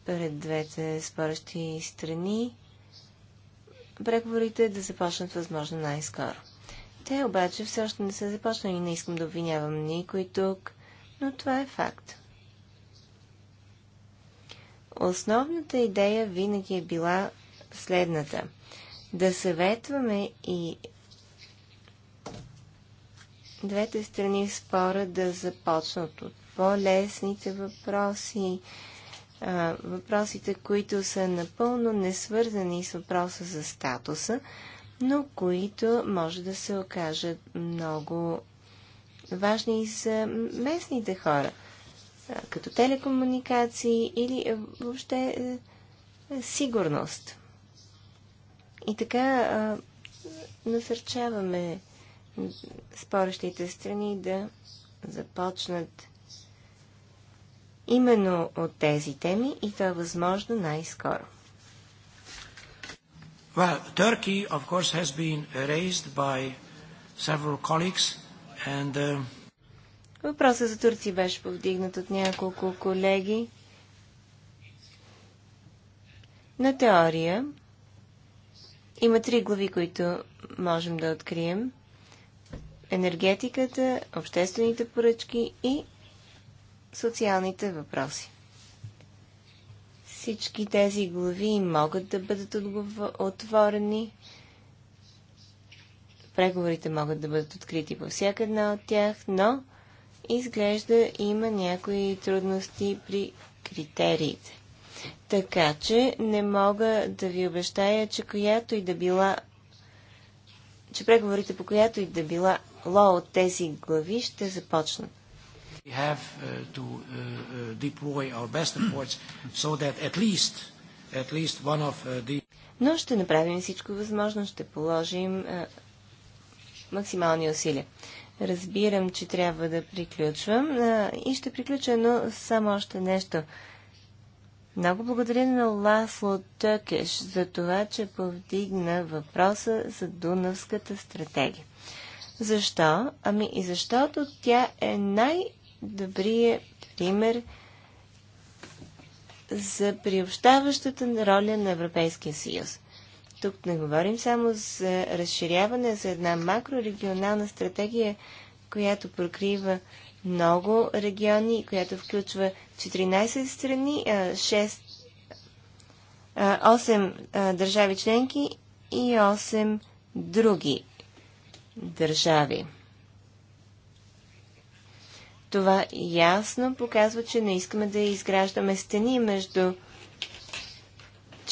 пред двете спорещи страни преговорите да започнат възможно най-скоро. Те обаче все още не са започнали. Не искам да обвинявам никой тук, но това е факт. Основната идея винаги е била следната. Да съветваме и двете страни в спора да започнат от по-лесните въпроси, въпросите, които са напълно несвързани с въпроса за статуса, но които може да се окажат много важни и за местните хора като телекомуникации или въобще сигурност. И така насърчаваме спорещите страни да започнат именно от тези теми и то е възможно най-скоро. Well, Turkey, of course, has been raised by several colleagues and uh, Въпросът за Турция беше повдигнат от няколко колеги. На теория има три глави, които можем да открием. Енергетиката, обществените поръчки и социалните въпроси. Всички тези глави могат да бъдат отворени. Преговорите могат да бъдат открити по всяка една от тях, но изглежда има някои трудности при критериите. Така че не мога да ви обещая, че която и да била че преговорите по която и да била ло от тези глави ще започнат. We have uh, to uh, uh deploy our best efforts so that at least, at least one of uh, the... Но ще направим всичко възможно, ще положим максимални усилия. Разбирам, че трябва да приключвам и ще приключа, но само още нещо. Много благодаря на Ласло Тъкеш за това, че повдигна въпроса за Дунавската стратегия. Защо? Ами и защото тя е най-добрият пример за приобщаващата роля на Европейския съюз. Тук не говорим само за разширяване за една макрорегионална стратегия, която прокрива много региони, която включва 14 страни, 6, 8 държави членки и 8 други държави. Това ясно показва, че не искаме да изграждаме стени между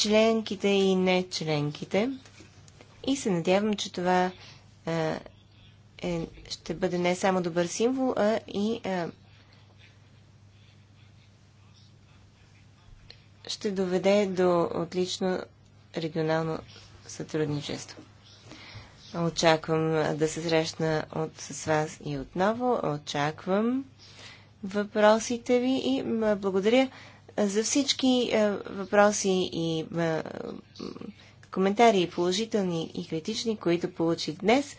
членките и не членките. И се надявам, че това а, е, ще бъде не само добър символ, а и а, ще доведе до отлично регионално сътрудничество. Очаквам да се срещна от, с вас и отново. Очаквам въпросите ви и благодаря за всички е, въпроси и е, коментари, положителни и критични, които получих днес.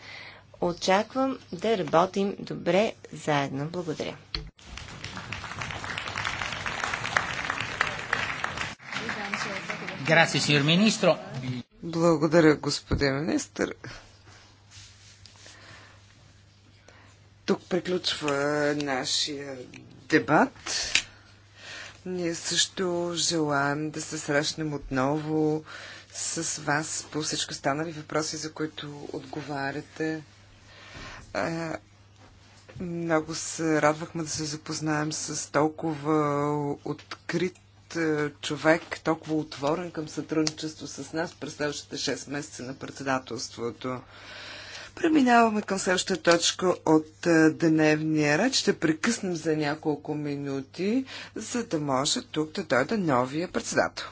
Очаквам да работим добре заедно. Благодаря. Благодаря, господин министр. Тук приключва нашия дебат. Ние също желаем да се срещнем отново с вас по всички станали въпроси, за които отговаряте. Много се радвахме да се запознаем с толкова открит човек, толкова отворен към сътрудничество с нас през следващите 6 месеца на председателството. Преминаваме към следващата точка от е, дневния ред. Ще прекъснем за няколко минути, за да може тук да дойде новия председател.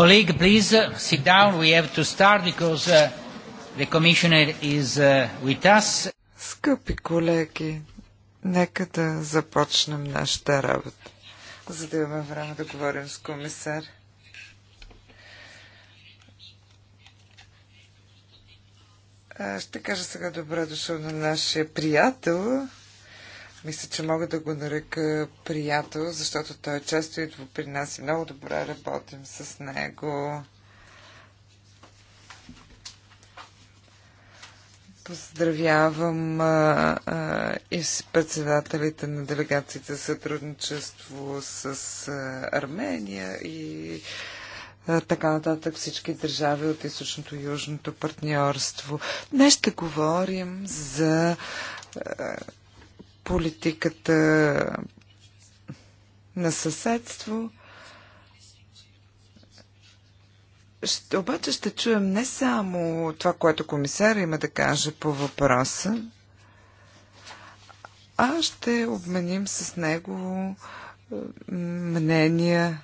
Colleague, please uh, sit down. We have to start because uh, the commissioner is uh, with us. Скъпи колеги, нека да започнем нашата работа, за да имаме време да говорим с комисар. Е, ще кажа сега добре дошъл на нашия приятел, мисля, че мога да го нарека приятел, защото той често идва при нас и много добре работим с него. Поздравявам а, а, и с председателите на делегациите за сътрудничество с а, Армения и а, така нататък всички държави от източното и южното партньорство. Днес ще говорим за политиката на съседство. Ще, обаче ще чуем не само това, което комисар има да каже по въпроса, а ще обменим с него е, мнения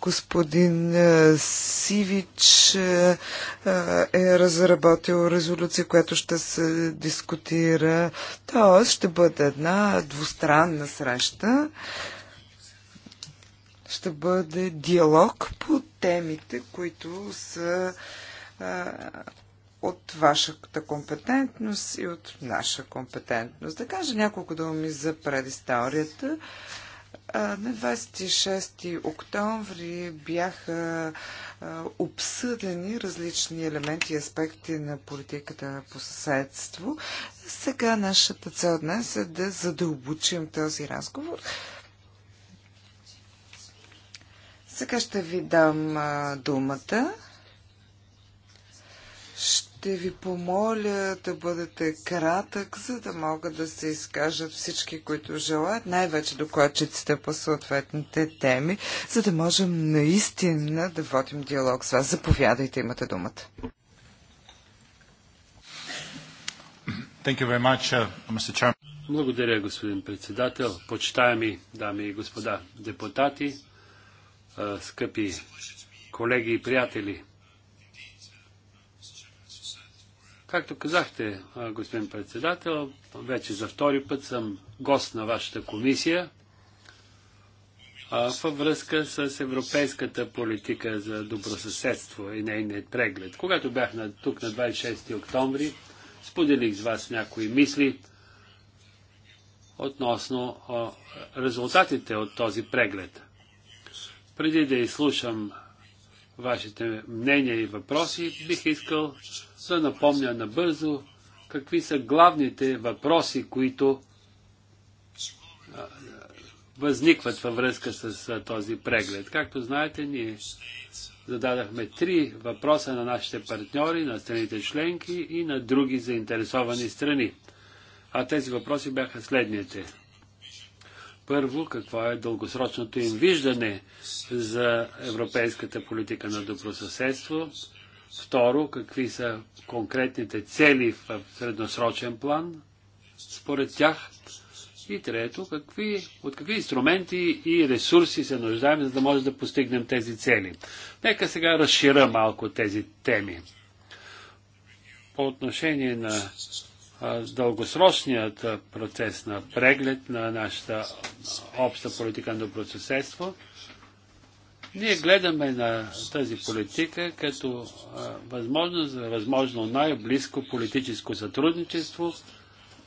господин е, Сивич е, е, е разработил резолюция, която ще се дискутира. Тоест ще бъде една двустранна среща. Ще бъде диалог по темите, които са от вашата компетентност и от наша компетентност. Да кажа няколко думи за предисторията. На 26 октомври бяха обсъдени различни елементи и аспекти на политиката по съседство. Сега нашата цел днес е да задълбочим този разговор. Сега ще ви дам думата. Ще ще ви помоля да бъдете кратък, за да могат да се изкажат всички, които желаят, най-вече докладчиците по съответните теми, за да можем наистина да водим диалог с вас. Заповядайте, имате думата. Much, uh, Благодаря, господин председател. Почитаеми дами и господа депутати, uh, скъпи колеги и приятели. Както казахте, господин председател, вече за втори път съм гост на вашата комисия във връзка с европейската политика за добросъседство и нейният преглед. Когато бях на, тук на 26 октомври, споделих с вас някои мисли относно резултатите от този преглед. Преди да изслушам вашите мнения и въпроси. Бих искал да напомня набързо какви са главните въпроси, които възникват във връзка с този преглед. Както знаете, ние зададахме три въпроса на нашите партньори, на страните членки и на други заинтересовани страни. А тези въпроси бяха следните. Първо, какво е дългосрочното им виждане за европейската политика на добросъседство? Второ, какви са конкретните цели в средносрочен план според тях? И трето, какви, от какви инструменти и ресурси се нуждаем, за да може да постигнем тези цели. Нека сега разшира малко тези теми. По отношение на дългосрочният процес на преглед на нашата обща политика на добросъседство, ние гледаме на тази политика като възможност за възможно най-близко политическо сътрудничество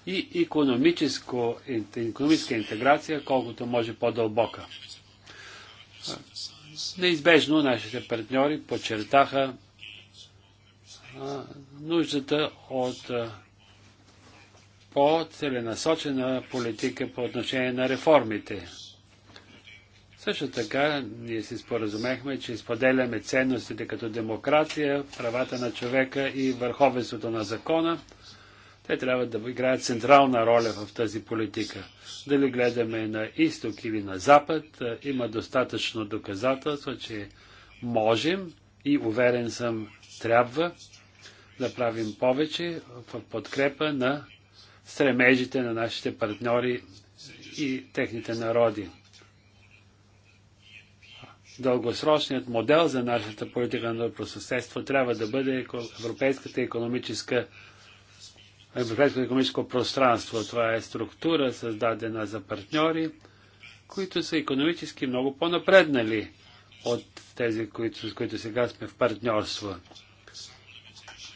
и економическо, економическа интеграция, колкото може по-дълбока. Неизбежно нашите партньори подчертаха нуждата от по-целенасочена политика по отношение на реформите. Също така, ние си споразумехме, че споделяме ценностите като демокрация, правата на човека и върховенството на закона. Те трябва да играят централна роля в тази политика. Дали гледаме на изток или на запад, има достатъчно доказателство, че можем и уверен съм трябва да правим повече в подкрепа на стремежите на нашите партньори и техните народи. Дългосрочният модел за нашата политика на добросъседство трябва да бъде европейската економическа Европейското економическо пространство. Това е структура, създадена за партньори, които са економически много по-напреднали от тези, които, с които сега сме в партньорство.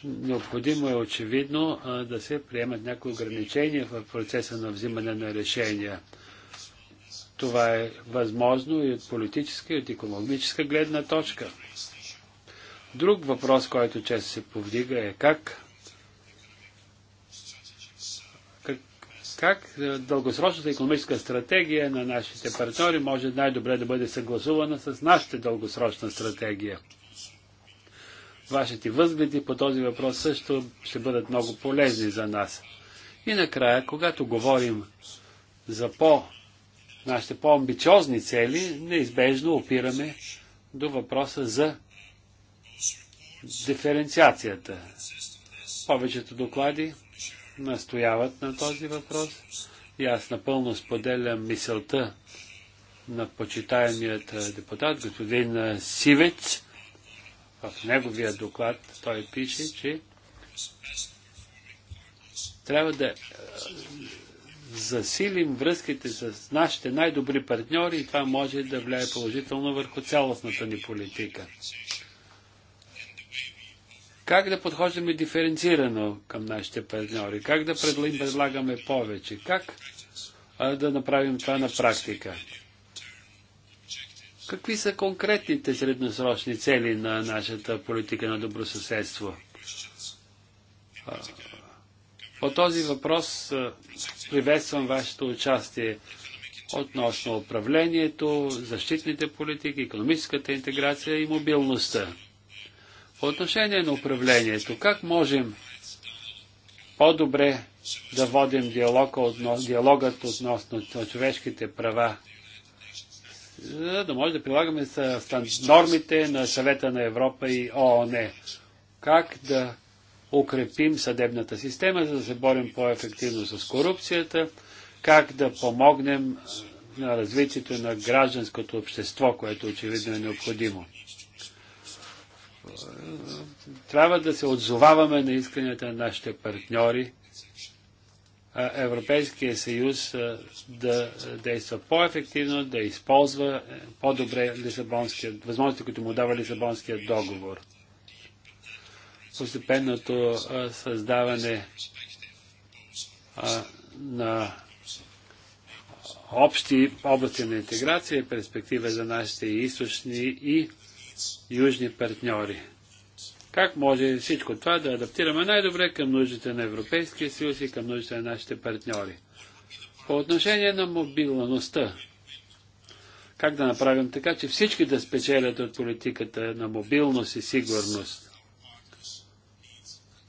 Необходимо е очевидно да се приемат някои ограничения в процеса на взимане на решения. Това е възможно и от политическа и от економическа гледна точка. Друг въпрос, който често се повдига е как как, как дългосрочната економическа стратегия на нашите партньори може най-добре да бъде съгласувана с нашата дългосрочна стратегия. Вашите възгледи по този въпрос също ще бъдат много полезни за нас. И накрая, когато говорим за по нашите по-амбициозни цели, неизбежно опираме до въпроса за диференциацията. Повечето доклади настояват на този въпрос и аз напълно споделям мисълта на почитаемият депутат, господин Сивец, в неговия доклад той пише, че трябва да е, засилим връзките с нашите най-добри партньори и това може да влияе положително върху цялостната ни политика. Как да подхождаме диференцирано към нашите партньори? Как да предлагаме повече? Как да направим това на практика? Какви са конкретните средносрочни цели на нашата политика на добросъседство? По този въпрос приветствам вашето участие относно управлението, защитните политики, економическата интеграция и мобилността. По отношение на управлението, как можем по-добре да водим диалога относно, диалогът относно човешките права за да може да прилагаме с нормите на съвета на Европа и ООН. Как да укрепим съдебната система, за да се борим по-ефективно с корупцията, как да помогнем на развитието на гражданското общество, което очевидно е необходимо. Трябва да се отзоваваме на исканията на нашите партньори Европейския съюз да действа по-ефективно, да използва е, по-добре възможностите, които му дава Лисабонският договор. Постепенното създаване на общи области на интеграция и перспектива за нашите източни и южни партньори. Как може всичко това да адаптираме най-добре към нуждите на Европейския съюз и към нуждите на нашите партньори? По отношение на мобилността, как да направим така, че всички да спечелят от политиката на мобилност и сигурност?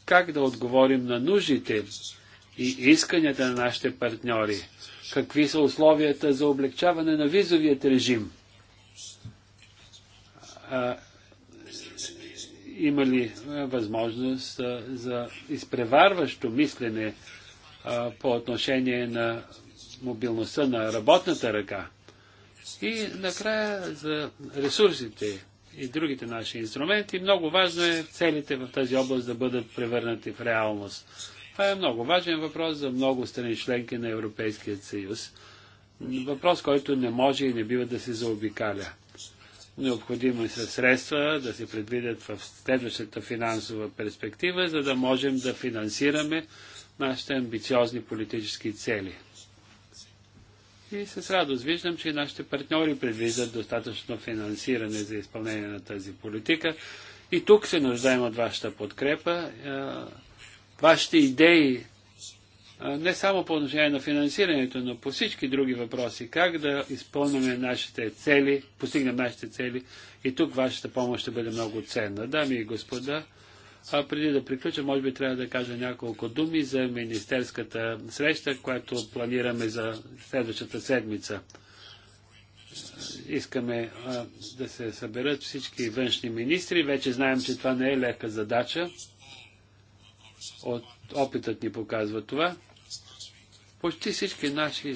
Как да отговорим на нуждите и исканията на нашите партньори? Какви са условията за облегчаване на визовият режим? имали е, възможност е, за изпреварващо мислене е, по отношение на мобилността на работната ръка. И накрая за ресурсите и другите наши инструменти. Много важно е целите в тази област да бъдат превърнати в реалност. Това е много важен въпрос за много страни членки на Европейския съюз. Въпрос, който не може и не бива да се заобикаля. Необходими са средства да се предвидят в следващата финансова перспектива, за да можем да финансираме нашите амбициозни политически цели. И с радост виждам, че и нашите партньори предвиждат достатъчно финансиране за изпълнение на тази политика. И тук се нуждаем от вашата подкрепа. Е, вашите идеи не само по отношение на финансирането, но по всички други въпроси. Как да изпълним нашите цели, постигнем нашите цели и тук вашата помощ ще бъде много ценна. Дами и господа, а преди да приключа, може би трябва да кажа няколко думи за министерската среща, която планираме за следващата седмица. Искаме а, да се съберат всички външни министри. Вече знаем, че това не е лека задача. От опитът ни показва това. Почти всички наши,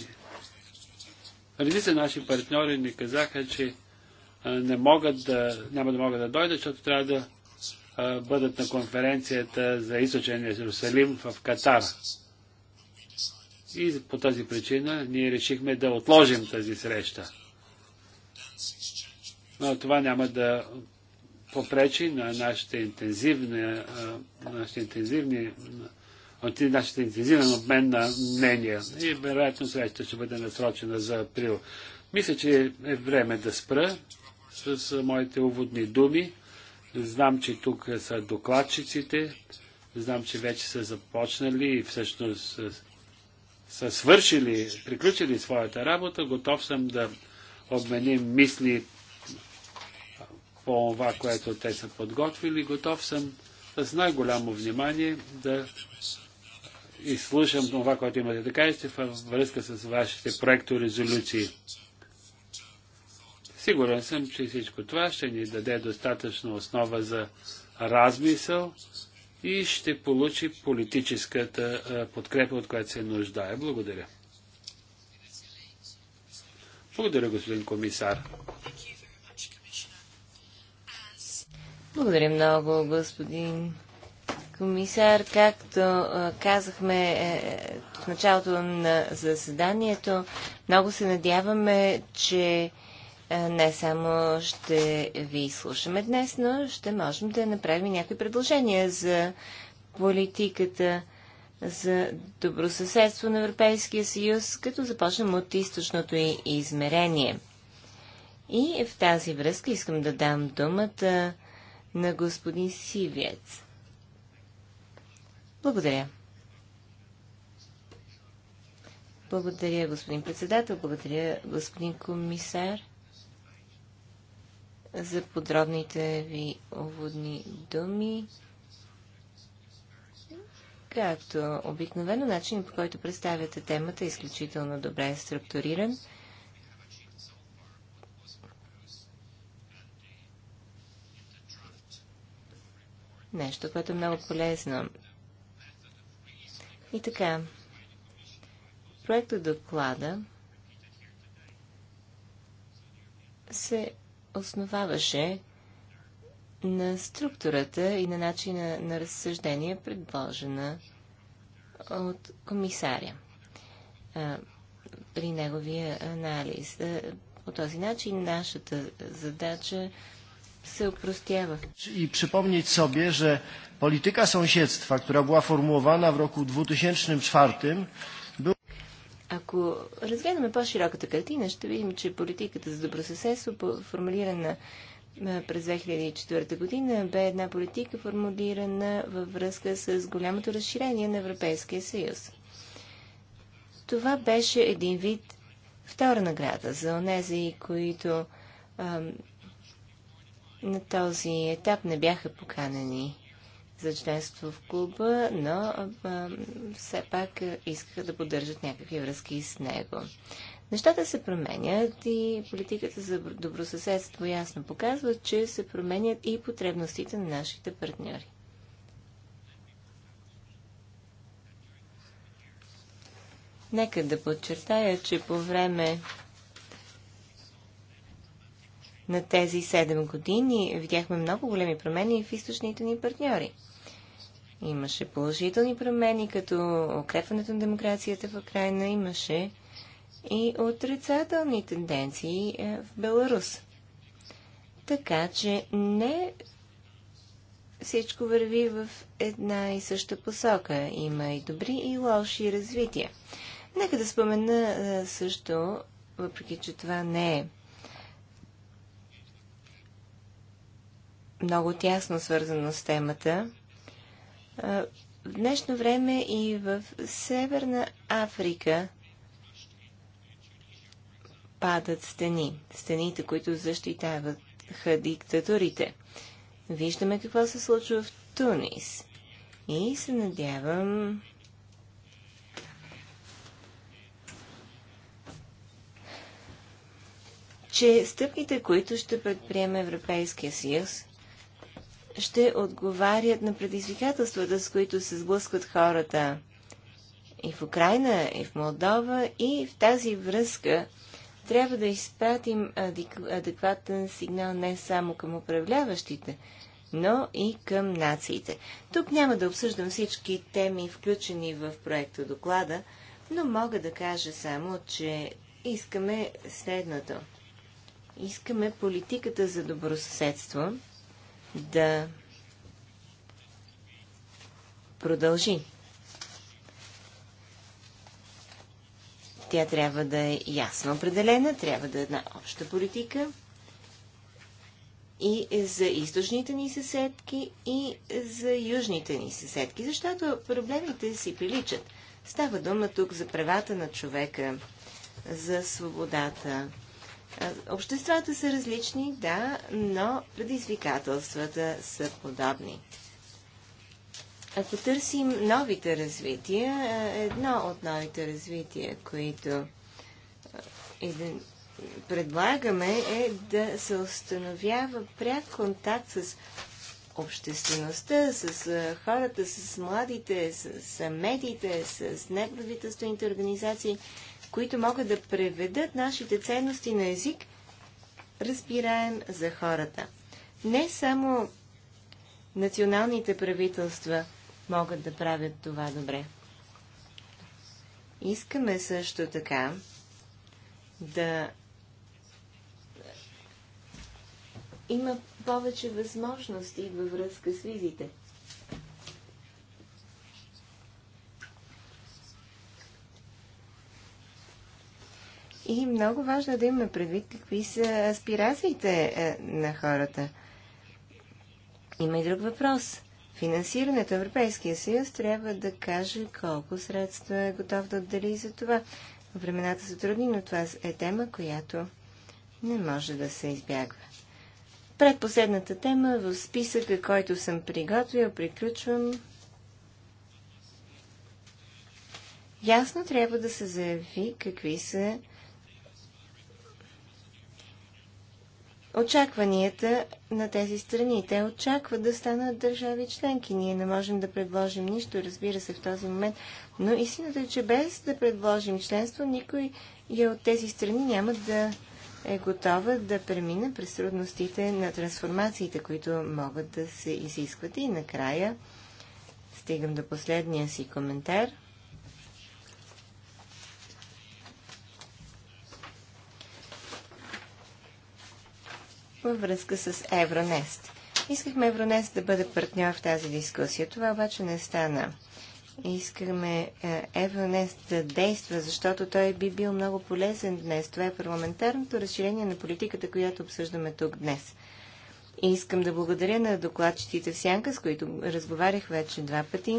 редица наши партньори ни казаха, че не могат да, няма да могат да дойдат, защото трябва да бъдат на конференцията за източен Иерусалим в Катар. И по тази причина ние решихме да отложим тази среща. Но това няма да попречи на нашите интензивни, нашите интензивни от нашата интензивен обмен на мнения. И вероятно срещата ще бъде насрочена за април. Мисля, че е време да спра с моите уводни думи. Знам, че тук са докладчиците. Знам, че вече са започнали и всъщност са свършили, приключили своята работа. Готов съм да обменим мисли по това, което те са подготвили. Готов съм с най-голямо внимание да и слушам това, което имате да кажете във връзка с вашите проекто резолюции. Сигурен съм, че всичко това ще ни даде достатъчно основа за размисъл и ще получи политическата подкрепа, от която се нуждае. Благодаря. Благодаря, господин комисар. Благодаря много, господин комисар, както казахме е, в началото на заседанието, много се надяваме, че не само ще ви слушаме днес, но ще можем да направим някои предложения за политиката за добросъседство на Европейския съюз, като започнем от източното и измерение. И в тази връзка искам да дам думата на господин Сивец. Благодаря. Благодаря, господин председател. Благодаря, господин комисар, за подробните ви уводни думи. Както обикновено, начин по който представяте темата е изключително добре структуриран. Нещо, което е много полезно и така, проектът доклада се основаваше на структурата и на начина на разсъждение, предложена от комисаря при неговия анализ. по този начин нашата задача се упростява. И припомнить себе, че Polityka sąsiedztwa, która była formułowana w roku 2004, Ако разгледаме по-широката картина, ще видим, че политиката за добросъседство, формулирана през 2004 година, бе една политика формулирана във връзка с голямото разширение на Европейския съюз. Това беше един вид втора награда за онези, които а, на този етап не бяха поканени за членство в клуба, но а, все пак искаха да поддържат някакви връзки с него. Нещата се променят и политиката за добросъседство ясно показва, че се променят и потребностите на нашите партньори. Нека да подчертая, че по време на тези 7 години видяхме много големи промени в източните ни партньори. Имаше положителни промени, като укрепването на демокрацията в Украина. Имаше и отрицателни тенденции е, в Беларус. Така че не всичко върви в една и съща посока. Има и добри и лоши развития. Нека да спомена е, също, въпреки че това не е много тясно свързано с темата, в днешно време и в Северна Африка падат стени. Стените, които защитават диктатурите. Виждаме какво се случва в Тунис. И се надявам че стъпките, които ще предприеме Европейския съюз, ще отговарят на предизвикателствата, с които се сблъскват хората и в Украина, и в Молдова, и в тази връзка трябва да изпратим адекватен сигнал не само към управляващите, но и към нациите. Тук няма да обсъждам всички теми, включени в проекта доклада, но мога да кажа само, че искаме следното. Искаме политиката за добросъседство – да продължи. Тя трябва да е ясно определена, трябва да е една обща политика и за източните ни съседки, и за южните ни съседки, защото проблемите си приличат. Става дума тук за правата на човека, за свободата е, обществата са различни, да, но предизвикателствата са подобни. Ако търсим новите развития, е, едно от новите развития, които е, предлагаме е да се установява пряк контакт с обществеността, с хората, с младите, с медиите, с неправителствените организации – които могат да преведат нашите ценности на език, разбираем за хората. Не само националните правителства могат да правят това добре. Искаме също така да има повече възможности във връзка с визите. И много важно е да имаме предвид какви са аспирациите е, на хората. Има и друг въпрос. Финансирането Европейския съюз трябва да каже колко средства е готов да отдели за това. Времената са трудни, но това е тема, която не може да се избягва. Предпоследната тема в списъка, който съм приготвил, приключвам. Ясно трябва да се заяви какви са очакванията на тези страни. Те очакват да станат държави членки. Ние не можем да предложим нищо, разбира се, в този момент. Но истината е, че без да предложим членство, никой я от тези страни няма да е готова да премина през трудностите на трансформациите, които могат да се изискват. И накрая стигам до последния си коментар – във връзка с Евронест. Искахме Евронест да бъде партньор в тази дискусия. Това обаче не стана. Искаме е, Евронест да действа, защото той би бил много полезен днес. Това е парламентарното разширение на политиката, която обсъждаме тук днес. И искам да благодаря на докладчетите в Сянка, с които разговарях вече два пъти.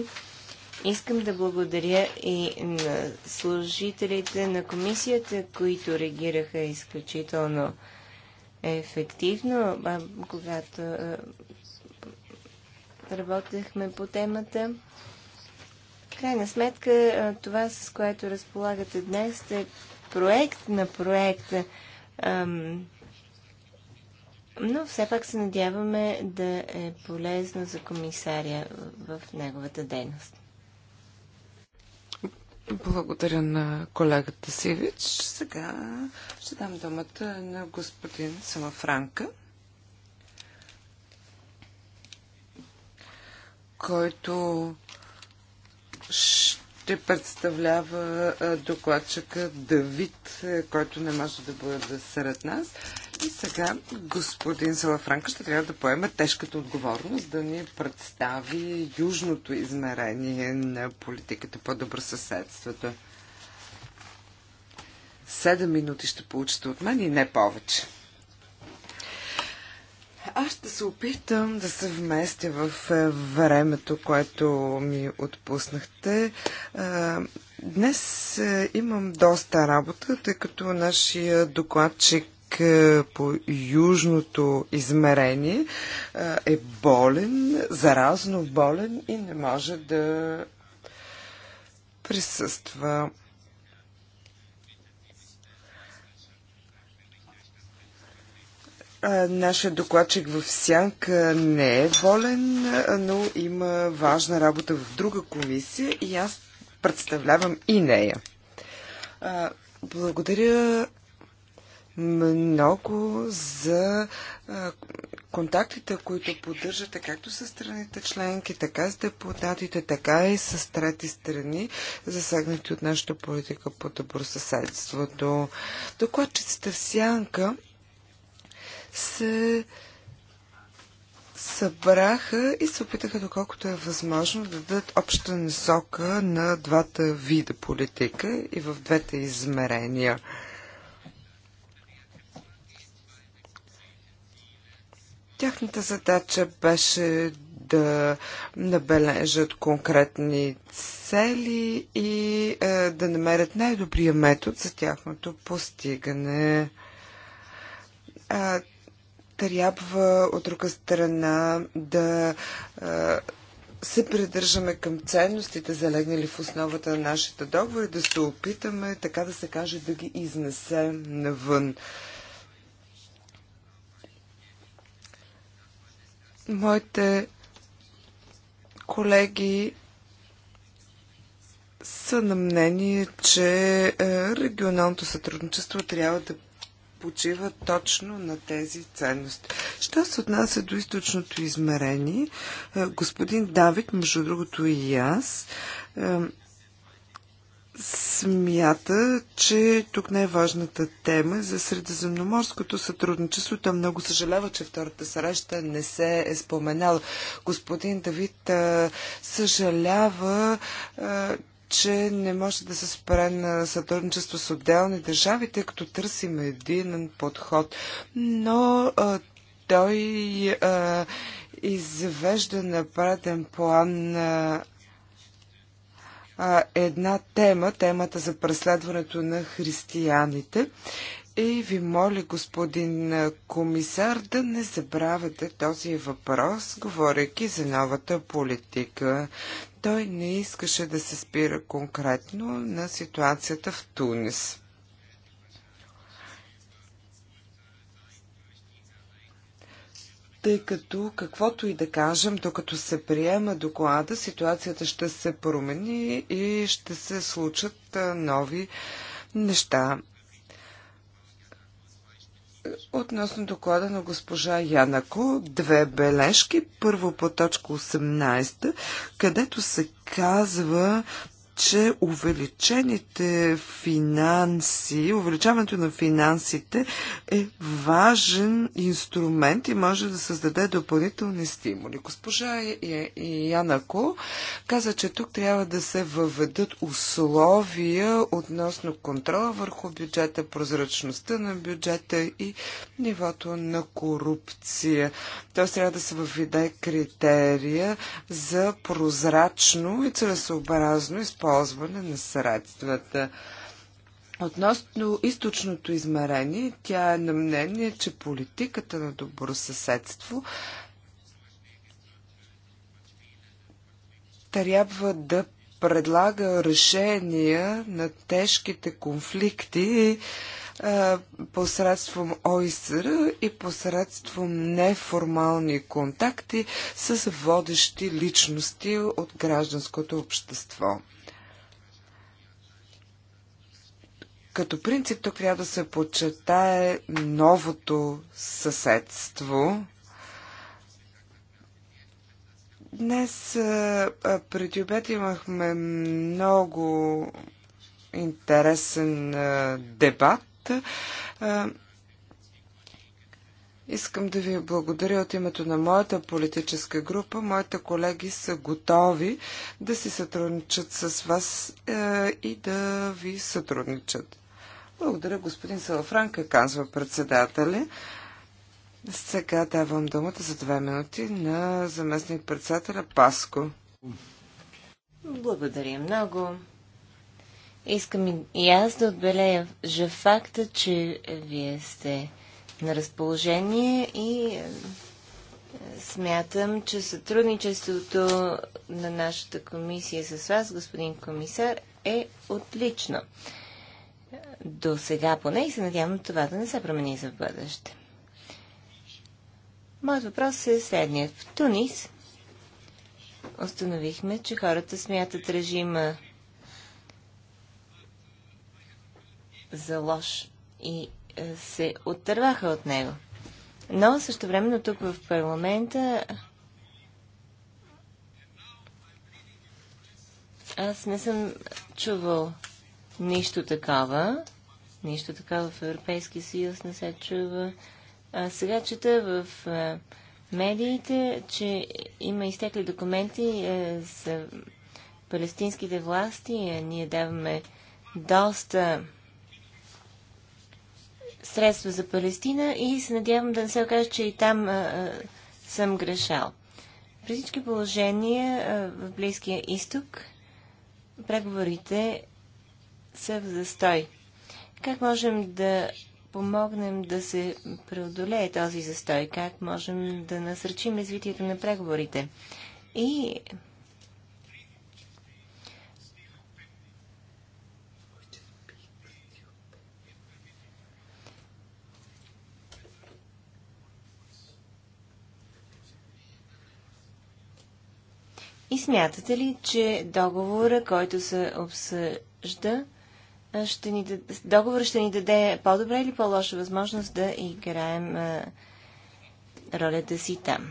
Искам да благодаря и на служителите на комисията, които реагираха изключително е ефективно. А, когато а, работехме по темата, крайна сметка а, това, с което разполагате днес, е проект на проекта. Ам, но все пак се надяваме да е полезно за комисаря в неговата дейност. Благодаря на колегата Сивич. Сега ще дам думата на господин Самафранка, който ще представлява докладчика Давид, е, който не може да бъде сред нас. И сега господин Салафранка ще трябва да поеме тежката отговорност да ни представи южното измерение на политиката по добросъседството. Седем минути ще получите от мен и не повече. Аз ще се опитам да се вместя в е, времето, което ми отпуснахте. Е, днес е, имам доста работа, тъй като нашия докладчик е, по южното измерение е, е болен, заразно болен и не може да присъства. Е, Нашия докладчик в Сянка не е болен, но има важна работа в друга комисия и аз представлявам и нея. Благодаря много за контактите, които поддържате както с страните членки, така с депутатите, така и с трети страни, засегнати от нашата политика по добросъседството. Докладчицата в Сянка се събраха и се опитаха, доколкото е възможно, да дадат обща насока на двата вида политика и в двете измерения – Тяхната задача беше да набележат конкретни цели и е, да намерят най-добрия метод за тяхното постигане. А, е, трябва от друга страна да е, се придържаме към ценностите, залегнали в основата на нашите договори, да се опитаме, така да се каже, да ги изнесем навън. Моите колеги са на мнение, че е, регионалното сътрудничество трябва да почива точно на тези ценности. Що се отнася до източното измерение, е, господин Давид, между другото и аз, е, смята, че тук не е важната тема за средиземноморското сътрудничество. Там много съжалява, че втората среща не се е споменала. Господин Давид съжалява, че не може да се спре на сътрудничество с отделни държави, тъй като търсим един подход. Но той извежда на преден план а, една тема, темата за преследването на християните. И ви моля, господин комисар, да не забравяте този въпрос, говорейки за новата политика. Той не искаше да се спира конкретно на ситуацията в Тунис. тъй като каквото и да кажем, докато се приема доклада, ситуацията ще се промени и ще се случат нови неща. Относно доклада на госпожа Янако, две бележки. Първо по точка 18, където се казва, че увеличените финанси, увеличаването на финансите е важен инструмент и може да създаде допълнителни стимули. Госпожа Янако каза, че тук трябва да се въведат условия относно контрола върху бюджета, прозрачността на бюджета и нивото на корупция. Тоест трябва да се въведе критерия за прозрачно и целесообразно използване използване на средствата. Относно източното измерение, тя е на мнение, че политиката на добросъседство трябва да предлага решения на тежките конфликти е, посредством ОИСР и посредством неформални контакти с водещи личности от гражданското общество. Като принцип тук трябва да се почетае новото съседство. Днес преди обед имахме много интересен дебат. Искам да ви благодаря от името на моята политическа група. Моите колеги са готови да си сътрудничат с вас и да ви сътрудничат. Благодаря, господин Салафранка, казва председателя. Сега давам думата за две минути на заместник председателя Паско. Благодаря много. Искам и аз да отбележа же факта, че вие сте на разположение и е, смятам, че сътрудничеството на нашата комисия с вас, господин комисар, е отлично до сега поне и се надявам това да не се промени за бъдеще. Моят въпрос е следният. В Тунис установихме, че хората смятат режима за лош и е, се отърваха от него. Но също времено тук в парламента аз не съм чувал Нищо такова. Нищо такова в Европейския съюз не се чува. А сега чета в медиите, че има изтекли документи с е, за палестинските власти. Е, ние даваме доста средства за Палестина и се надявам да не се окаже, че и там а, а, съм грешал. При всички положения а, в Близкия изток преговорите са в застой. Как можем да помогнем да се преодолее този застой? Как можем да насръчим развитието на преговорите? И И смятате ли, че договора, който се обсъжда, ще ни даде, договор ще ни даде по-добра или по-лоша възможност да играем а, ролята си там.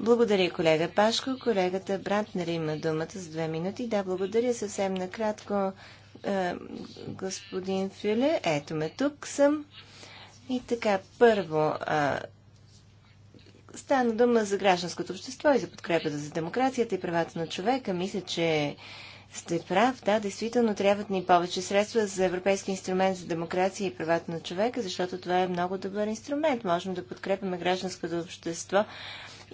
Благодаря, колега Пашко. Колегата Брантнер има думата за две минути. Да, благодаря съвсем накратко, а, господин Фюле. Ето ме, тук съм. И така, първо, а, стана дума за гражданското общество и за подкрепата за демокрацията и правата на човека. Мисля, че сте прав, да, действително трябват ни повече средства за Европейски инструмент за демокрация и правата на човека, защото това е много добър инструмент. Можем да подкрепяме гражданското общество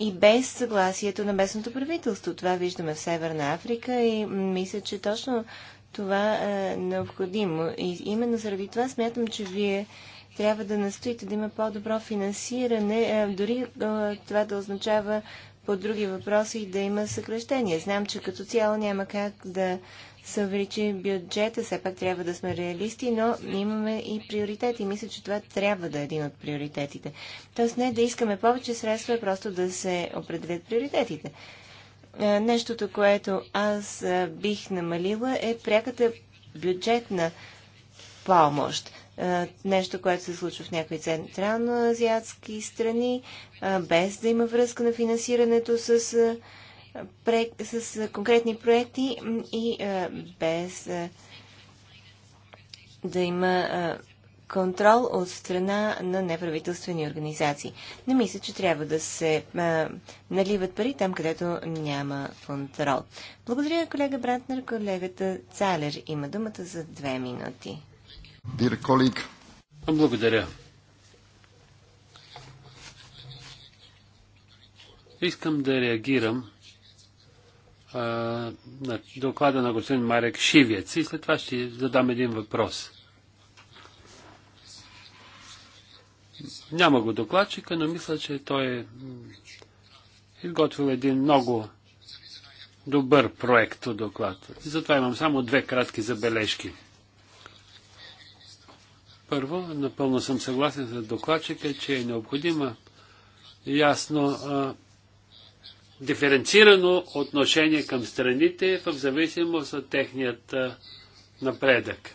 и без съгласието на местното правителство. Това виждаме в Северна Африка и мисля, че точно това е необходимо. И именно заради това смятам, че вие трябва да настоите да има по-добро финансиране, е, дори е, това да означава по други въпроси да има съкръщения. Знам, че като цяло няма как да се увеличи бюджета, все пак трябва да сме реалисти, но имаме и приоритети. Мисля, че това трябва да е един от приоритетите. Тоест не да искаме повече средства, а просто да се определят приоритетите. Нещото, което аз бих намалила е пряката бюджетна помощ. Е, нещо, което се случва в някои централно-азиатски страни, е, без да има връзка на финансирането с, е, с конкретни проекти и без да има контрол от страна на неправителствени организации. Не мисля, че трябва да се а, наливат пари там, където няма контрол. Благодаря, колега Братнер. Колегата Цалер има думата за две минути. Благодаря. Искам да реагирам а, на доклада на господин Марек Шивец и след това ще задам един въпрос. Няма го докладчика, но мисля, че той е изготвил един много добър проект от доклад. И затова имам само две кратки забележки. Първо, напълно съм съгласен с докладчика, че е необходимо ясно а, диференцирано отношение към страните в зависимост от техният а, напредък.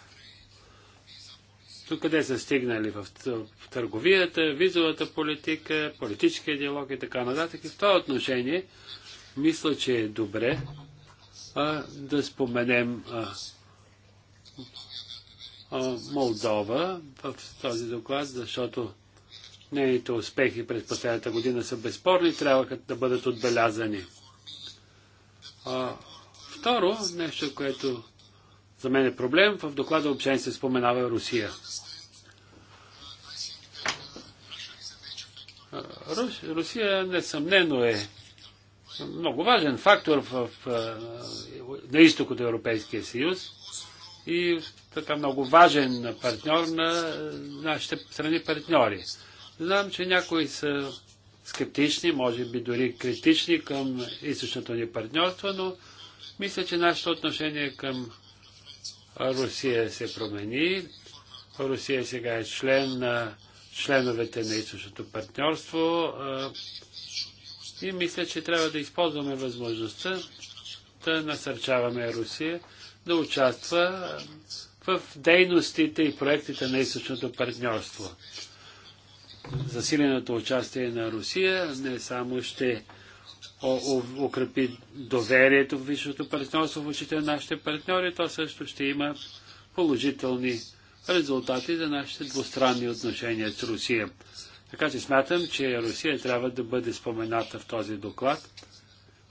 Тук къде са стигнали в, в търговията, визовата политика, политическия диалог и така нататък. И в това отношение мисля, че е добре а, да споменем а, Молдова в този доклад, защото нейните успехи през последната година са безспорни, трябва да бъдат отбелязани. А, второ, нещо, което за мен е проблем, в доклада въобще не се споменава Русия. Рус, Русия несъмнено е много важен фактор в, в, на изток от Европейския съюз и така много важен партньор на е, нашите страни партньори. Знам, че някои са скептични, може би дори критични към източното ни партньорство, но мисля, че нашето отношение към Русия се промени. Русия сега е член на членовете на източното партньорство е, и мисля, че трябва да използваме възможността да насърчаваме Русия да участва е, в дейностите и проектите на източното партньорство. Засиленото участие на Русия не само ще укрепи доверието в висшето партньорство в очите на нашите партньори, то също ще има положителни резултати за нашите двустранни отношения с Русия. Така че смятам, че Русия трябва да бъде спомената в този доклад.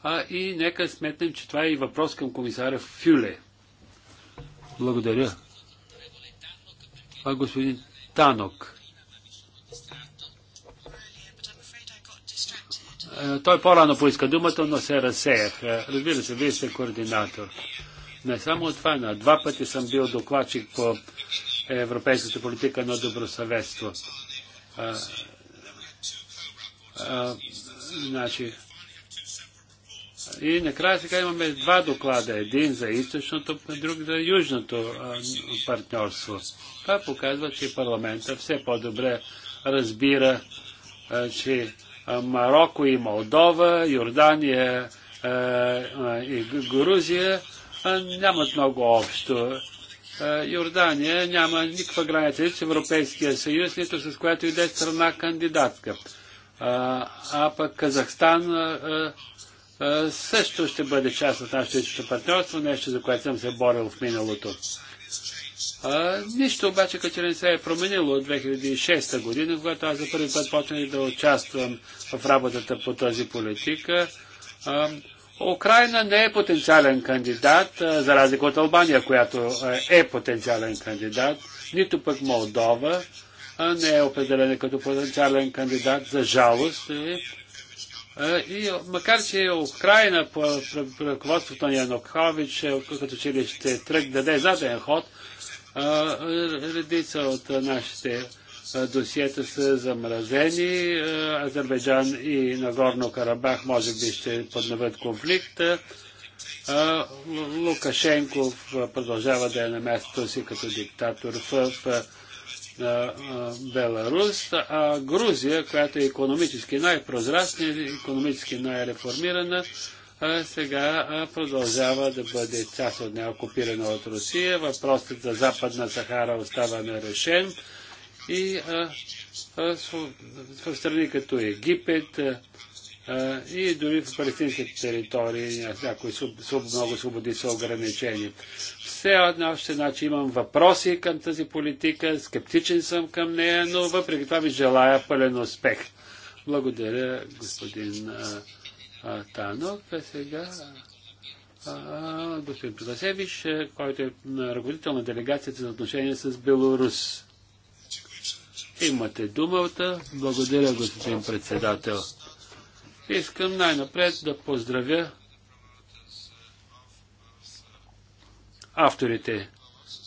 А и нека сметнем, че това е и въпрос към комисаря Фюле. Благодаря. А господин Танок. Е, той по-рано поиска думата, но се разсеях. Е, разбира се, вие сте координатор. Не само това, на два пъти съм бил докладчик по европейската политика на добросъветство. А, е, а, значи, и накрая сега имаме два доклада. Един за източното, друг за южното партньорство. Това показва, че парламента все по-добре разбира, че Марокко и Молдова, Йордания и Грузия нямат много общо. Йордания няма никаква граница нито с Европейския съюз, нито с която иде страна кандидатка. А, а пък Казахстан а, също ще бъде част от нашето партньорство, нещо за което съм се борил в миналото. нищо обаче като не се е променило от 2006 година, когато аз за първи път почнах да участвам в работата по тази политика. Украина не е потенциален кандидат, за разлика от Албания, която е потенциален кандидат, нито пък Молдова не е определена като потенциален кандидат, за жалост. И макар, че е Украина по ръководството на Янукович, е като че ли ще тръг даде заден ход, редица от нашите досиета са замразени. Азербайджан и Нагорно Карабах може би ще подновят конфликта. Лукашенко продължава да е на мястото си като диктатор в на Беларус, а Грузия, която е економически най прозрастна економически най-реформирана, сега продължава да бъде част от нея окупирана от Русия. Въпросът за Западна Сахара остава нерешен. И в страни като Египет и дори в палестинските територии някои много свободи са ограничени. Все още значи, имам въпроси към тази политика, скептичен съм към нея, но въпреки това ви желая пълен успех. Благодаря, господин а, Танов. А сега а, господин Протасевич, който е ръководител на делегацията за отношения с Беларус. Имате думата. Благодаря, господин председател. Искам най-напред да поздравя авторите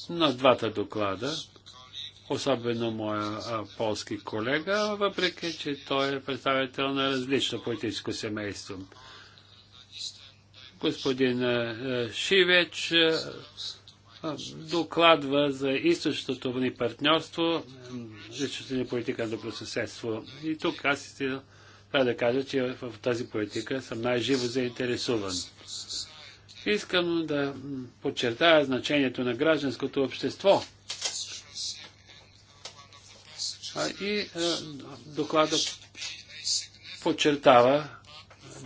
на двата доклада, особено моя полски колега, въпреки че той е представител на различно политическо семейство. Господин Шивеч докладва за източното ни партньорство, източната ни политика на добросъседство. И тук аз трябва да кажа, че в тази политика съм най-живо заинтересуван. Искам да подчертая значението на гражданското общество. И доклада подчертава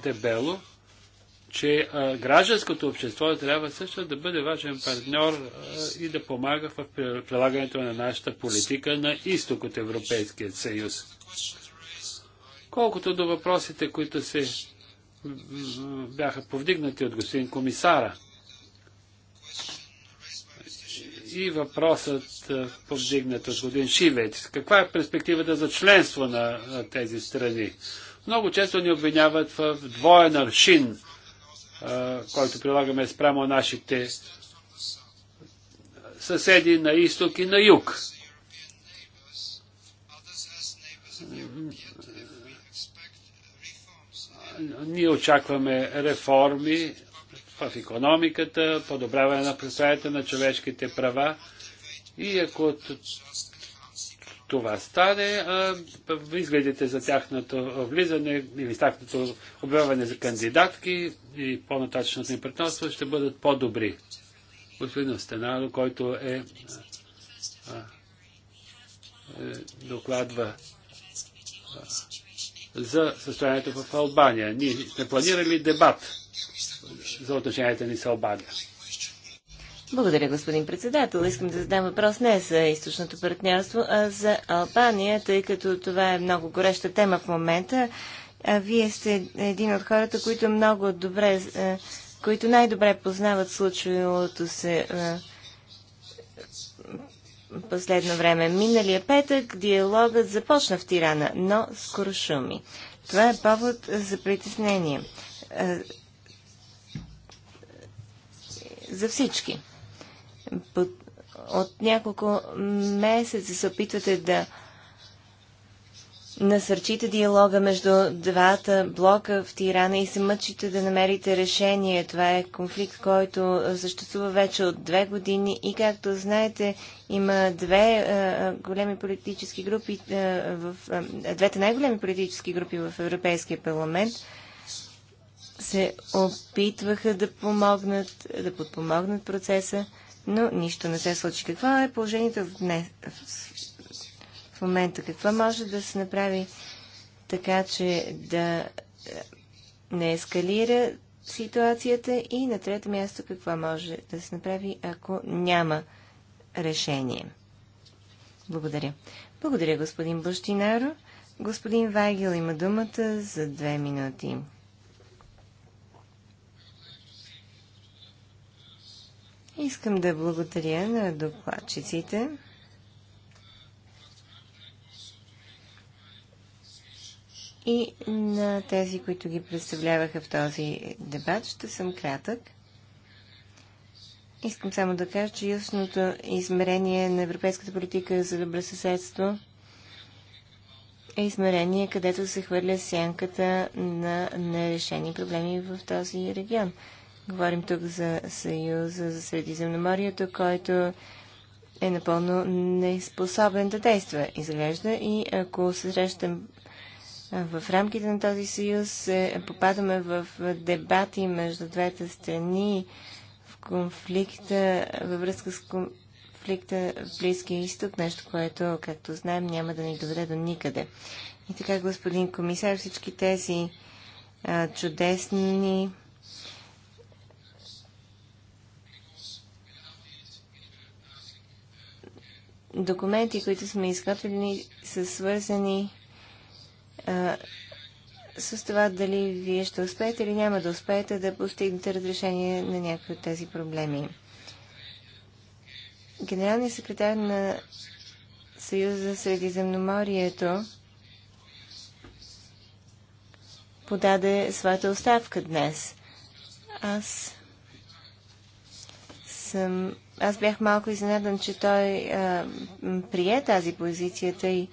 дебело, че а, гражданското общество трябва също да бъде важен партньор а, и да помага в прилагането на нашата политика на изток от Европейския съюз. Колкото до въпросите, които се бяха повдигнати от господин комисара. И въпросът повдигнат от господин Шивец. Каква е перспективата за членство на тези страни? Много често ни обвиняват в двоен аршин, който прилагаме спрямо нашите съседи на изток и на юг. Ние очакваме реформи в економиката, подобряване на представите на човешките права и ако това стане, изгледите за тяхното влизане или тяхното обявяване за кандидатки и по-нататъчното им партньорство ще бъдат по-добри. Господин Стенало, който е, е докладва за състоянието в Албания. Ние сме планирали дебат за отношенията ни с Албания. Благодаря, господин председател. Искам да задам въпрос не за източното партньорство, а за Албания, тъй като това е много гореща тема в момента. А вие сте един от хората, които много добре, е, които най-добре познават случилото се е, последно време. Миналия петък диалогът започна в Тирана, но скоро шуми. Това е повод за притеснение. Е, за всички. От няколко месеца се опитвате да насърчите диалога между двата блока в Тирана и се мъчите да намерите решение. Това е конфликт, който съществува вече от две години и както знаете, има две а, големи политически групи, а, в, а, двете най-големи политически групи в Европейския парламент се опитваха да помогнат, да подпомогнат процеса, но нищо не се случи. Какво е положението в днес, в момента. Какво може да се направи така, че да е, не ескалира ситуацията и на трето място какво може да се направи, ако няма решение. Благодаря. Благодаря, господин Бащинаро. Господин Вагил има думата за две минути. Искам да благодаря на докладчиците. и на тези, които ги представляваха в този дебат. Ще съм кратък. Искам само да кажа, че ясното измерение на европейската политика за добросъседство е измерение, където се хвърля сянката на нерешени проблеми в този регион. Говорим тук за Съюза, за Средиземноморието, който е напълно неспособен да действа, изглежда, и ако се срещам в рамките на този съюз попадаме в дебати между двете страни в конфликта, във връзка с конфликта в Близкия изток, нещо, което, както знаем, няма да ни доведе до никъде. И така, господин комисар, всички тези а, чудесни документи, които сме изготвили, са свързани а, с това дали вие ще успеете или няма да успеете да постигнете разрешение на някои от тези проблеми. Генералният секретар на Съюза за Средиземноморието подаде своята оставка днес. Аз съм... Аз бях малко изненадан, че той а, прие тази позицията и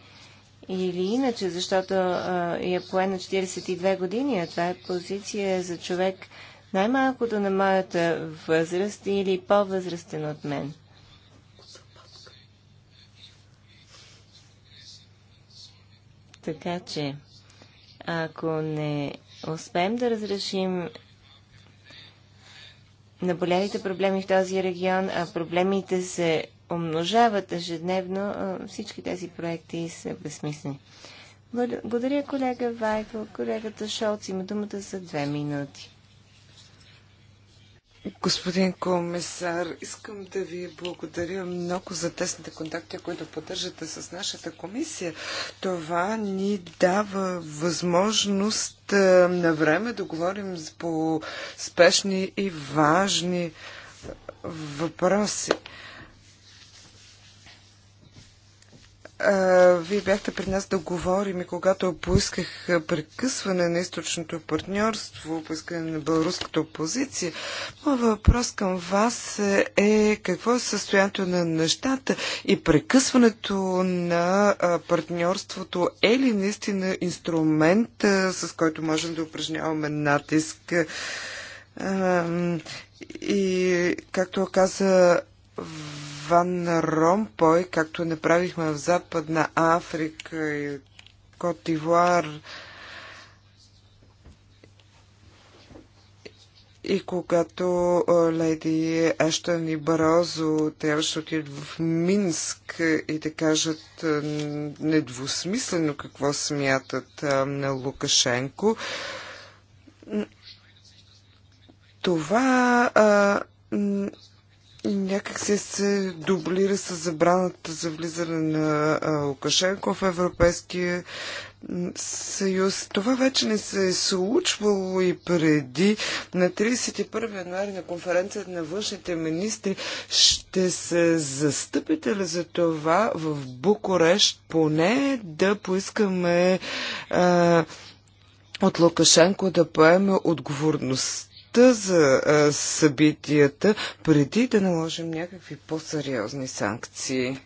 или иначе, защото а, я е пое на 42 години, а това е позиция за човек най-малкото на моята възраст или по-възрастен от мен. Така че, ако не успеем да разрешим наболелите проблеми в този регион, а проблемите се умножават ежедневно, всички тези проекти са безсмислени. Благодаря, колега Вайко. Колегата Шолц има думата за две минути. Господин комисар, искам да ви благодаря много за тесните контакти, които поддържате с нашата комисия. Това ни дава възможност на време да говорим по спешни и важни въпроси. вие бяхте при нас да говорим и когато поисках прекъсване на източното партньорство, поискане на българската опозиция, моят въпрос към вас е, е какво е състоянието на нещата и прекъсването на партньорството е ли наистина инструмент, с който можем да упражняваме натиск и, както каза Ван Ромпой, както направихме в Западна Африка и Котивуар, И когато леди Ештън и Барозо трябваше да отидат в Минск и да кажат недвусмислено какво смятат на Лукашенко, това някак се, се дублира с забраната за влизане на Лукашенко в Европейския съюз. Това вече не се е случвало и преди. На 31 януари на конференцията на външните министри ще се застъпите ли за това в Букурещ поне да поискаме а, от Лукашенко да поеме отговорност паметта за а, събитията, преди да наложим някакви по-сериозни санкции.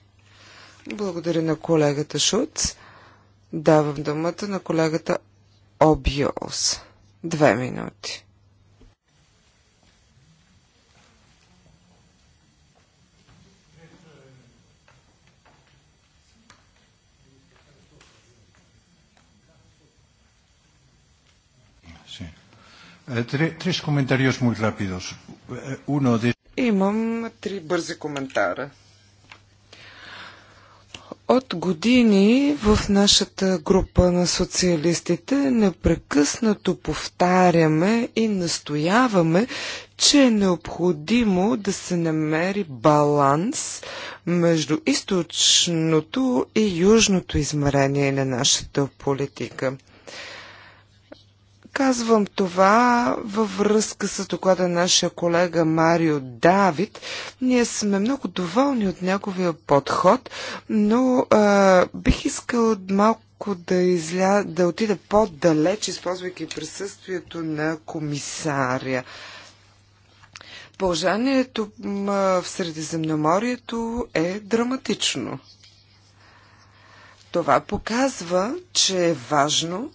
Благодаря на колегата Шуц. Давам думата на колегата Обиос. Две минути. Eh, tres comentarios muy rápidos. Eh, uno de... Имам три бързи коментара. От години в нашата група на социалистите непрекъснато повтаряме и настояваме, че е необходимо да се намери баланс между източното и южното измерение на нашата политика. Казвам това във връзка с доклада на нашия колега Марио Давид. Ние сме много доволни от неговия подход, но а, бих искал малко малко да, изля... да отида по-далеч, използвайки присъствието на комисаря. Положението в Средиземноморието е драматично. Това показва, че е важно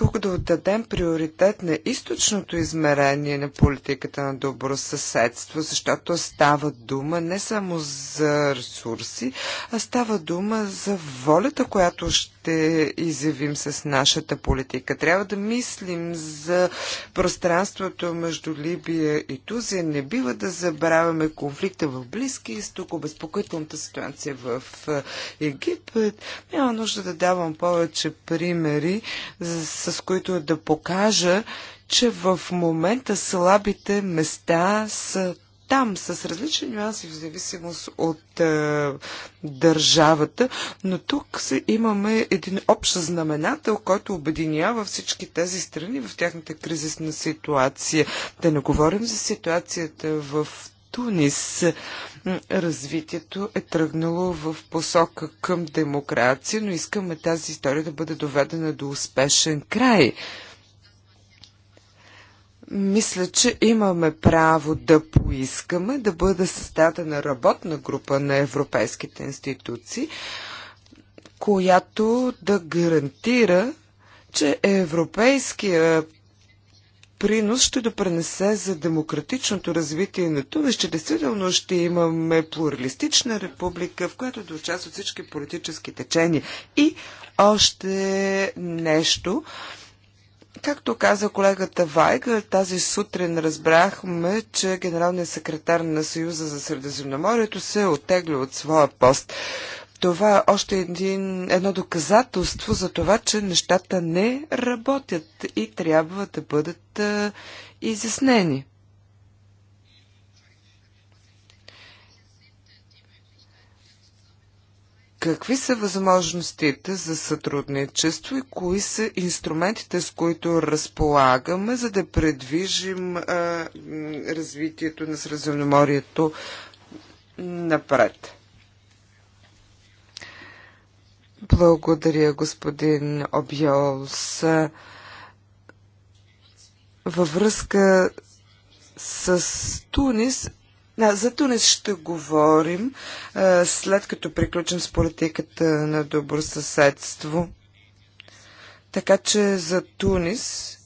тук да отдадем приоритет на източното измерение на политиката на добросъседство, защото става дума не само за ресурси, а става дума за волята, която ще ще изявим с нашата политика. Трябва да мислим за пространството между Либия и Тузия. Не бива да забравяме конфликта в Близки изток, обезпокоителната ситуация в Египет. Няма нужда да давам повече примери, с които да покажа, че в момента слабите места са там с различни нюанси в зависимост от е, държавата, но тук се имаме един общ знаменател, който обединява всички тези страни в тяхната кризисна ситуация. Да не говорим за ситуацията в Тунис развитието е тръгнало в посока към демокрация, но искаме тази история да бъде доведена до успешен край. Мисля, че имаме право да поискаме да бъде създадена работна група на европейските институции, която да гарантира, че европейския принос ще допренесе за демократичното развитие на Тунис, че действително ще имаме плуралистична република, в която да участват всички политически течения. И още нещо. Както каза колегата Вайга, тази сутрин разбрахме, че генералният секретар на Съюза за Средиземноморието се е отегли от своя пост. Това е още един, едно доказателство за това, че нещата не работят и трябва да бъдат а, изяснени. Какви са възможностите за сътрудничество и кои са инструментите, с които разполагаме, за да предвижим а, развитието на Средиземноморието напред? Благодаря, господин Обиолс. Във връзка с Тунис за Тунис ще говорим след като приключим с политиката на добросъседство. Така че за Тунис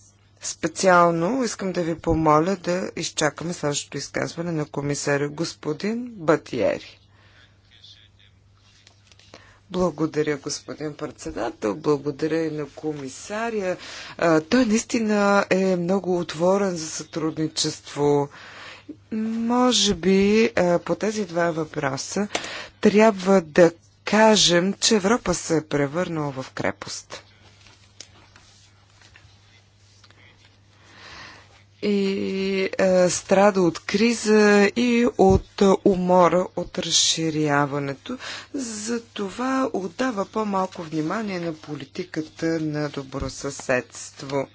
специално искам да ви помоля да изчакаме следващото изказване на комисаря господин Батиери. Благодаря, господин председател. Благодаря и на комисаря. Той наистина е много отворен за сътрудничество. Може би е, по тези два въпроса трябва да кажем, че Европа се е превърнала в крепост. и е, страда от криза и от е, умора от разширяването. Затова отдава по-малко внимание на политиката на добросъседство.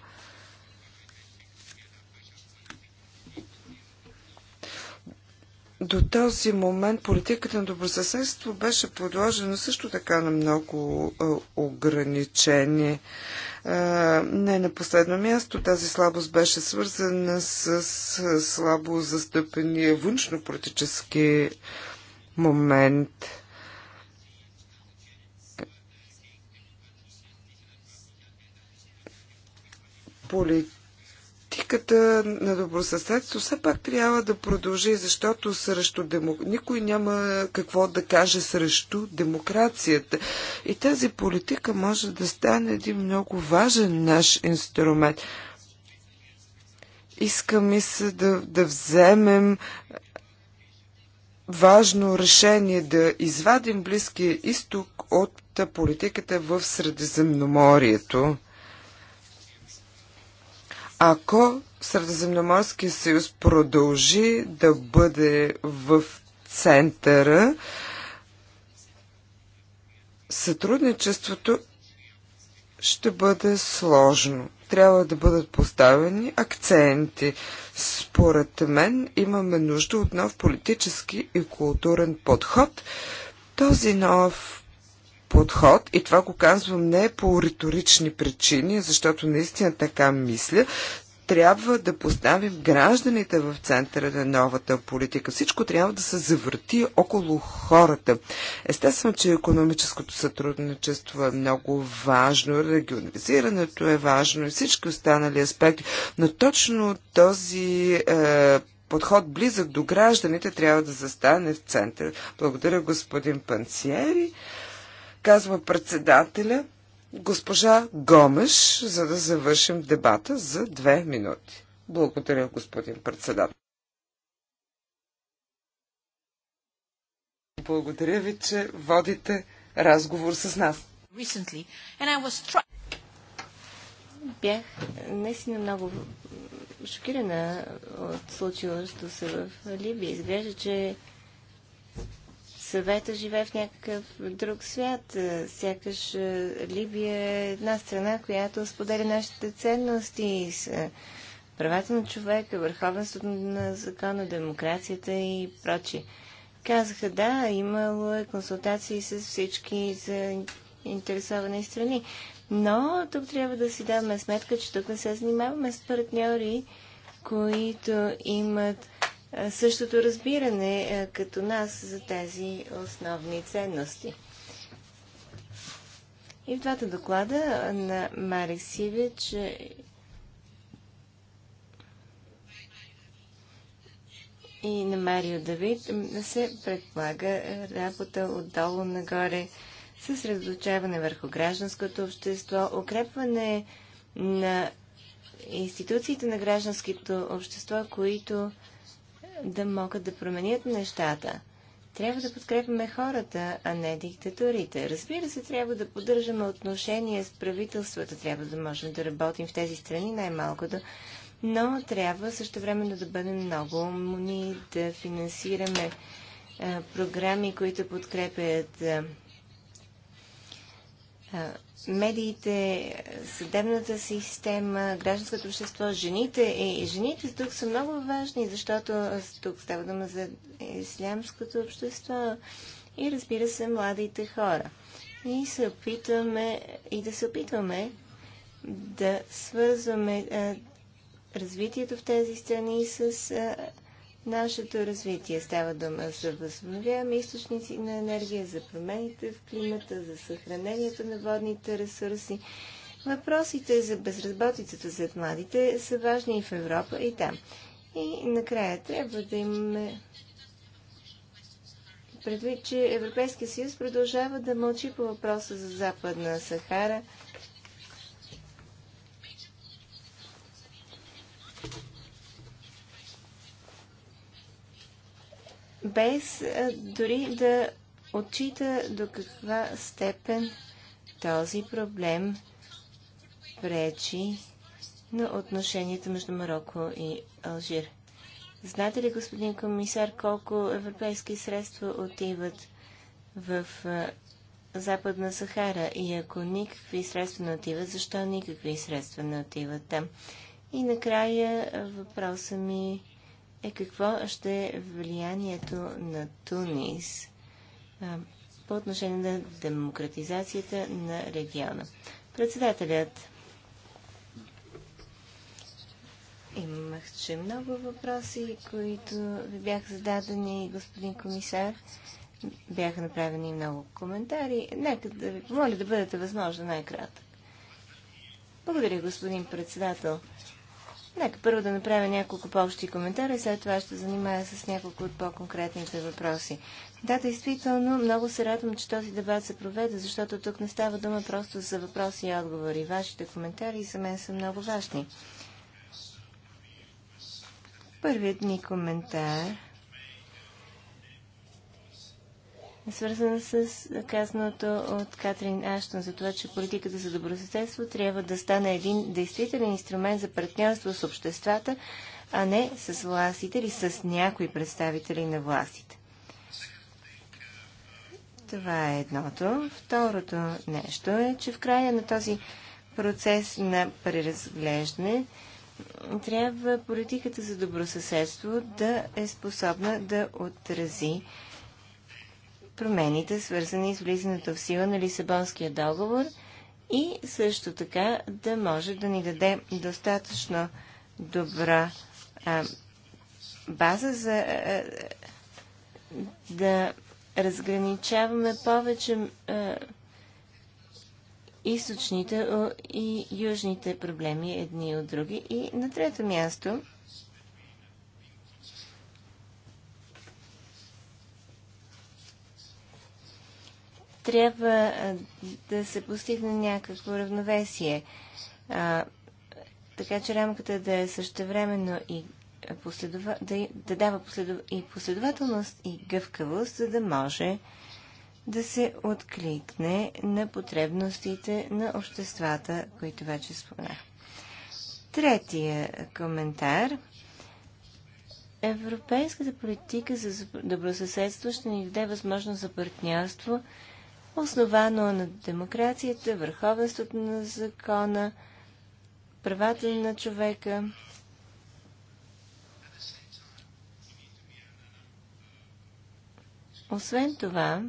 До този момент политиката на добросъседство беше подложена също така на много е, ограничения. Е, не на последно място тази слабост беше свързана с, с слабо застъпения външно-политически момент. Полит Политиката на добросъседство все пак трябва да продължи, защото срещу демо... никой няма какво да каже срещу демокрацията. И тази политика може да стане един много важен наш инструмент. Искаме се да, да вземем важно решение да извадим Близкия изток от политиката в Средиземноморието. Ако Средиземноморския съюз продължи да бъде в центъра, сътрудничеството ще бъде сложно. Трябва да бъдат поставени акценти. Според мен имаме нужда от нов политически и културен подход. Този нов подход и това го казвам не по риторични причини, защото наистина така мисля, трябва да поставим гражданите в центъра на новата политика. Всичко трябва да се завърти около хората. Естествено, че економическото сътрудничество е много важно, регионализирането е важно и всички останали аспекти, но точно този е, подход близък до гражданите трябва да застане в центъра. Благодаря господин Панциери казва председателя госпожа Гомеш, за да завършим дебата за две минути. Благодаря, господин председател. Благодаря ви, че водите разговор с нас. Бях наистина много шокирана от случилото се в Либия. Изглежда, че съвета живее в някакъв друг свят. Е, сякаш е, Либия е една страна, която споделя нашите ценности с правата на човека, върховенството на закона, демокрацията и прочи. Казаха, да, имало е консултации с всички заинтересовани страни. Но тук трябва да си даваме сметка, че тук не се занимаваме с партньори, които имат същото разбиране като нас за тези основни ценности. И в двата доклада на Мари Сивич и на Марио Давид се предполага работа отдолу нагоре, съсредоточаване върху гражданското общество, укрепване на институциите на гражданското общество, които да могат да променят нещата. Трябва да подкрепяме хората, а не диктатурите. Разбира се, трябва да поддържаме отношения с правителствата, трябва да можем да работим в тези страни най-малкото, но трябва също времено да бъдем много умни, да финансираме а, програми, които подкрепят а, медиите, съдебната система, гражданското общество, жените. И жените тук са много важни, защото тук става дума за ислямското общество и разбира се младите хора. И се опитваме и да се опитваме да свързваме развитието в тези страни с а, нашето развитие. Става дума за възобновяеми източници на енергия, за промените в климата, за съхранението на водните ресурси. Въпросите за безработицата за младите са важни и в Европа, и там. И накрая трябва да имаме предвид, че Европейския съюз продължава да мълчи по въпроса за Западна Сахара, без дори да отчита до каква степен този проблем пречи на отношенията между Марокко и Алжир. Знаете ли, господин комисар, колко европейски средства отиват в Западна Сахара? И ако никакви средства не отиват, защо никакви средства не отиват там? И накрая въпроса ми е какво ще е влиянието на Тунис по отношение на демократизацията на региона. Председателят Имах, че много въпроси, които ви бяха зададени, господин комисар. Бяха направени много коментари. Нека да ви помоля да бъдете възможно най-кратък. Благодаря, господин председател. Нека първо да направя няколко по-общи коментари, след това ще занимая с няколко от по-конкретните въпроси. Да, действително, много се радвам, че този дебат се проведе, защото тук не става дума просто за въпроси и отговори. Вашите коментари за мен са много важни. Първият ни коментар свързана с казаното от Катрин Аштон за това, че политиката за добросъседство трябва да стане един действителен инструмент за партньорство с обществата, а не с властите или с някои представители на властите. Това е едното. Второто нещо е, че в края на този процес на преразглеждане трябва политиката за добросъседство да е способна да отрази промените, свързани с влизането в сила на Лисабонския договор и също така да може да ни даде достатъчно добра а, база за а, да разграничаваме повече а, източните и южните проблеми едни от други. И на трето място – трябва да се постигне някакво равновесие. А, така че рамката да е същевременно и последова... да, да дава последов... и последователност и гъвкавост, за да може да се откликне на потребностите на обществата, които вече споменах. Третия коментар. Европейската политика за добросъседство ще ни даде възможност за партньорство основано на демокрацията, върховенството на закона, правата на човека. Освен това,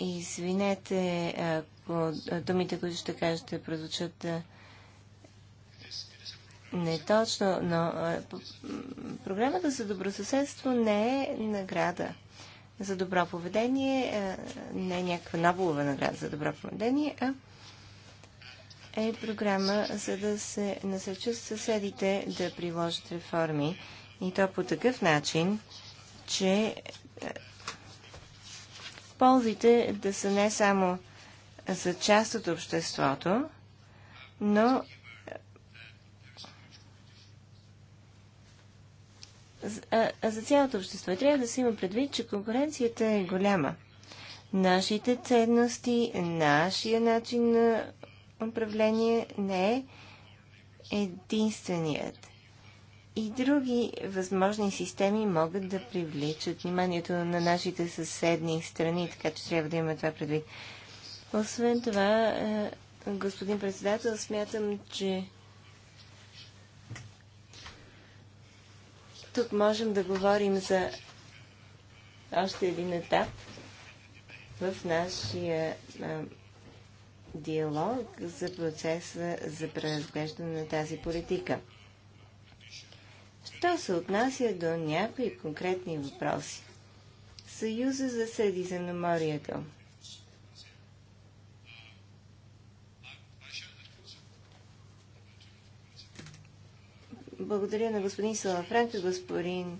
извинете, ако думите, които ще кажете, прозвучат не точно, но програмата за добросъседство не е награда за добро поведение, не е някаква нобелова награда за добро поведение, а е програма за да се насъчат съседите да приложат реформи и то по такъв начин, че ползите да са не само за част от обществото, но а, а за цялото общество. трябва да се има предвид, че конкуренцията е голяма. Нашите ценности, нашия начин на управление не е единственият. И други възможни системи могат да привличат вниманието на нашите съседни страни, така че трябва да имаме това предвид. Освен това, е, господин председател, смятам, че Тук можем да говорим за още един етап в нашия а, диалог за процеса за преразглеждане на тази политика. Що се отнася до някои конкретни въпроси? Съюза за Средиземноморието – Благодаря на господин Салафранка, господин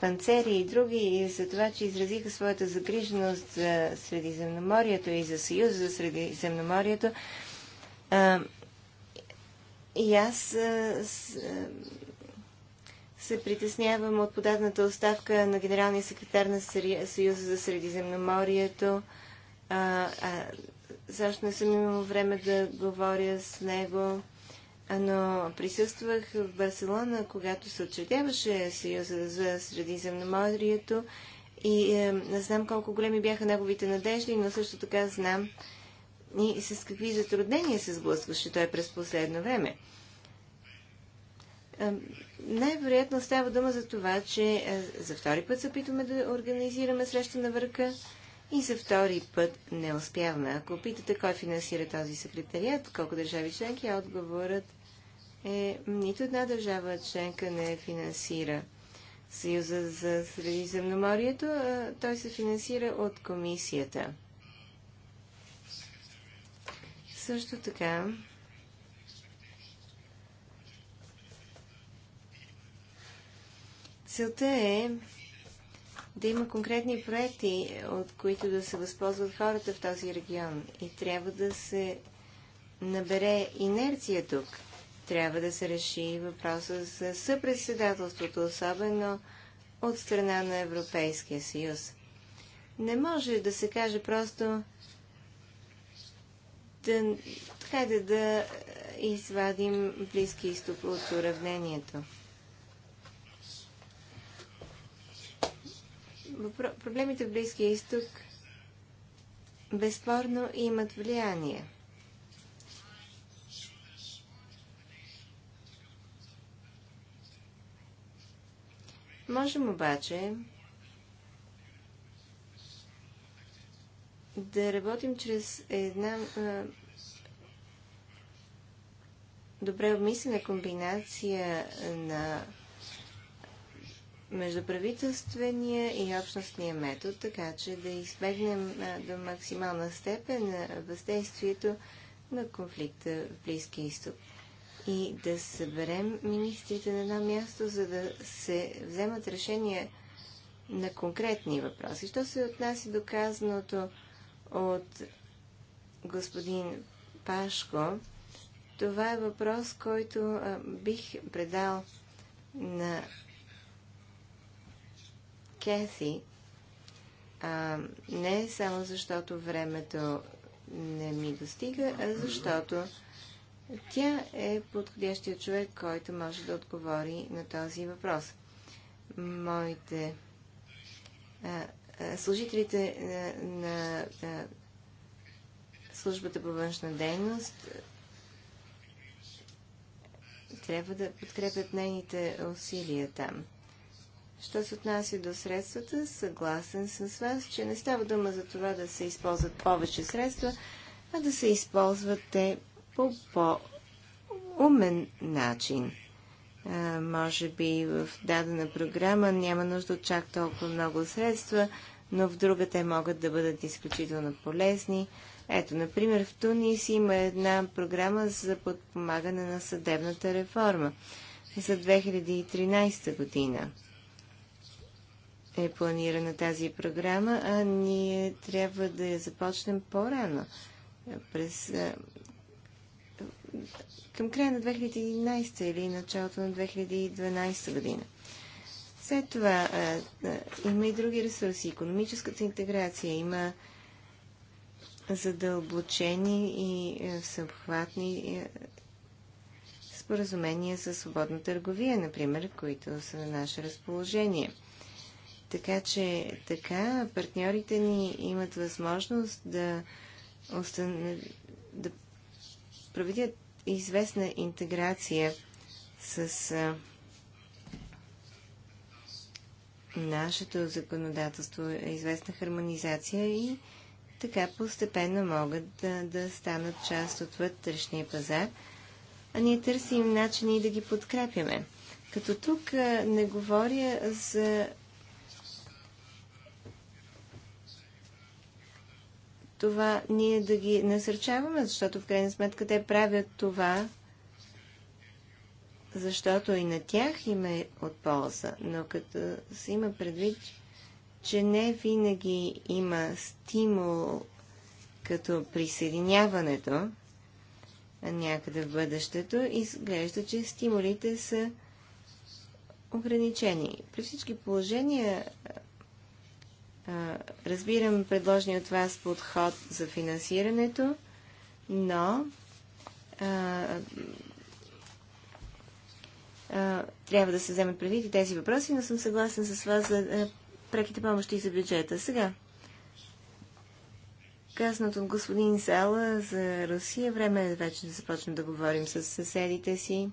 Панцери и други за това, че изразиха своята загриженост за Средиземноморието и за Съюз за Средиземноморието. А, и аз а, с, а, се притеснявам от подадната оставка на генералния секретар на Съюза за Средиземноморието. А, а, защо не съм имал време да говоря с него но присъствах в Барселона, когато се отчетяваше Съюза за Средиземноморието и е, знам колко големи бяха неговите надежди, но също така знам и с какви затруднения се сблъскваше той през последно време. Е, най-вероятно става дума за това, че е, за втори път се опитваме да организираме среща на върха и за втори път не успяваме. Ако питате кой финансира този секретариат, колко държави членки, отговорът е нито една държава членка не финансира Съюза за Средиземноморието, а той се финансира от комисията. Също така, целта е да има конкретни проекти, от които да се възползват хората в този регион. И трябва да се набере инерция тук – трябва да се реши въпроса за съпредседателството, особено от страна на Европейския съюз. Не може да се каже просто да, така да, извадим Близки изток от уравнението. Проблемите в Близкия изток безспорно имат влияние – Можем обаче да работим чрез една а, добре обмислена комбинация на междуправителствения и общностния метод, така че да избегнем а, до максимална степен въздействието на конфликта в Близкия изток и да съберем министрите на едно място, за да се вземат решения на конкретни въпроси. Що се отнася до казаното от господин Пашко, това е въпрос, който а, бих предал на Кеси, а, не само защото времето не ми достига, а защото тя е подходящия човек, който може да отговори на този въпрос. Моите а, а, служителите на, на а, службата по външна дейност трябва да подкрепят нейните усилия там. Що се отнася до средствата, съгласен съм с вас, че не става дума за това да се използват повече средства, а да се използват те по по-умен начин. А, може би в дадена програма няма нужда от чак толкова много средства, но в друга те могат да бъдат изключително полезни. Ето, например, в Тунис има една програма за подпомагане на съдебната реформа за 2013 година. Е планирана тази програма, а ние трябва да я започнем по-рано, през към края на 2011 или началото на 2012 година. След това а, а, има и други ресурси. Економическата интеграция има задълбочени и съобхватни споразумения за свободна търговия, например, които са на наше разположение. Така че така партньорите ни имат възможност да, остан... да проведят известна интеграция с а, нашето законодателство, известна хармонизация и така постепенно могат да, да станат част от вътрешния пазар, а ние търсим начини да ги подкрепяме. Като тук а, не говоря за това ние да ги насърчаваме, защото в крайна сметка те правят това, защото и на тях им е от полза. Но като се има предвид, че не винаги има стимул като присъединяването някъде в бъдещето, изглежда, че стимулите са ограничени. При всички положения Разбирам предложения от вас подход за финансирането, но а, а, трябва да се вземат предвид и тези въпроси, но съм съгласен с вас за а, преките помощи за бюджета. Сега, казаното от господин Зала за Русия, време е вече да започнем да говорим с съседите си.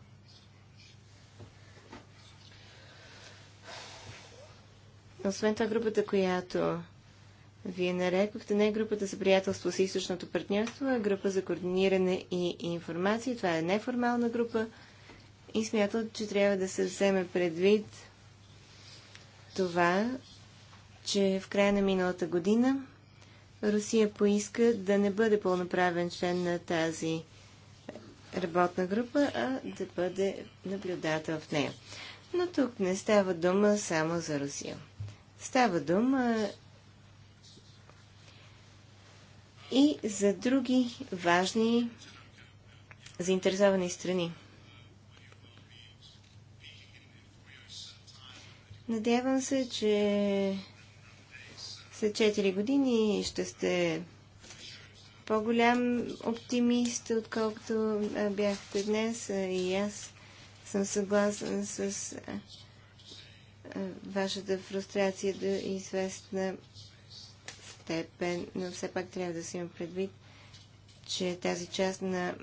Освен това, групата, която вие нарекохте, не е групата за приятелство с източното партньорство, а група за координиране и информация. Това е неформална група и смятат, че трябва да се вземе предвид това, че в края на миналата година Русия поиска да не бъде пълноправен член на тази работна група, а да бъде наблюдател в нея. Но тук не става дума само за Русия. Става дума и за други важни заинтересовани страни. Надявам се, че след 4 години ще сте по-голям оптимист, отколкото бяхте днес. И аз съм съгласен с вашата фрустрация до известна степен, но все пак трябва да си има предвид, че тази част на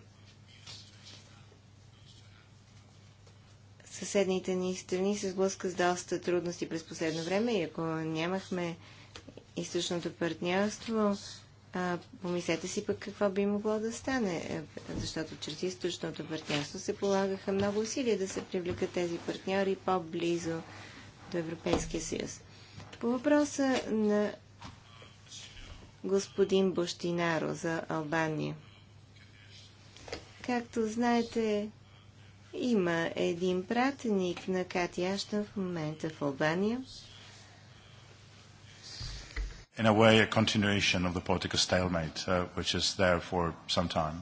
съседните ни страни се сблъска с доста трудности през последно време и ако нямахме източното партньорство, а, помислете си пък какво би могло да стане, е, защото чрез източното партньорство се полагаха много усилия да се привлекат тези партньори по-близо до Европейския съюз. По въпроса на господин Бощинаро за Албания. Както знаете, има един пратеник на Кати Аштън в момента в Албания. In a way, a continuation of the political stalemate, uh, which is there for some time.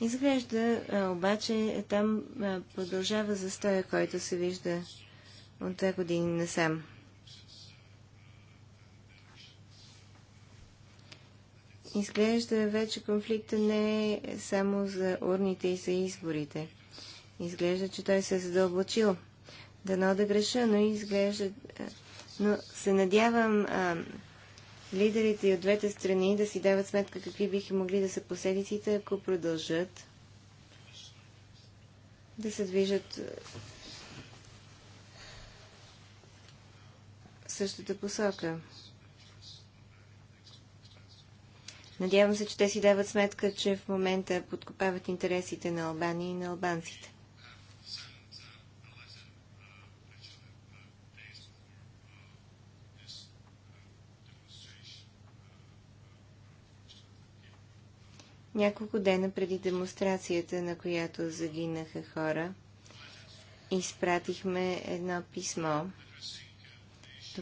Изглежда, обаче, там продължава застоя, който се вижда от две години насам. Изглежда вече конфликта не е само за урните и за изборите. Изглежда, че той се е задълбочил. Дано да греша, но изглежда... Е, но се надявам а, лидерите и от двете страни да си дават сметка какви биха могли да са последиците, ако продължат да се движат същата посока. Надявам се, че те си дават сметка, че в момента подкопават интересите на Албания и на албанците. Няколко дена преди демонстрацията, на която загинаха хора, изпратихме едно писмо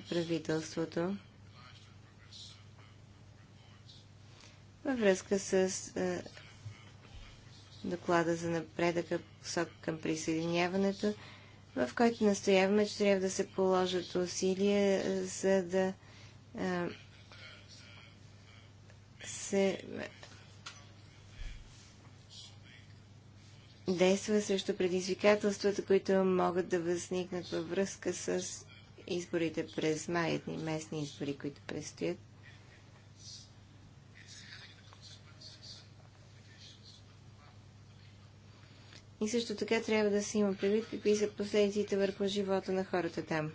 правителството във връзка с е, доклада за напредъка посок към присъединяването, в който настояваме, че трябва да се положат усилия, е, за да е, се действа срещу предизвикателствата, които могат да възникнат във връзка с изборите през май, едни местни избори, които предстоят. И също така трябва да се има предвид какви са последиците върху живота на хората там.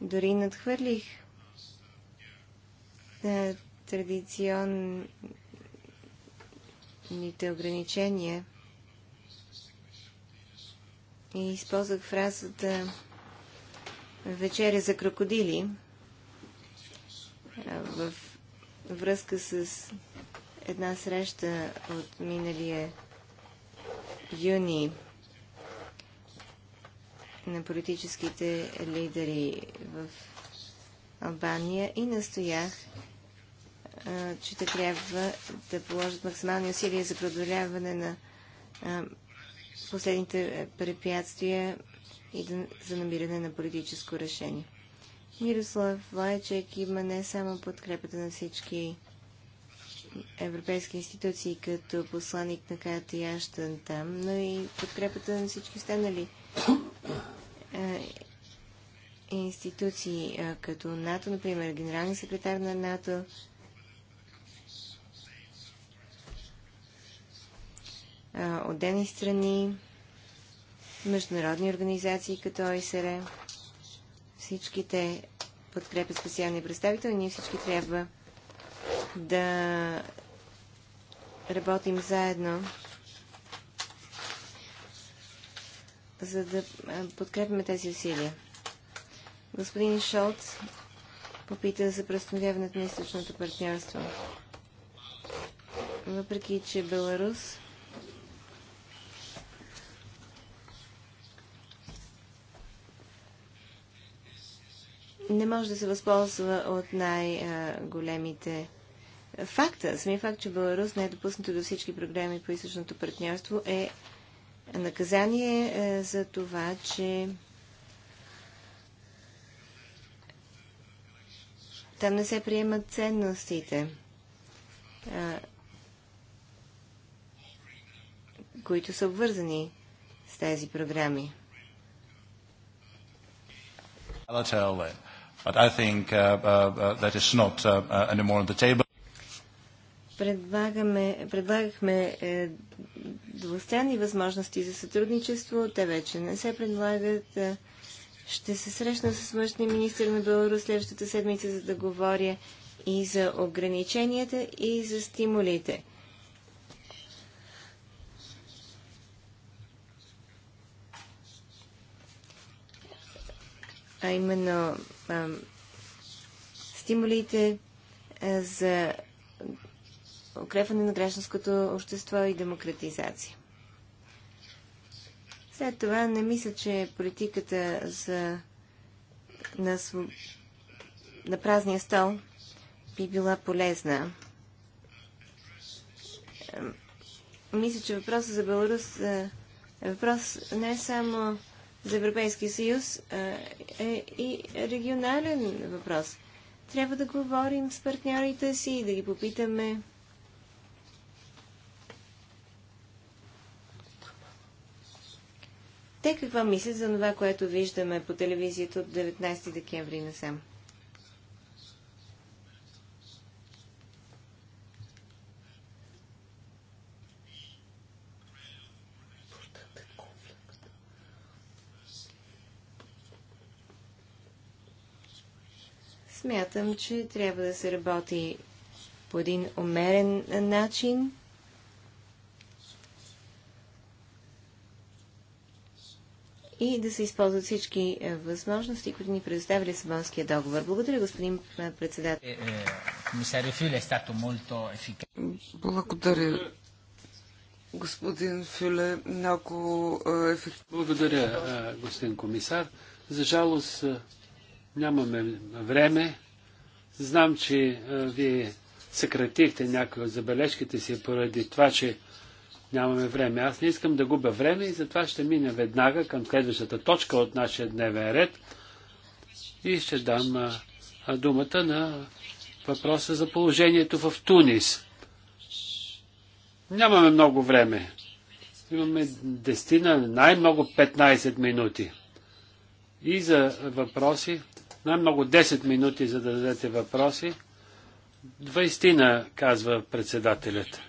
Дори надхвърлих традиционните ограничения и използвах фразата вечеря за крокодили в връзка с една среща от миналия юни на политическите лидери в Албания и настоях, че те трябва да положат максимални усилия за продоляване на последните е, препятствия и да, за намиране на политическо решение. Мирослав Лайчек има не само подкрепата на всички европейски институции като посланник на Кати Аштън там, но и подкрепата на всички останали е, институции, е, като НАТО, например, генералния секретар на НАТО, отделни страни, международни организации като ОСР, Всичките подкрепят специални представители. Ние всички трябва да работим заедно, за да подкрепяме тези усилия. Господин Шолц попита за престановяването на източното партньорство. Въпреки, че Беларус не може да се възползва от най-големите факта. Самия факт, че Беларус не е допуснато до всички програми по източното партньорство е наказание е, за това, че там не се приемат ценностите, е, които са обвързани с тези програми. I'll tell that. I think uh, uh, uh, that is not uh, uh, anymore on the table. Предлагаме, предлагахме е, двустранни възможности за сътрудничество. Те вече не се предлагат. Е, ще се срещна с външния министр на Беларус следващата седмица, за да говоря и за ограниченията, и за стимулите. а именно а, стимулите а, за укрепване на гражданското общество и демократизация. След това не мисля, че политиката за на, на празния стол би била полезна. Мисля, че въпросът за Беларус е въпрос не само за Европейския съюз е и регионален въпрос. Трябва да говорим с партньорите си и да ги попитаме те какво мислят за това, което виждаме по телевизията от 19 декември насам. Смятам, че трябва да се работи по един умерен начин. и да се използват всички е, възможности, които ни предоставя Лисабонския договор. Благодаря, господин е, председател. Е, Благодаря, господин Фюле. Много ефективно. Благодаря, господин комисар. За жалост, нямаме време. Знам, че вие съкратихте някои от забележките си поради това, че нямаме време. Аз не искам да губя време и затова ще мина веднага към следващата точка от нашия дневен ред и ще дам думата на въпроса за положението в Тунис. Нямаме много време. Имаме дестина, най-много 15 минути. И за въпроси, най-много 10 минути, за да зададете въпроси. Двайстина, казва председателят.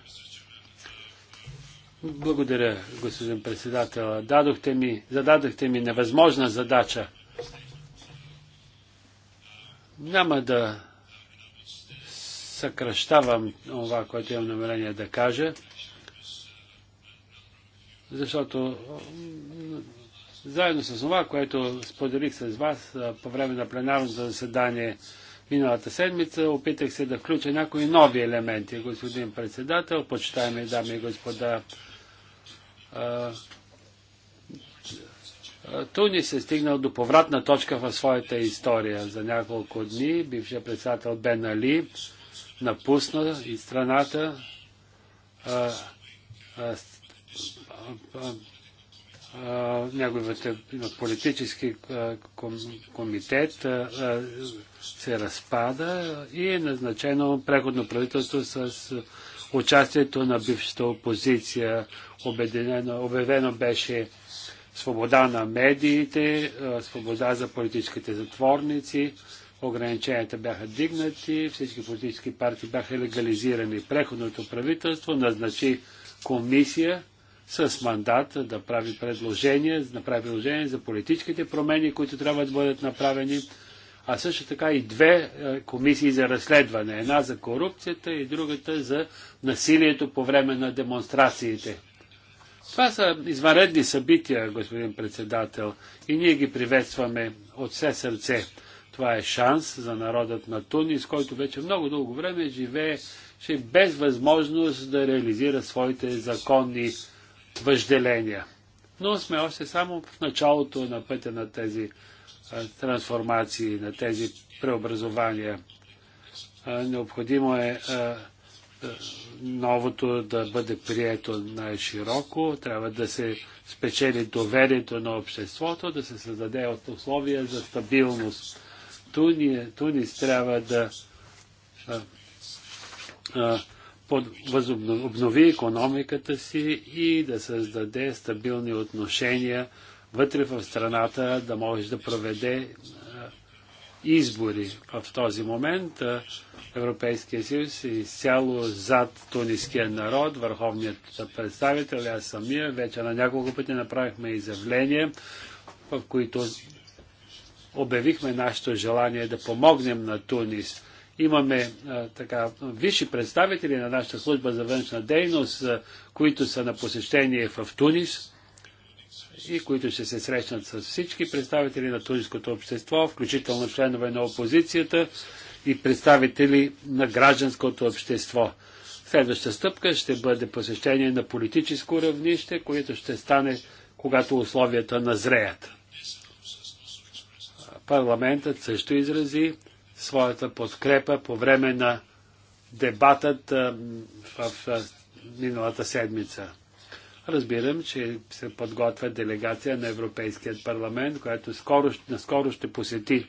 Благодаря, господин председател. Дадохте ми, зададохте ми невъзможна задача. Няма да съкръщавам това, което имам намерение да кажа, защото заедно с това, което споделих с вас по време на пленарното заседание миналата седмица, опитах се да включа някои нови елементи, господин председател, почитаеми дами и господа. Тунис е стигнал до повратна точка в своята история. За няколко дни бившия председател Бен Али напусна и страната неговите политически комитет се разпада и е назначено преходно правителство с участието на бившата опозиция. Обединено, обявено беше свобода на медиите, свобода за политическите затворници, ограниченията бяха дигнати, всички политически партии бяха легализирани. Преходното правителство назначи комисия, с мандат да прави предложения, да направи предложения за политическите промени, които трябва да бъдат направени, а също така и две е, комисии за разследване. Една за корупцията и другата за насилието по време на демонстрациите. Това са извънредни събития, господин председател, и ние ги приветстваме от все сърце. Това е шанс за народът на Тунис, който вече много дълго време живее без възможност да реализира своите законни въжделения. Но сме още само в началото на пътя на тези а, трансформации, на тези преобразования. А, необходимо е а, новото да бъде прието най-широко, трябва да се спечели доверието на обществото, да се създаде от условия за стабилност. Туни, Тунис трябва да а, а, обнови економиката си и да създаде стабилни отношения вътре в страната, да може да проведе избори. В този момент Европейския съюз е изцяло зад туниския народ, върховният представител, аз самия, вече на няколко пъти направихме изявления, в които обявихме нашето желание да помогнем на Тунис – Имаме а, така висши представители на нашата служба за външна дейност, а, които са на посещение в Тунис и които ще се срещнат с всички представители на тунисското общество, включително членове на опозицията и представители на гражданското общество. Следваща стъпка ще бъде посещение на политическо равнище, което ще стане, когато условията назреят. Парламентът също изрази своята подкрепа по време на дебатът в миналата седмица. Разбирам, че се подготвя делегация на Европейският парламент, която скоро, наскоро ще посети,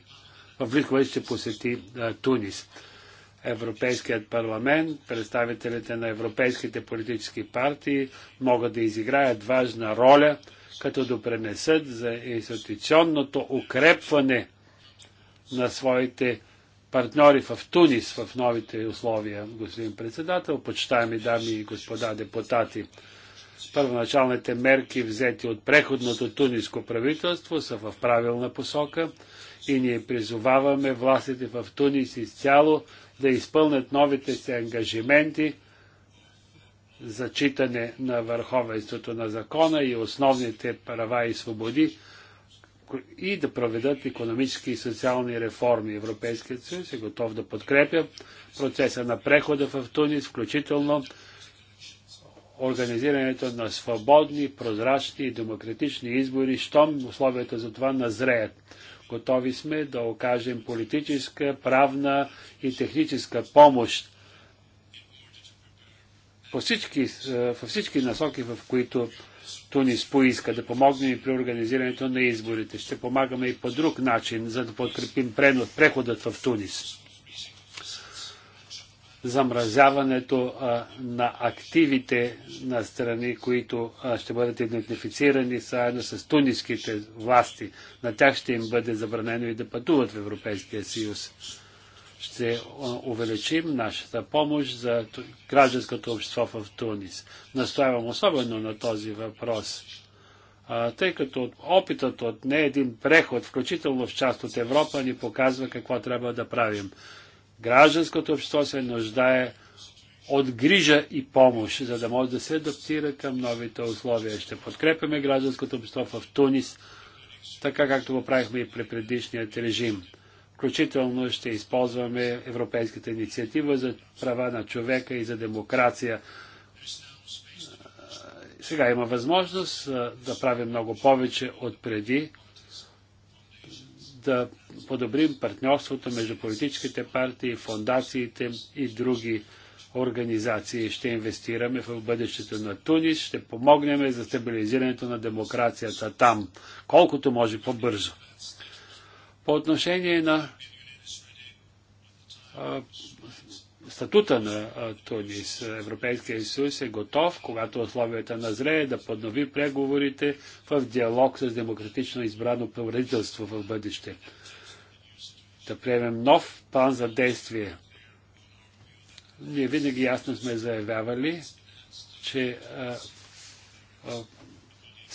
в близко ще посети а, Тунис. Европейският парламент, представителите на европейските политически партии могат да изиграят важна роля, като допренесат за институционното укрепване на своите партньори в Тунис в новите условия, господин председател, почитаеми дами и господа депутати. Първоначалните мерки, взети от преходното туниско правителство, са в правилна посока и ние призоваваме властите в Тунис изцяло да изпълнят новите си ангажименти за читане на върховенството на закона и основните права и свободи, и да проведат економически и социални реформи. Европейският съюз е готов да подкрепя процеса на прехода в Тунис, включително организирането на свободни, прозрачни и демократични избори, щом условията за това назреят. Готови сме да окажем политическа, правна и техническа помощ по всички, е, във всички насоки, в които Тунис поиска да помогнем и при организирането на изборите. Ще помагаме и по друг начин, за да подкрепим преходът в Тунис. Замразяването а, на активите на страни, които а, ще бъдат идентифицирани заедно с туниските власти. На тях ще им бъде забранено и да пътуват в Европейския съюз ще увеличим нашата помощ за гражданското общество в Тунис. Настоявам особено на този въпрос, тъй като опитът от не един преход, включително в част от Европа, ни показва какво трябва да правим. Гражданското общество се нуждае от грижа и помощ, за да може да се адаптира към новите условия. Ще подкрепяме гражданското общество в Тунис, така както го правихме и при предишният режим. Включително ще използваме Европейската инициатива за права на човека и за демокрация. Сега има възможност да правим много повече от преди, да подобрим партньорството между политическите партии, фондациите и други организации. Ще инвестираме в бъдещето на Тунис, ще помогнем за стабилизирането на демокрацията там, колкото може по-бързо. По отношение на а, статута на Тунис, Европейския съюз е готов, когато условията назрее, е да поднови преговорите в диалог с демократично избрано правителство в бъдеще. Да приемем нов план за действие. Ние винаги ясно сме заявявали, че а, а,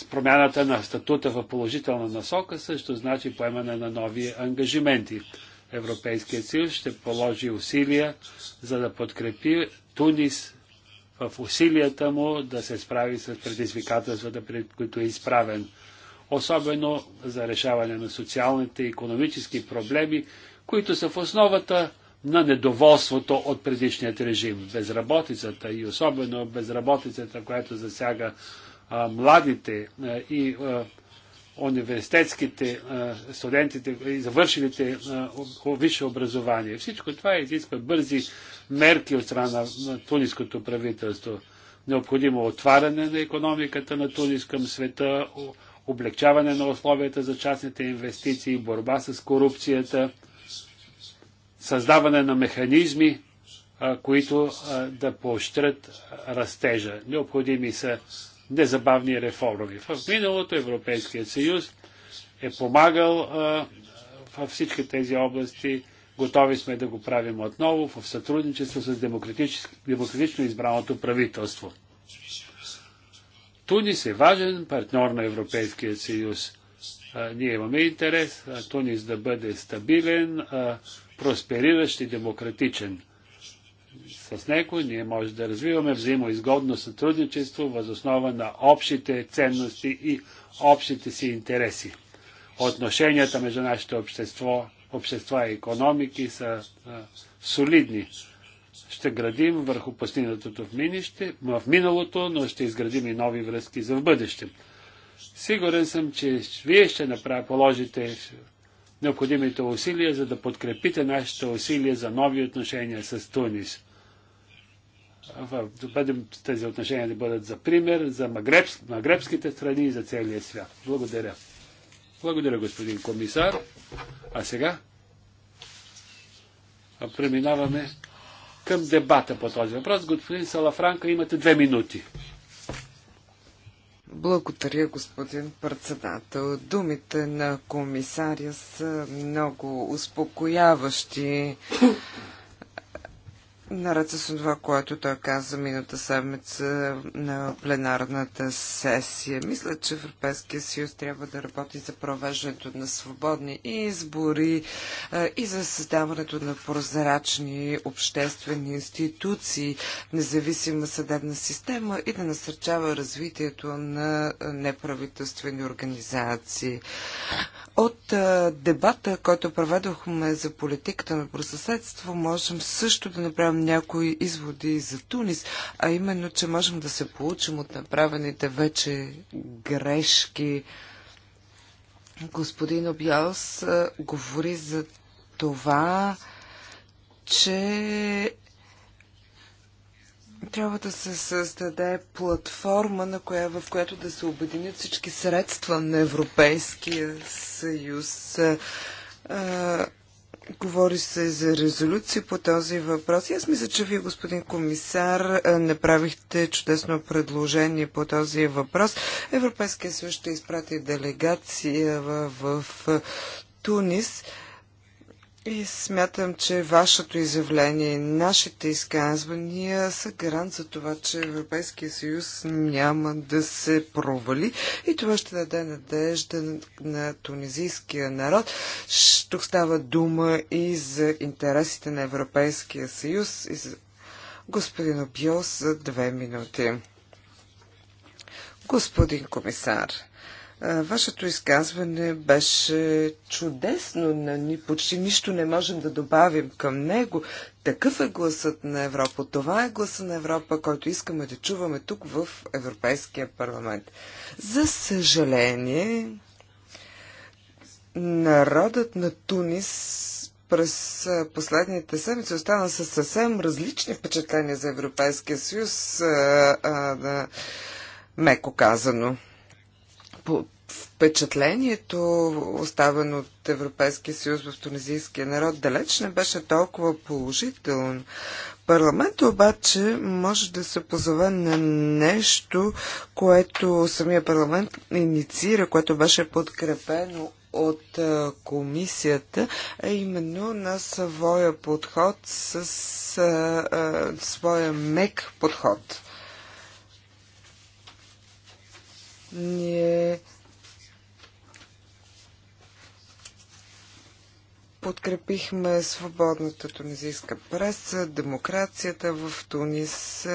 промяната на статута в положителна насока също значи поемане на нови ангажименти. Европейският съюз ще положи усилия, за да подкрепи Тунис в усилията му да се справи с предизвикателствата, пред които е изправен. Особено за решаване на социалните и економически проблеми, които са в основата на недоволството от предишният режим. Безработицата и особено безработицата, която засяга младите и университетските студентите и завършилите висше образование. Всичко това изисква бързи мерки от страна на туниското правителство. Необходимо е отваряне на економиката на Тунис към света, облегчаване на условията за частните инвестиции, борба с корупцията, създаване на механизми, които да поощрят растежа. Необходими са незабавни реформи. В миналото Европейският съюз е помагал във всички тези области. Готови сме да го правим отново в сътрудничество с демократично избраното правителство. Тунис е важен партньор на Европейския съюз. ние имаме интерес Тунис да бъде стабилен, проспериращ и демократичен с него, ние може да развиваме взаимоизгодно сътрудничество въз основа на общите ценности и общите си интереси. Отношенията между нашите общество, общества и економики са а, солидни. Ще градим върху постигнатото в, минище, в миналото, но ще изградим и нови връзки за в бъдеще. Сигурен съм, че вие ще направите, положите необходимите усилия, за да подкрепите нашите усилия за нови отношения с Тунис да бъдем, тези отношения да бъдат за пример за магребските страни и за целия свят. Благодаря. Благодаря, господин комисар. А сега преминаваме към дебата по този въпрос. Господин Салафранка, имате две минути. Благодаря, господин председател. Думите на комисаря са много успокояващи наред с това, което той каза миналата седмица на пленарната сесия. Мисля, че Европейския съюз трябва да работи за провеждането на свободни избори е, и за създаването на прозрачни обществени институции, независима съдебна система и да насърчава развитието на неправителствени организации. От е, дебата, който проведохме за политиката на просъседство, можем също да направим някои изводи за Тунис, а именно, че можем да се получим от направените вече грешки. Господин Обялс говори за това, че трябва да се създаде платформа, на коя, в която да се обединят всички средства на Европейския съюз. А, Говори се за резолюции по този въпрос. И аз мисля, че вие, господин комисар, направихте чудесно предложение по този въпрос. Европейския съюз ще изпрати делегация в, в Тунис. И смятам, че вашето изявление, и нашите изказвания са гарант за това, че Европейския съюз няма да се провали и това ще даде надежда на тунизийския народ. Тук става дума и за интересите на Европейския съюз и за господин Обиос за две минути. Господин комисар, Вашето изказване беше чудесно, ни почти нищо не можем да добавим към него. Такъв е гласът на Европа. Това е гласа на Европа, който искаме да чуваме тук в Европейския парламент. За съжаление, народът на Тунис през последните седмици остана с съвсем различни впечатления за Европейския съюз, а, а, да, меко казано впечатлението, оставено от Европейския съюз в тунизийския народ, далеч не беше толкова положително. Парламентът обаче може да се позове на нещо, което самия парламент инициира, което беше подкрепено от комисията, а именно на своя подход с а, а, своя мек подход. Ние подкрепихме свободната тунизийска преса, демокрацията в Тунис.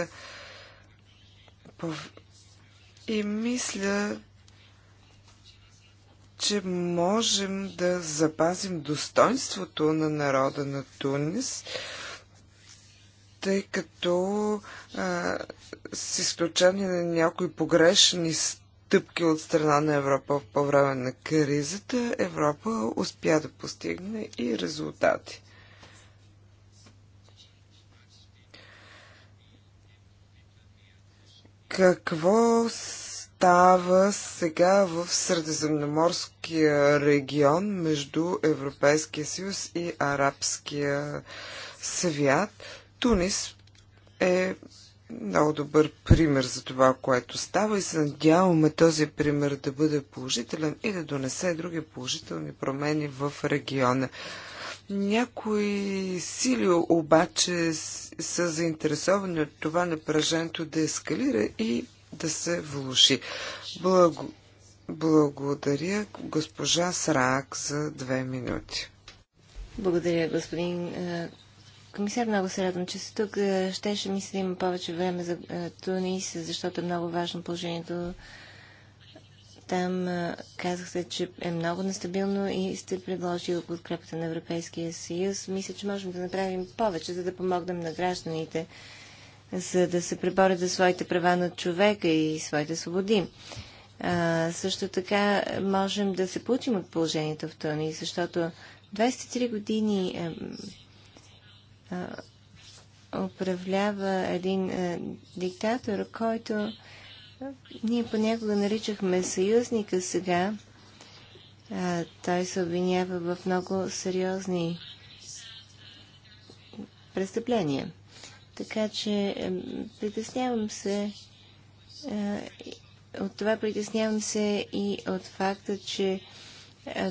И мисля, че можем да запазим достоинството на народа на Тунис, тъй като а, с изключение на някои погрешни стъпки, стъпки от страна на Европа по време на кризата, Европа успя да постигне и резултати. Какво става сега в Средиземноморския регион между Европейския съюз и Арабския свят? Тунис е много добър пример за това, което става и се надяваме този пример да бъде положителен и да донесе други положителни промени в региона. Някои сили обаче са заинтересовани от това напрежението да ескалира и да се влуши. Благо... Благодаря госпожа Срак за две минути. Благодаря, господин е, комисар, много се радвам, че си тук. Е, щеше ми се да има повече време за е, Тунис, защото е много важно положението. Там е, казахте, че е много нестабилно и сте предложили подкрепата на Европейския съюз. Мисля, че можем да направим повече, за да помогнем на гражданите, за да се преборят за своите права на човека и своите свободи. А, също така можем да се получим от положението в Тунис, защото 23 години управлява един а, диктатор, който а, ние понякога наричахме съюзника сега. А, той се обвинява в много сериозни престъпления. Така че а, притеснявам се а, от това притеснявам се и от факта, че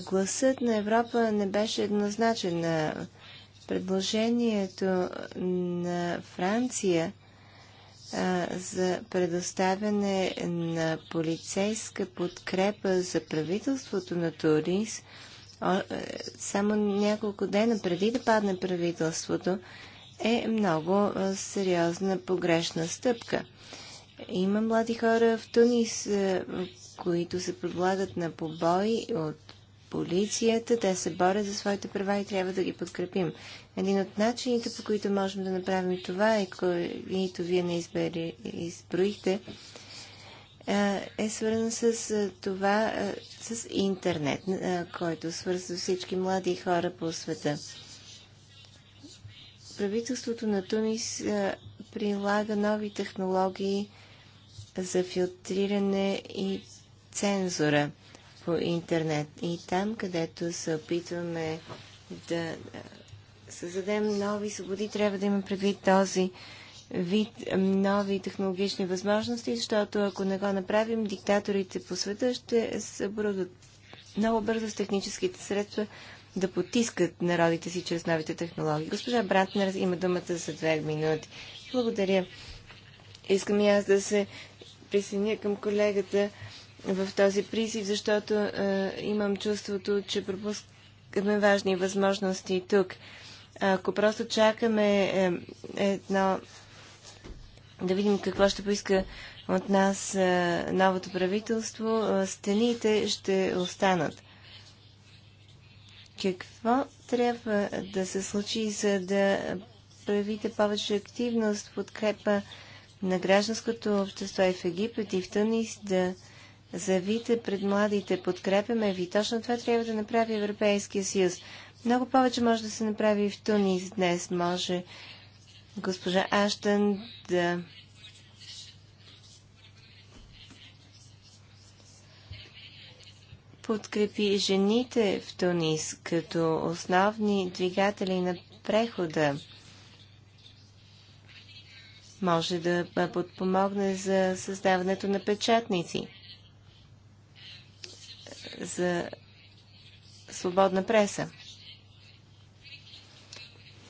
гласът на Европа не беше еднозначен на предложението на Франция а, за предоставяне на полицейска подкрепа за правителството на Турис, о, е, само няколко дена преди да падне правителството, е много сериозна погрешна стъпка. Има млади хора в Тунис, които се подлагат на побои от полицията. Те се борят за своите права и трябва да ги подкрепим. Един от начините, по които можем да направим това, и е, които вие не избери, изброихте, е свързан с това, с интернет, който свързва всички млади хора по света. Правителството на Тунис прилага нови технологии за филтриране и цензура – по интернет. И там, където се опитваме да създадем нови свободи, трябва да има предвид този вид нови технологични възможности, защото ако не го направим, диктаторите по света ще се оборудват много бързо с техническите средства да потискат народите си чрез новите технологии. Госпожа Брантнер има думата за две минути. Благодаря. Искам и аз да се присъединя към колегата в този призив, защото а, е, имам чувството, че пропускаме важни възможности тук. Ако просто чакаме е, едно да видим какво ще поиска от нас е, новото правителство, е, стените ще останат. Какво трябва да се случи, за да проявите повече активност, подкрепа на гражданското общество и в Египет и в Тунис, да Завите пред младите, подкрепяме ви. Точно това трябва да направи Европейския съюз. Много повече може да се направи в Тунис днес. Може госпожа Аштън да подкрепи жените в Тунис като основни двигатели на прехода. Може да подпомогне за създаването на печатници за свободна преса.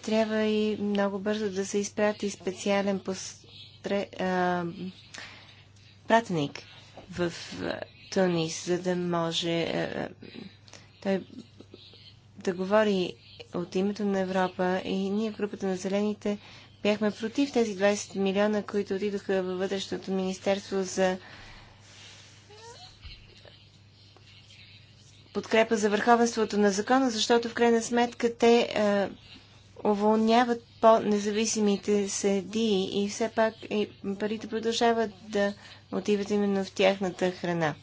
Трябва и много бързо да се изпрати специален постре, а, пратеник в Тунис, за да може а, той да говори от името на Европа и ние в групата на зелените бяхме против тези 20 милиона, които отидоха във вътрешното министерство за подкрепа за върховенството на закона, защото в крайна сметка те е, уволняват по-независимите съдии и все пак и парите продължават да отиват именно в тяхната храна.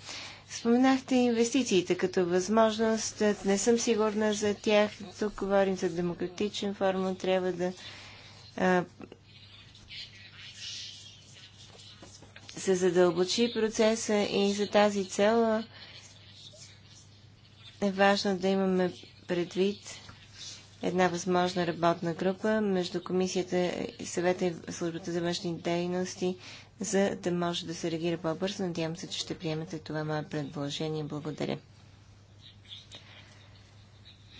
Споменахте инвестициите като възможност. Не съм сигурна за тях. Тук говорим за демократичен форум. Трябва да а, е, се задълбочи процеса и за тази цел е важно да имаме предвид една възможна работна група между комисията, и съвета и службата за външни дейности, за да може да се реагира по-бързо. Надявам се, че ще приемете това мое предложение. Благодаря.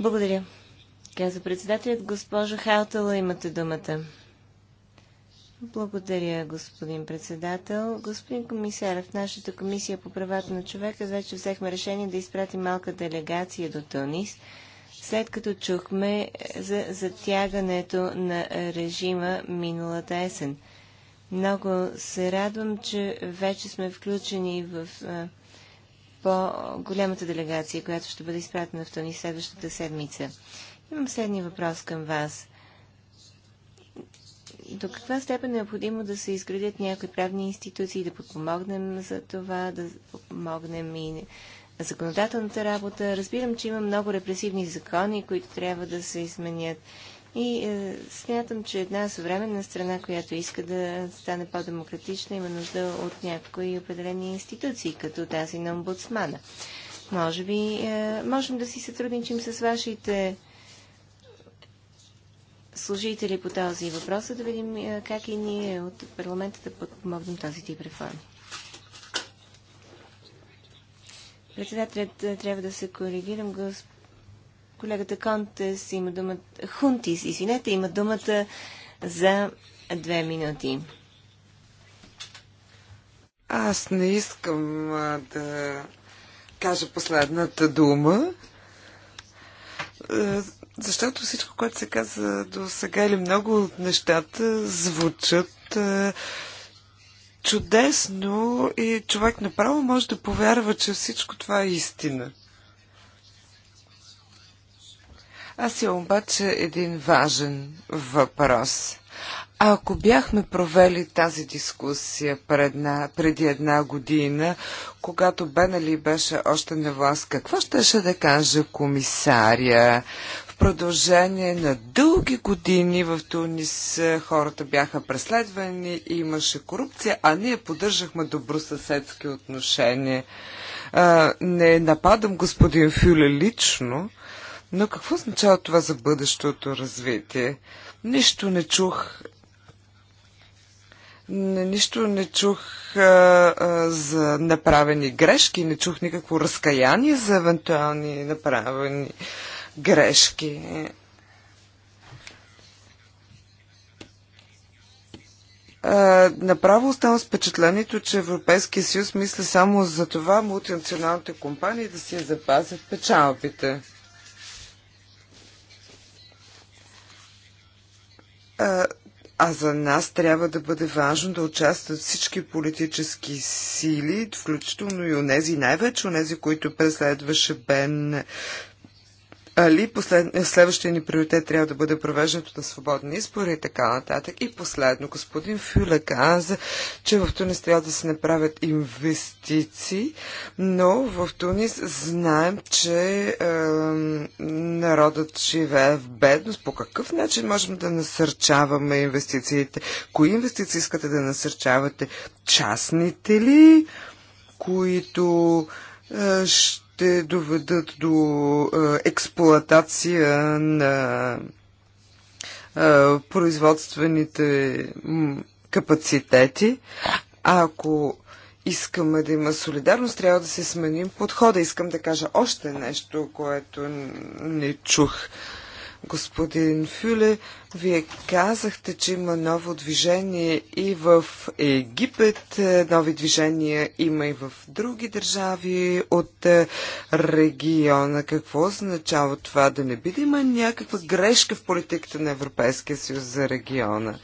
Благодаря. Каза председателят госпожо Хаутала, имате думата. Благодаря, господин председател. Господин комисар, в нашата комисия по правата на човека вече взехме решение да изпратим малка делегация до Тунис, след като чухме за затягането на режима миналата есен. Много се радвам, че вече сме включени в по-голямата делегация, която ще бъде изпратена в Тунис следващата седмица. Имам следния въпрос към вас – до каква степен е необходимо да се изградят някои правни институции, да подпомогнем за това, да помогнем и законодателната работа. Разбирам, че има много репресивни закони, които трябва да се изменят. И е, смятам, че една съвременна страна, която иска да стане по-демократична, има нужда от някои определени институции, като тази на омбудсмана. Може би е, можем да си сътрудничим с вашите служители по този въпрос, да видим е, как и ние от парламента да подпомогнем този тип реформи. Председателят е, трябва да се коригирам. Колегата Контес има думата... Хунтис, извинете, има думата за две минути. Аз не искам да кажа последната дума е, защото всичко, което се каза до сега или много от нещата звучат е, чудесно и човек направо може да повярва, че всичко това е истина. Аз имам обаче един важен въпрос. А ако бяхме провели тази дискусия предна, преди една година, когато Бенали беше още на власт, какво щеше да каже комисаря? В продължение на дълги години в Тунис хората бяха преследвани и имаше корупция, а ние поддържахме добросъседски отношения. Не нападам господин Фюле лично, но какво означава това за бъдещото развитие? Нищо не чух Нищо не чух а, а, за направени грешки, не чух никакво разкаяние за евентуални направени грешки. направо оставам с впечатлението, че Европейския съюз мисли само за това мултинационалните компании да си запазят печалбите. А, а за нас трябва да бъде важно да участват всички политически сили, включително и онези, най-вече онези, които преследваше Бен Али послед... следващия ни приоритет трябва да бъде провеждането на свободни избори и така нататък. И последно, господин Фюле каза, че в Тунис трябва да се направят инвестиции, но в Тунис знаем, че е, народът живее в бедност. По какъв начин можем да насърчаваме инвестициите? Кои инвестиции искате да насърчавате? Частните ли, които е, ще ще доведат до е, експлоатация на е, производствените капацитети. А ако искаме да има солидарност, трябва да се сменим подхода. Искам да кажа още нещо, което не чух. Господин Фюле, вие казахте, че има ново движение и в Египет, е, нови движения има и в други държави от е, региона. Какво означава това? Да не би да има някаква грешка в политиката на Европейския съюз за региона?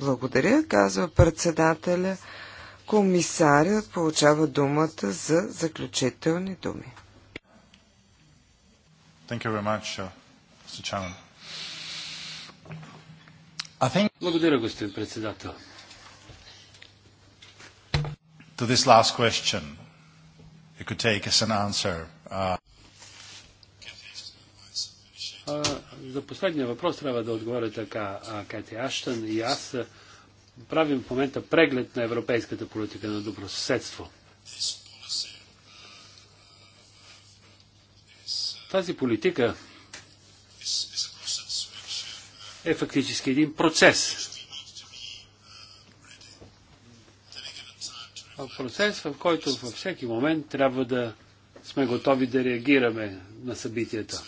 Благодаря, казва председателя. Комисарят получава думата за заключителни думи. Thank you very much. Uh, Mr. think... Благодаря, господин председател. To this last question, you could take as an answer. Uh, uh, за последния въпрос трябва да отговоря така, Кати Аштън и аз правим в момента преглед на европейската политика на добросъседство. Тази политика е фактически един процес. Процес, в който във всеки момент трябва да сме готови да реагираме на събитията.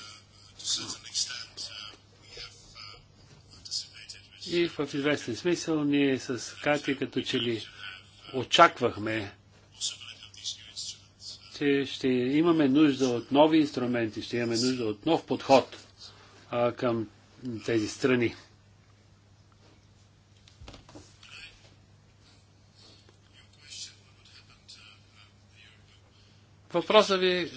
И в известен смисъл ние с Кати като че ли очаквахме, че ще имаме нужда от нови инструменти, ще имаме нужда от нов подход а, към тези страни. Въпросът ви,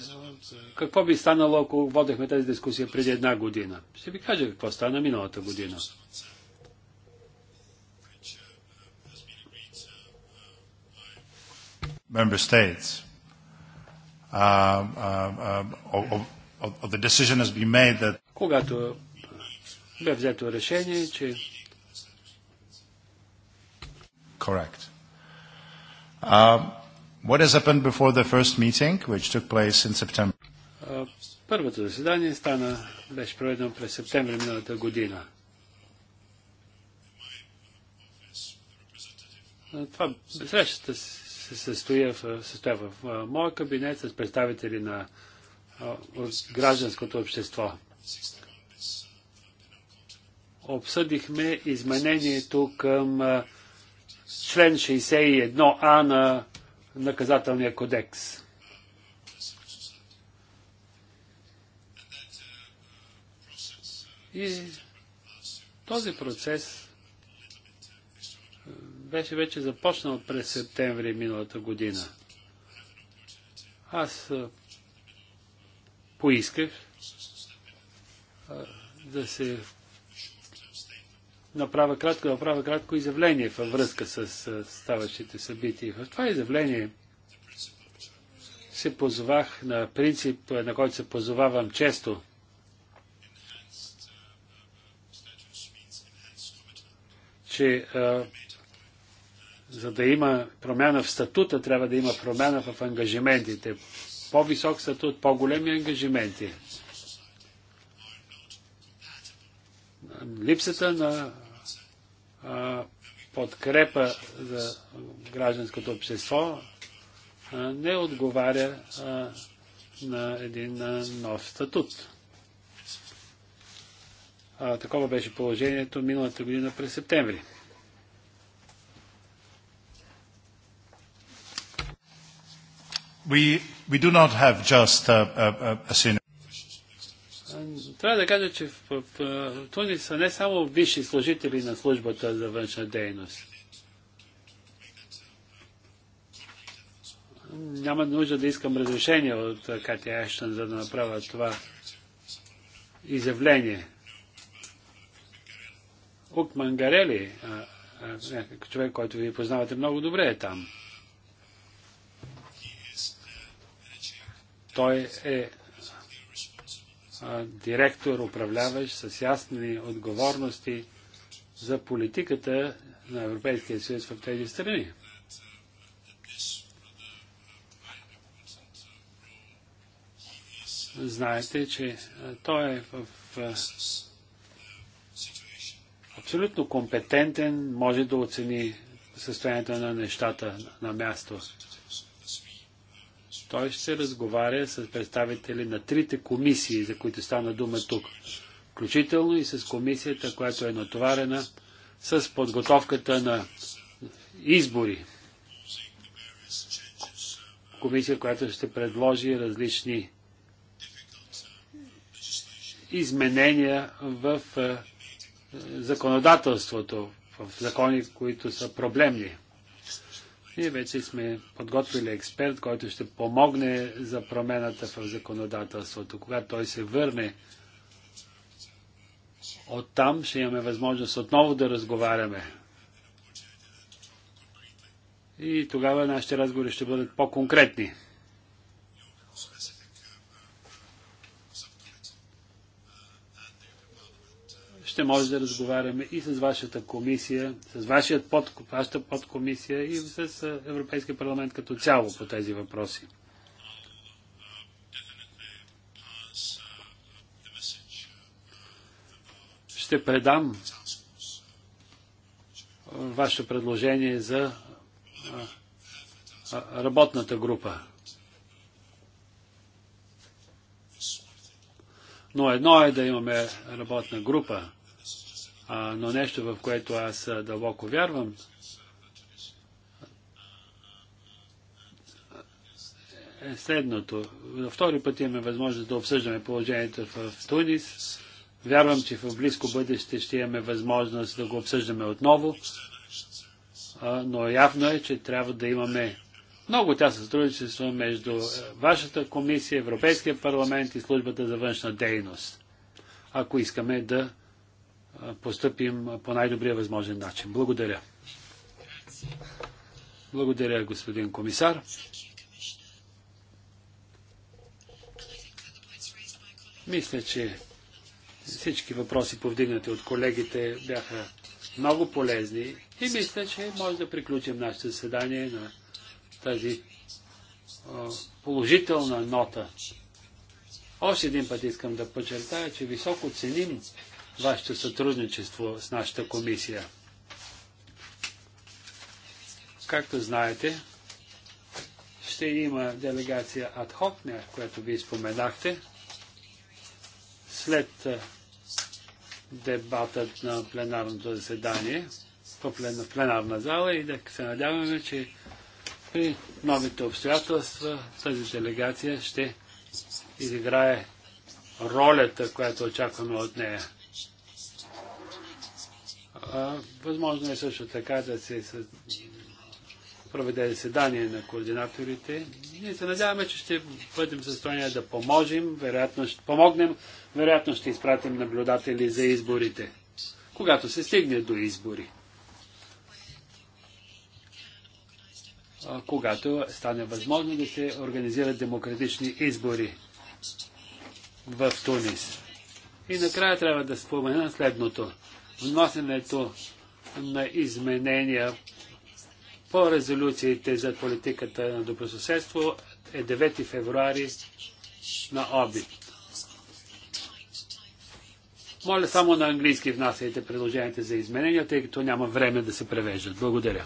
какво би станало, ако водехме тази дискусия преди една година? Ще ви кажа какво стана миналата година. Member states. Uh, uh, uh, or, or, the decision has been made that... Когато бе взето решение, че. Correct. Uh, what has happened before the first meeting, which took place in September? Uh, първото заседание стана, беше проведено през септември миналата година. Uh, това срещата се състоя в, състоя в, в uh, моя кабинет с представители на а, uh, гражданското общество обсъдихме изменението към член 61А на наказателния кодекс. И този процес беше вече започнал през септември миналата година. Аз поисках да се направя кратко, направя кратко изявление във връзка с ставащите събития. В това изявление се позовах на принцип, на който се позовавам често. Че а, за да има промяна в статута, трябва да има промяна в ангажиментите. По-висок статут, по-големи ангажименти. липсата на подкрепа за гражданското общество не отговаря на един нов статут. такова беше положението миналата година през септември. We, we do not have just a, a, a трябва да кажа, че в, в, в Тунис са не само висши служители на службата за външна дейност. Няма нужда да искам разрешение от Кати Аштън, за да направя това изявление. Ук Мангарели, е, човек, който ви познавате много добре е там. Той е директор, управляващ с ясни отговорности за политиката на Европейския съюз в тези страни. Знаете, че той е в абсолютно компетентен, може да оцени състоянието на нещата на място. Той ще се разговаря с представители на трите комисии, за които стана дума тук, включително и с комисията, която е натоварена с подготовката на избори. Комисия, която ще предложи различни изменения в е, законодателството, в закони, които са проблемни. Ние вече сме подготвили експерт, който ще помогне за промената в законодателството. Когато той се върне от там, ще имаме възможност отново да разговаряме. И тогава нашите разговори ще бъдат по-конкретни. ще може да разговаряме и с вашата комисия, с вашият под, вашата подкомисия и с Европейския парламент като цяло по тези въпроси. Ще предам вашето предложение за работната група. Но едно е да имаме работна група, но нещо, в което аз дълбоко вярвам, е следното. Втори път имаме възможност да обсъждаме положението в Тунис. Вярвам, че в близко бъдеще ще имаме възможност да го обсъждаме отново, но явно е, че трябва да имаме много тясно сътрудничество между е, вашата комисия, Европейския парламент и службата за външна дейност, ако искаме да постъпим по най-добрия възможен начин. Благодаря. Благодаря, господин комисар. Мисля, че всички въпроси, повдигнати от колегите, бяха много полезни и мисля, че може да приключим нашето заседание на тази положителна нота. Още един път искам да подчертая, че високо ценим вашето сътрудничество с нашата комисия. Както знаете, ще има делегация Адхокня, която ви споменахте, след дебатът на пленарното заседание в пленарна зала и да се надяваме, че при новите обстоятелства тази делегация ще изиграе ролята, която очакваме от нея. Възможно е също така да се проведе заседание на координаторите. Ние се надяваме, че ще бъдем в състояние да поможем, вероятно ще помогнем, вероятно ще изпратим наблюдатели за изборите, когато се стигне до избори. когато стане възможно да се организират демократични избори в Тунис. И накрая трябва да спомена следното вносенето на изменения по резолюциите за политиката на добросъседство е 9 февруари на обид. Моля само на английски внасяйте предложенията за изменения, тъй като няма време да се превеждат. Благодаря.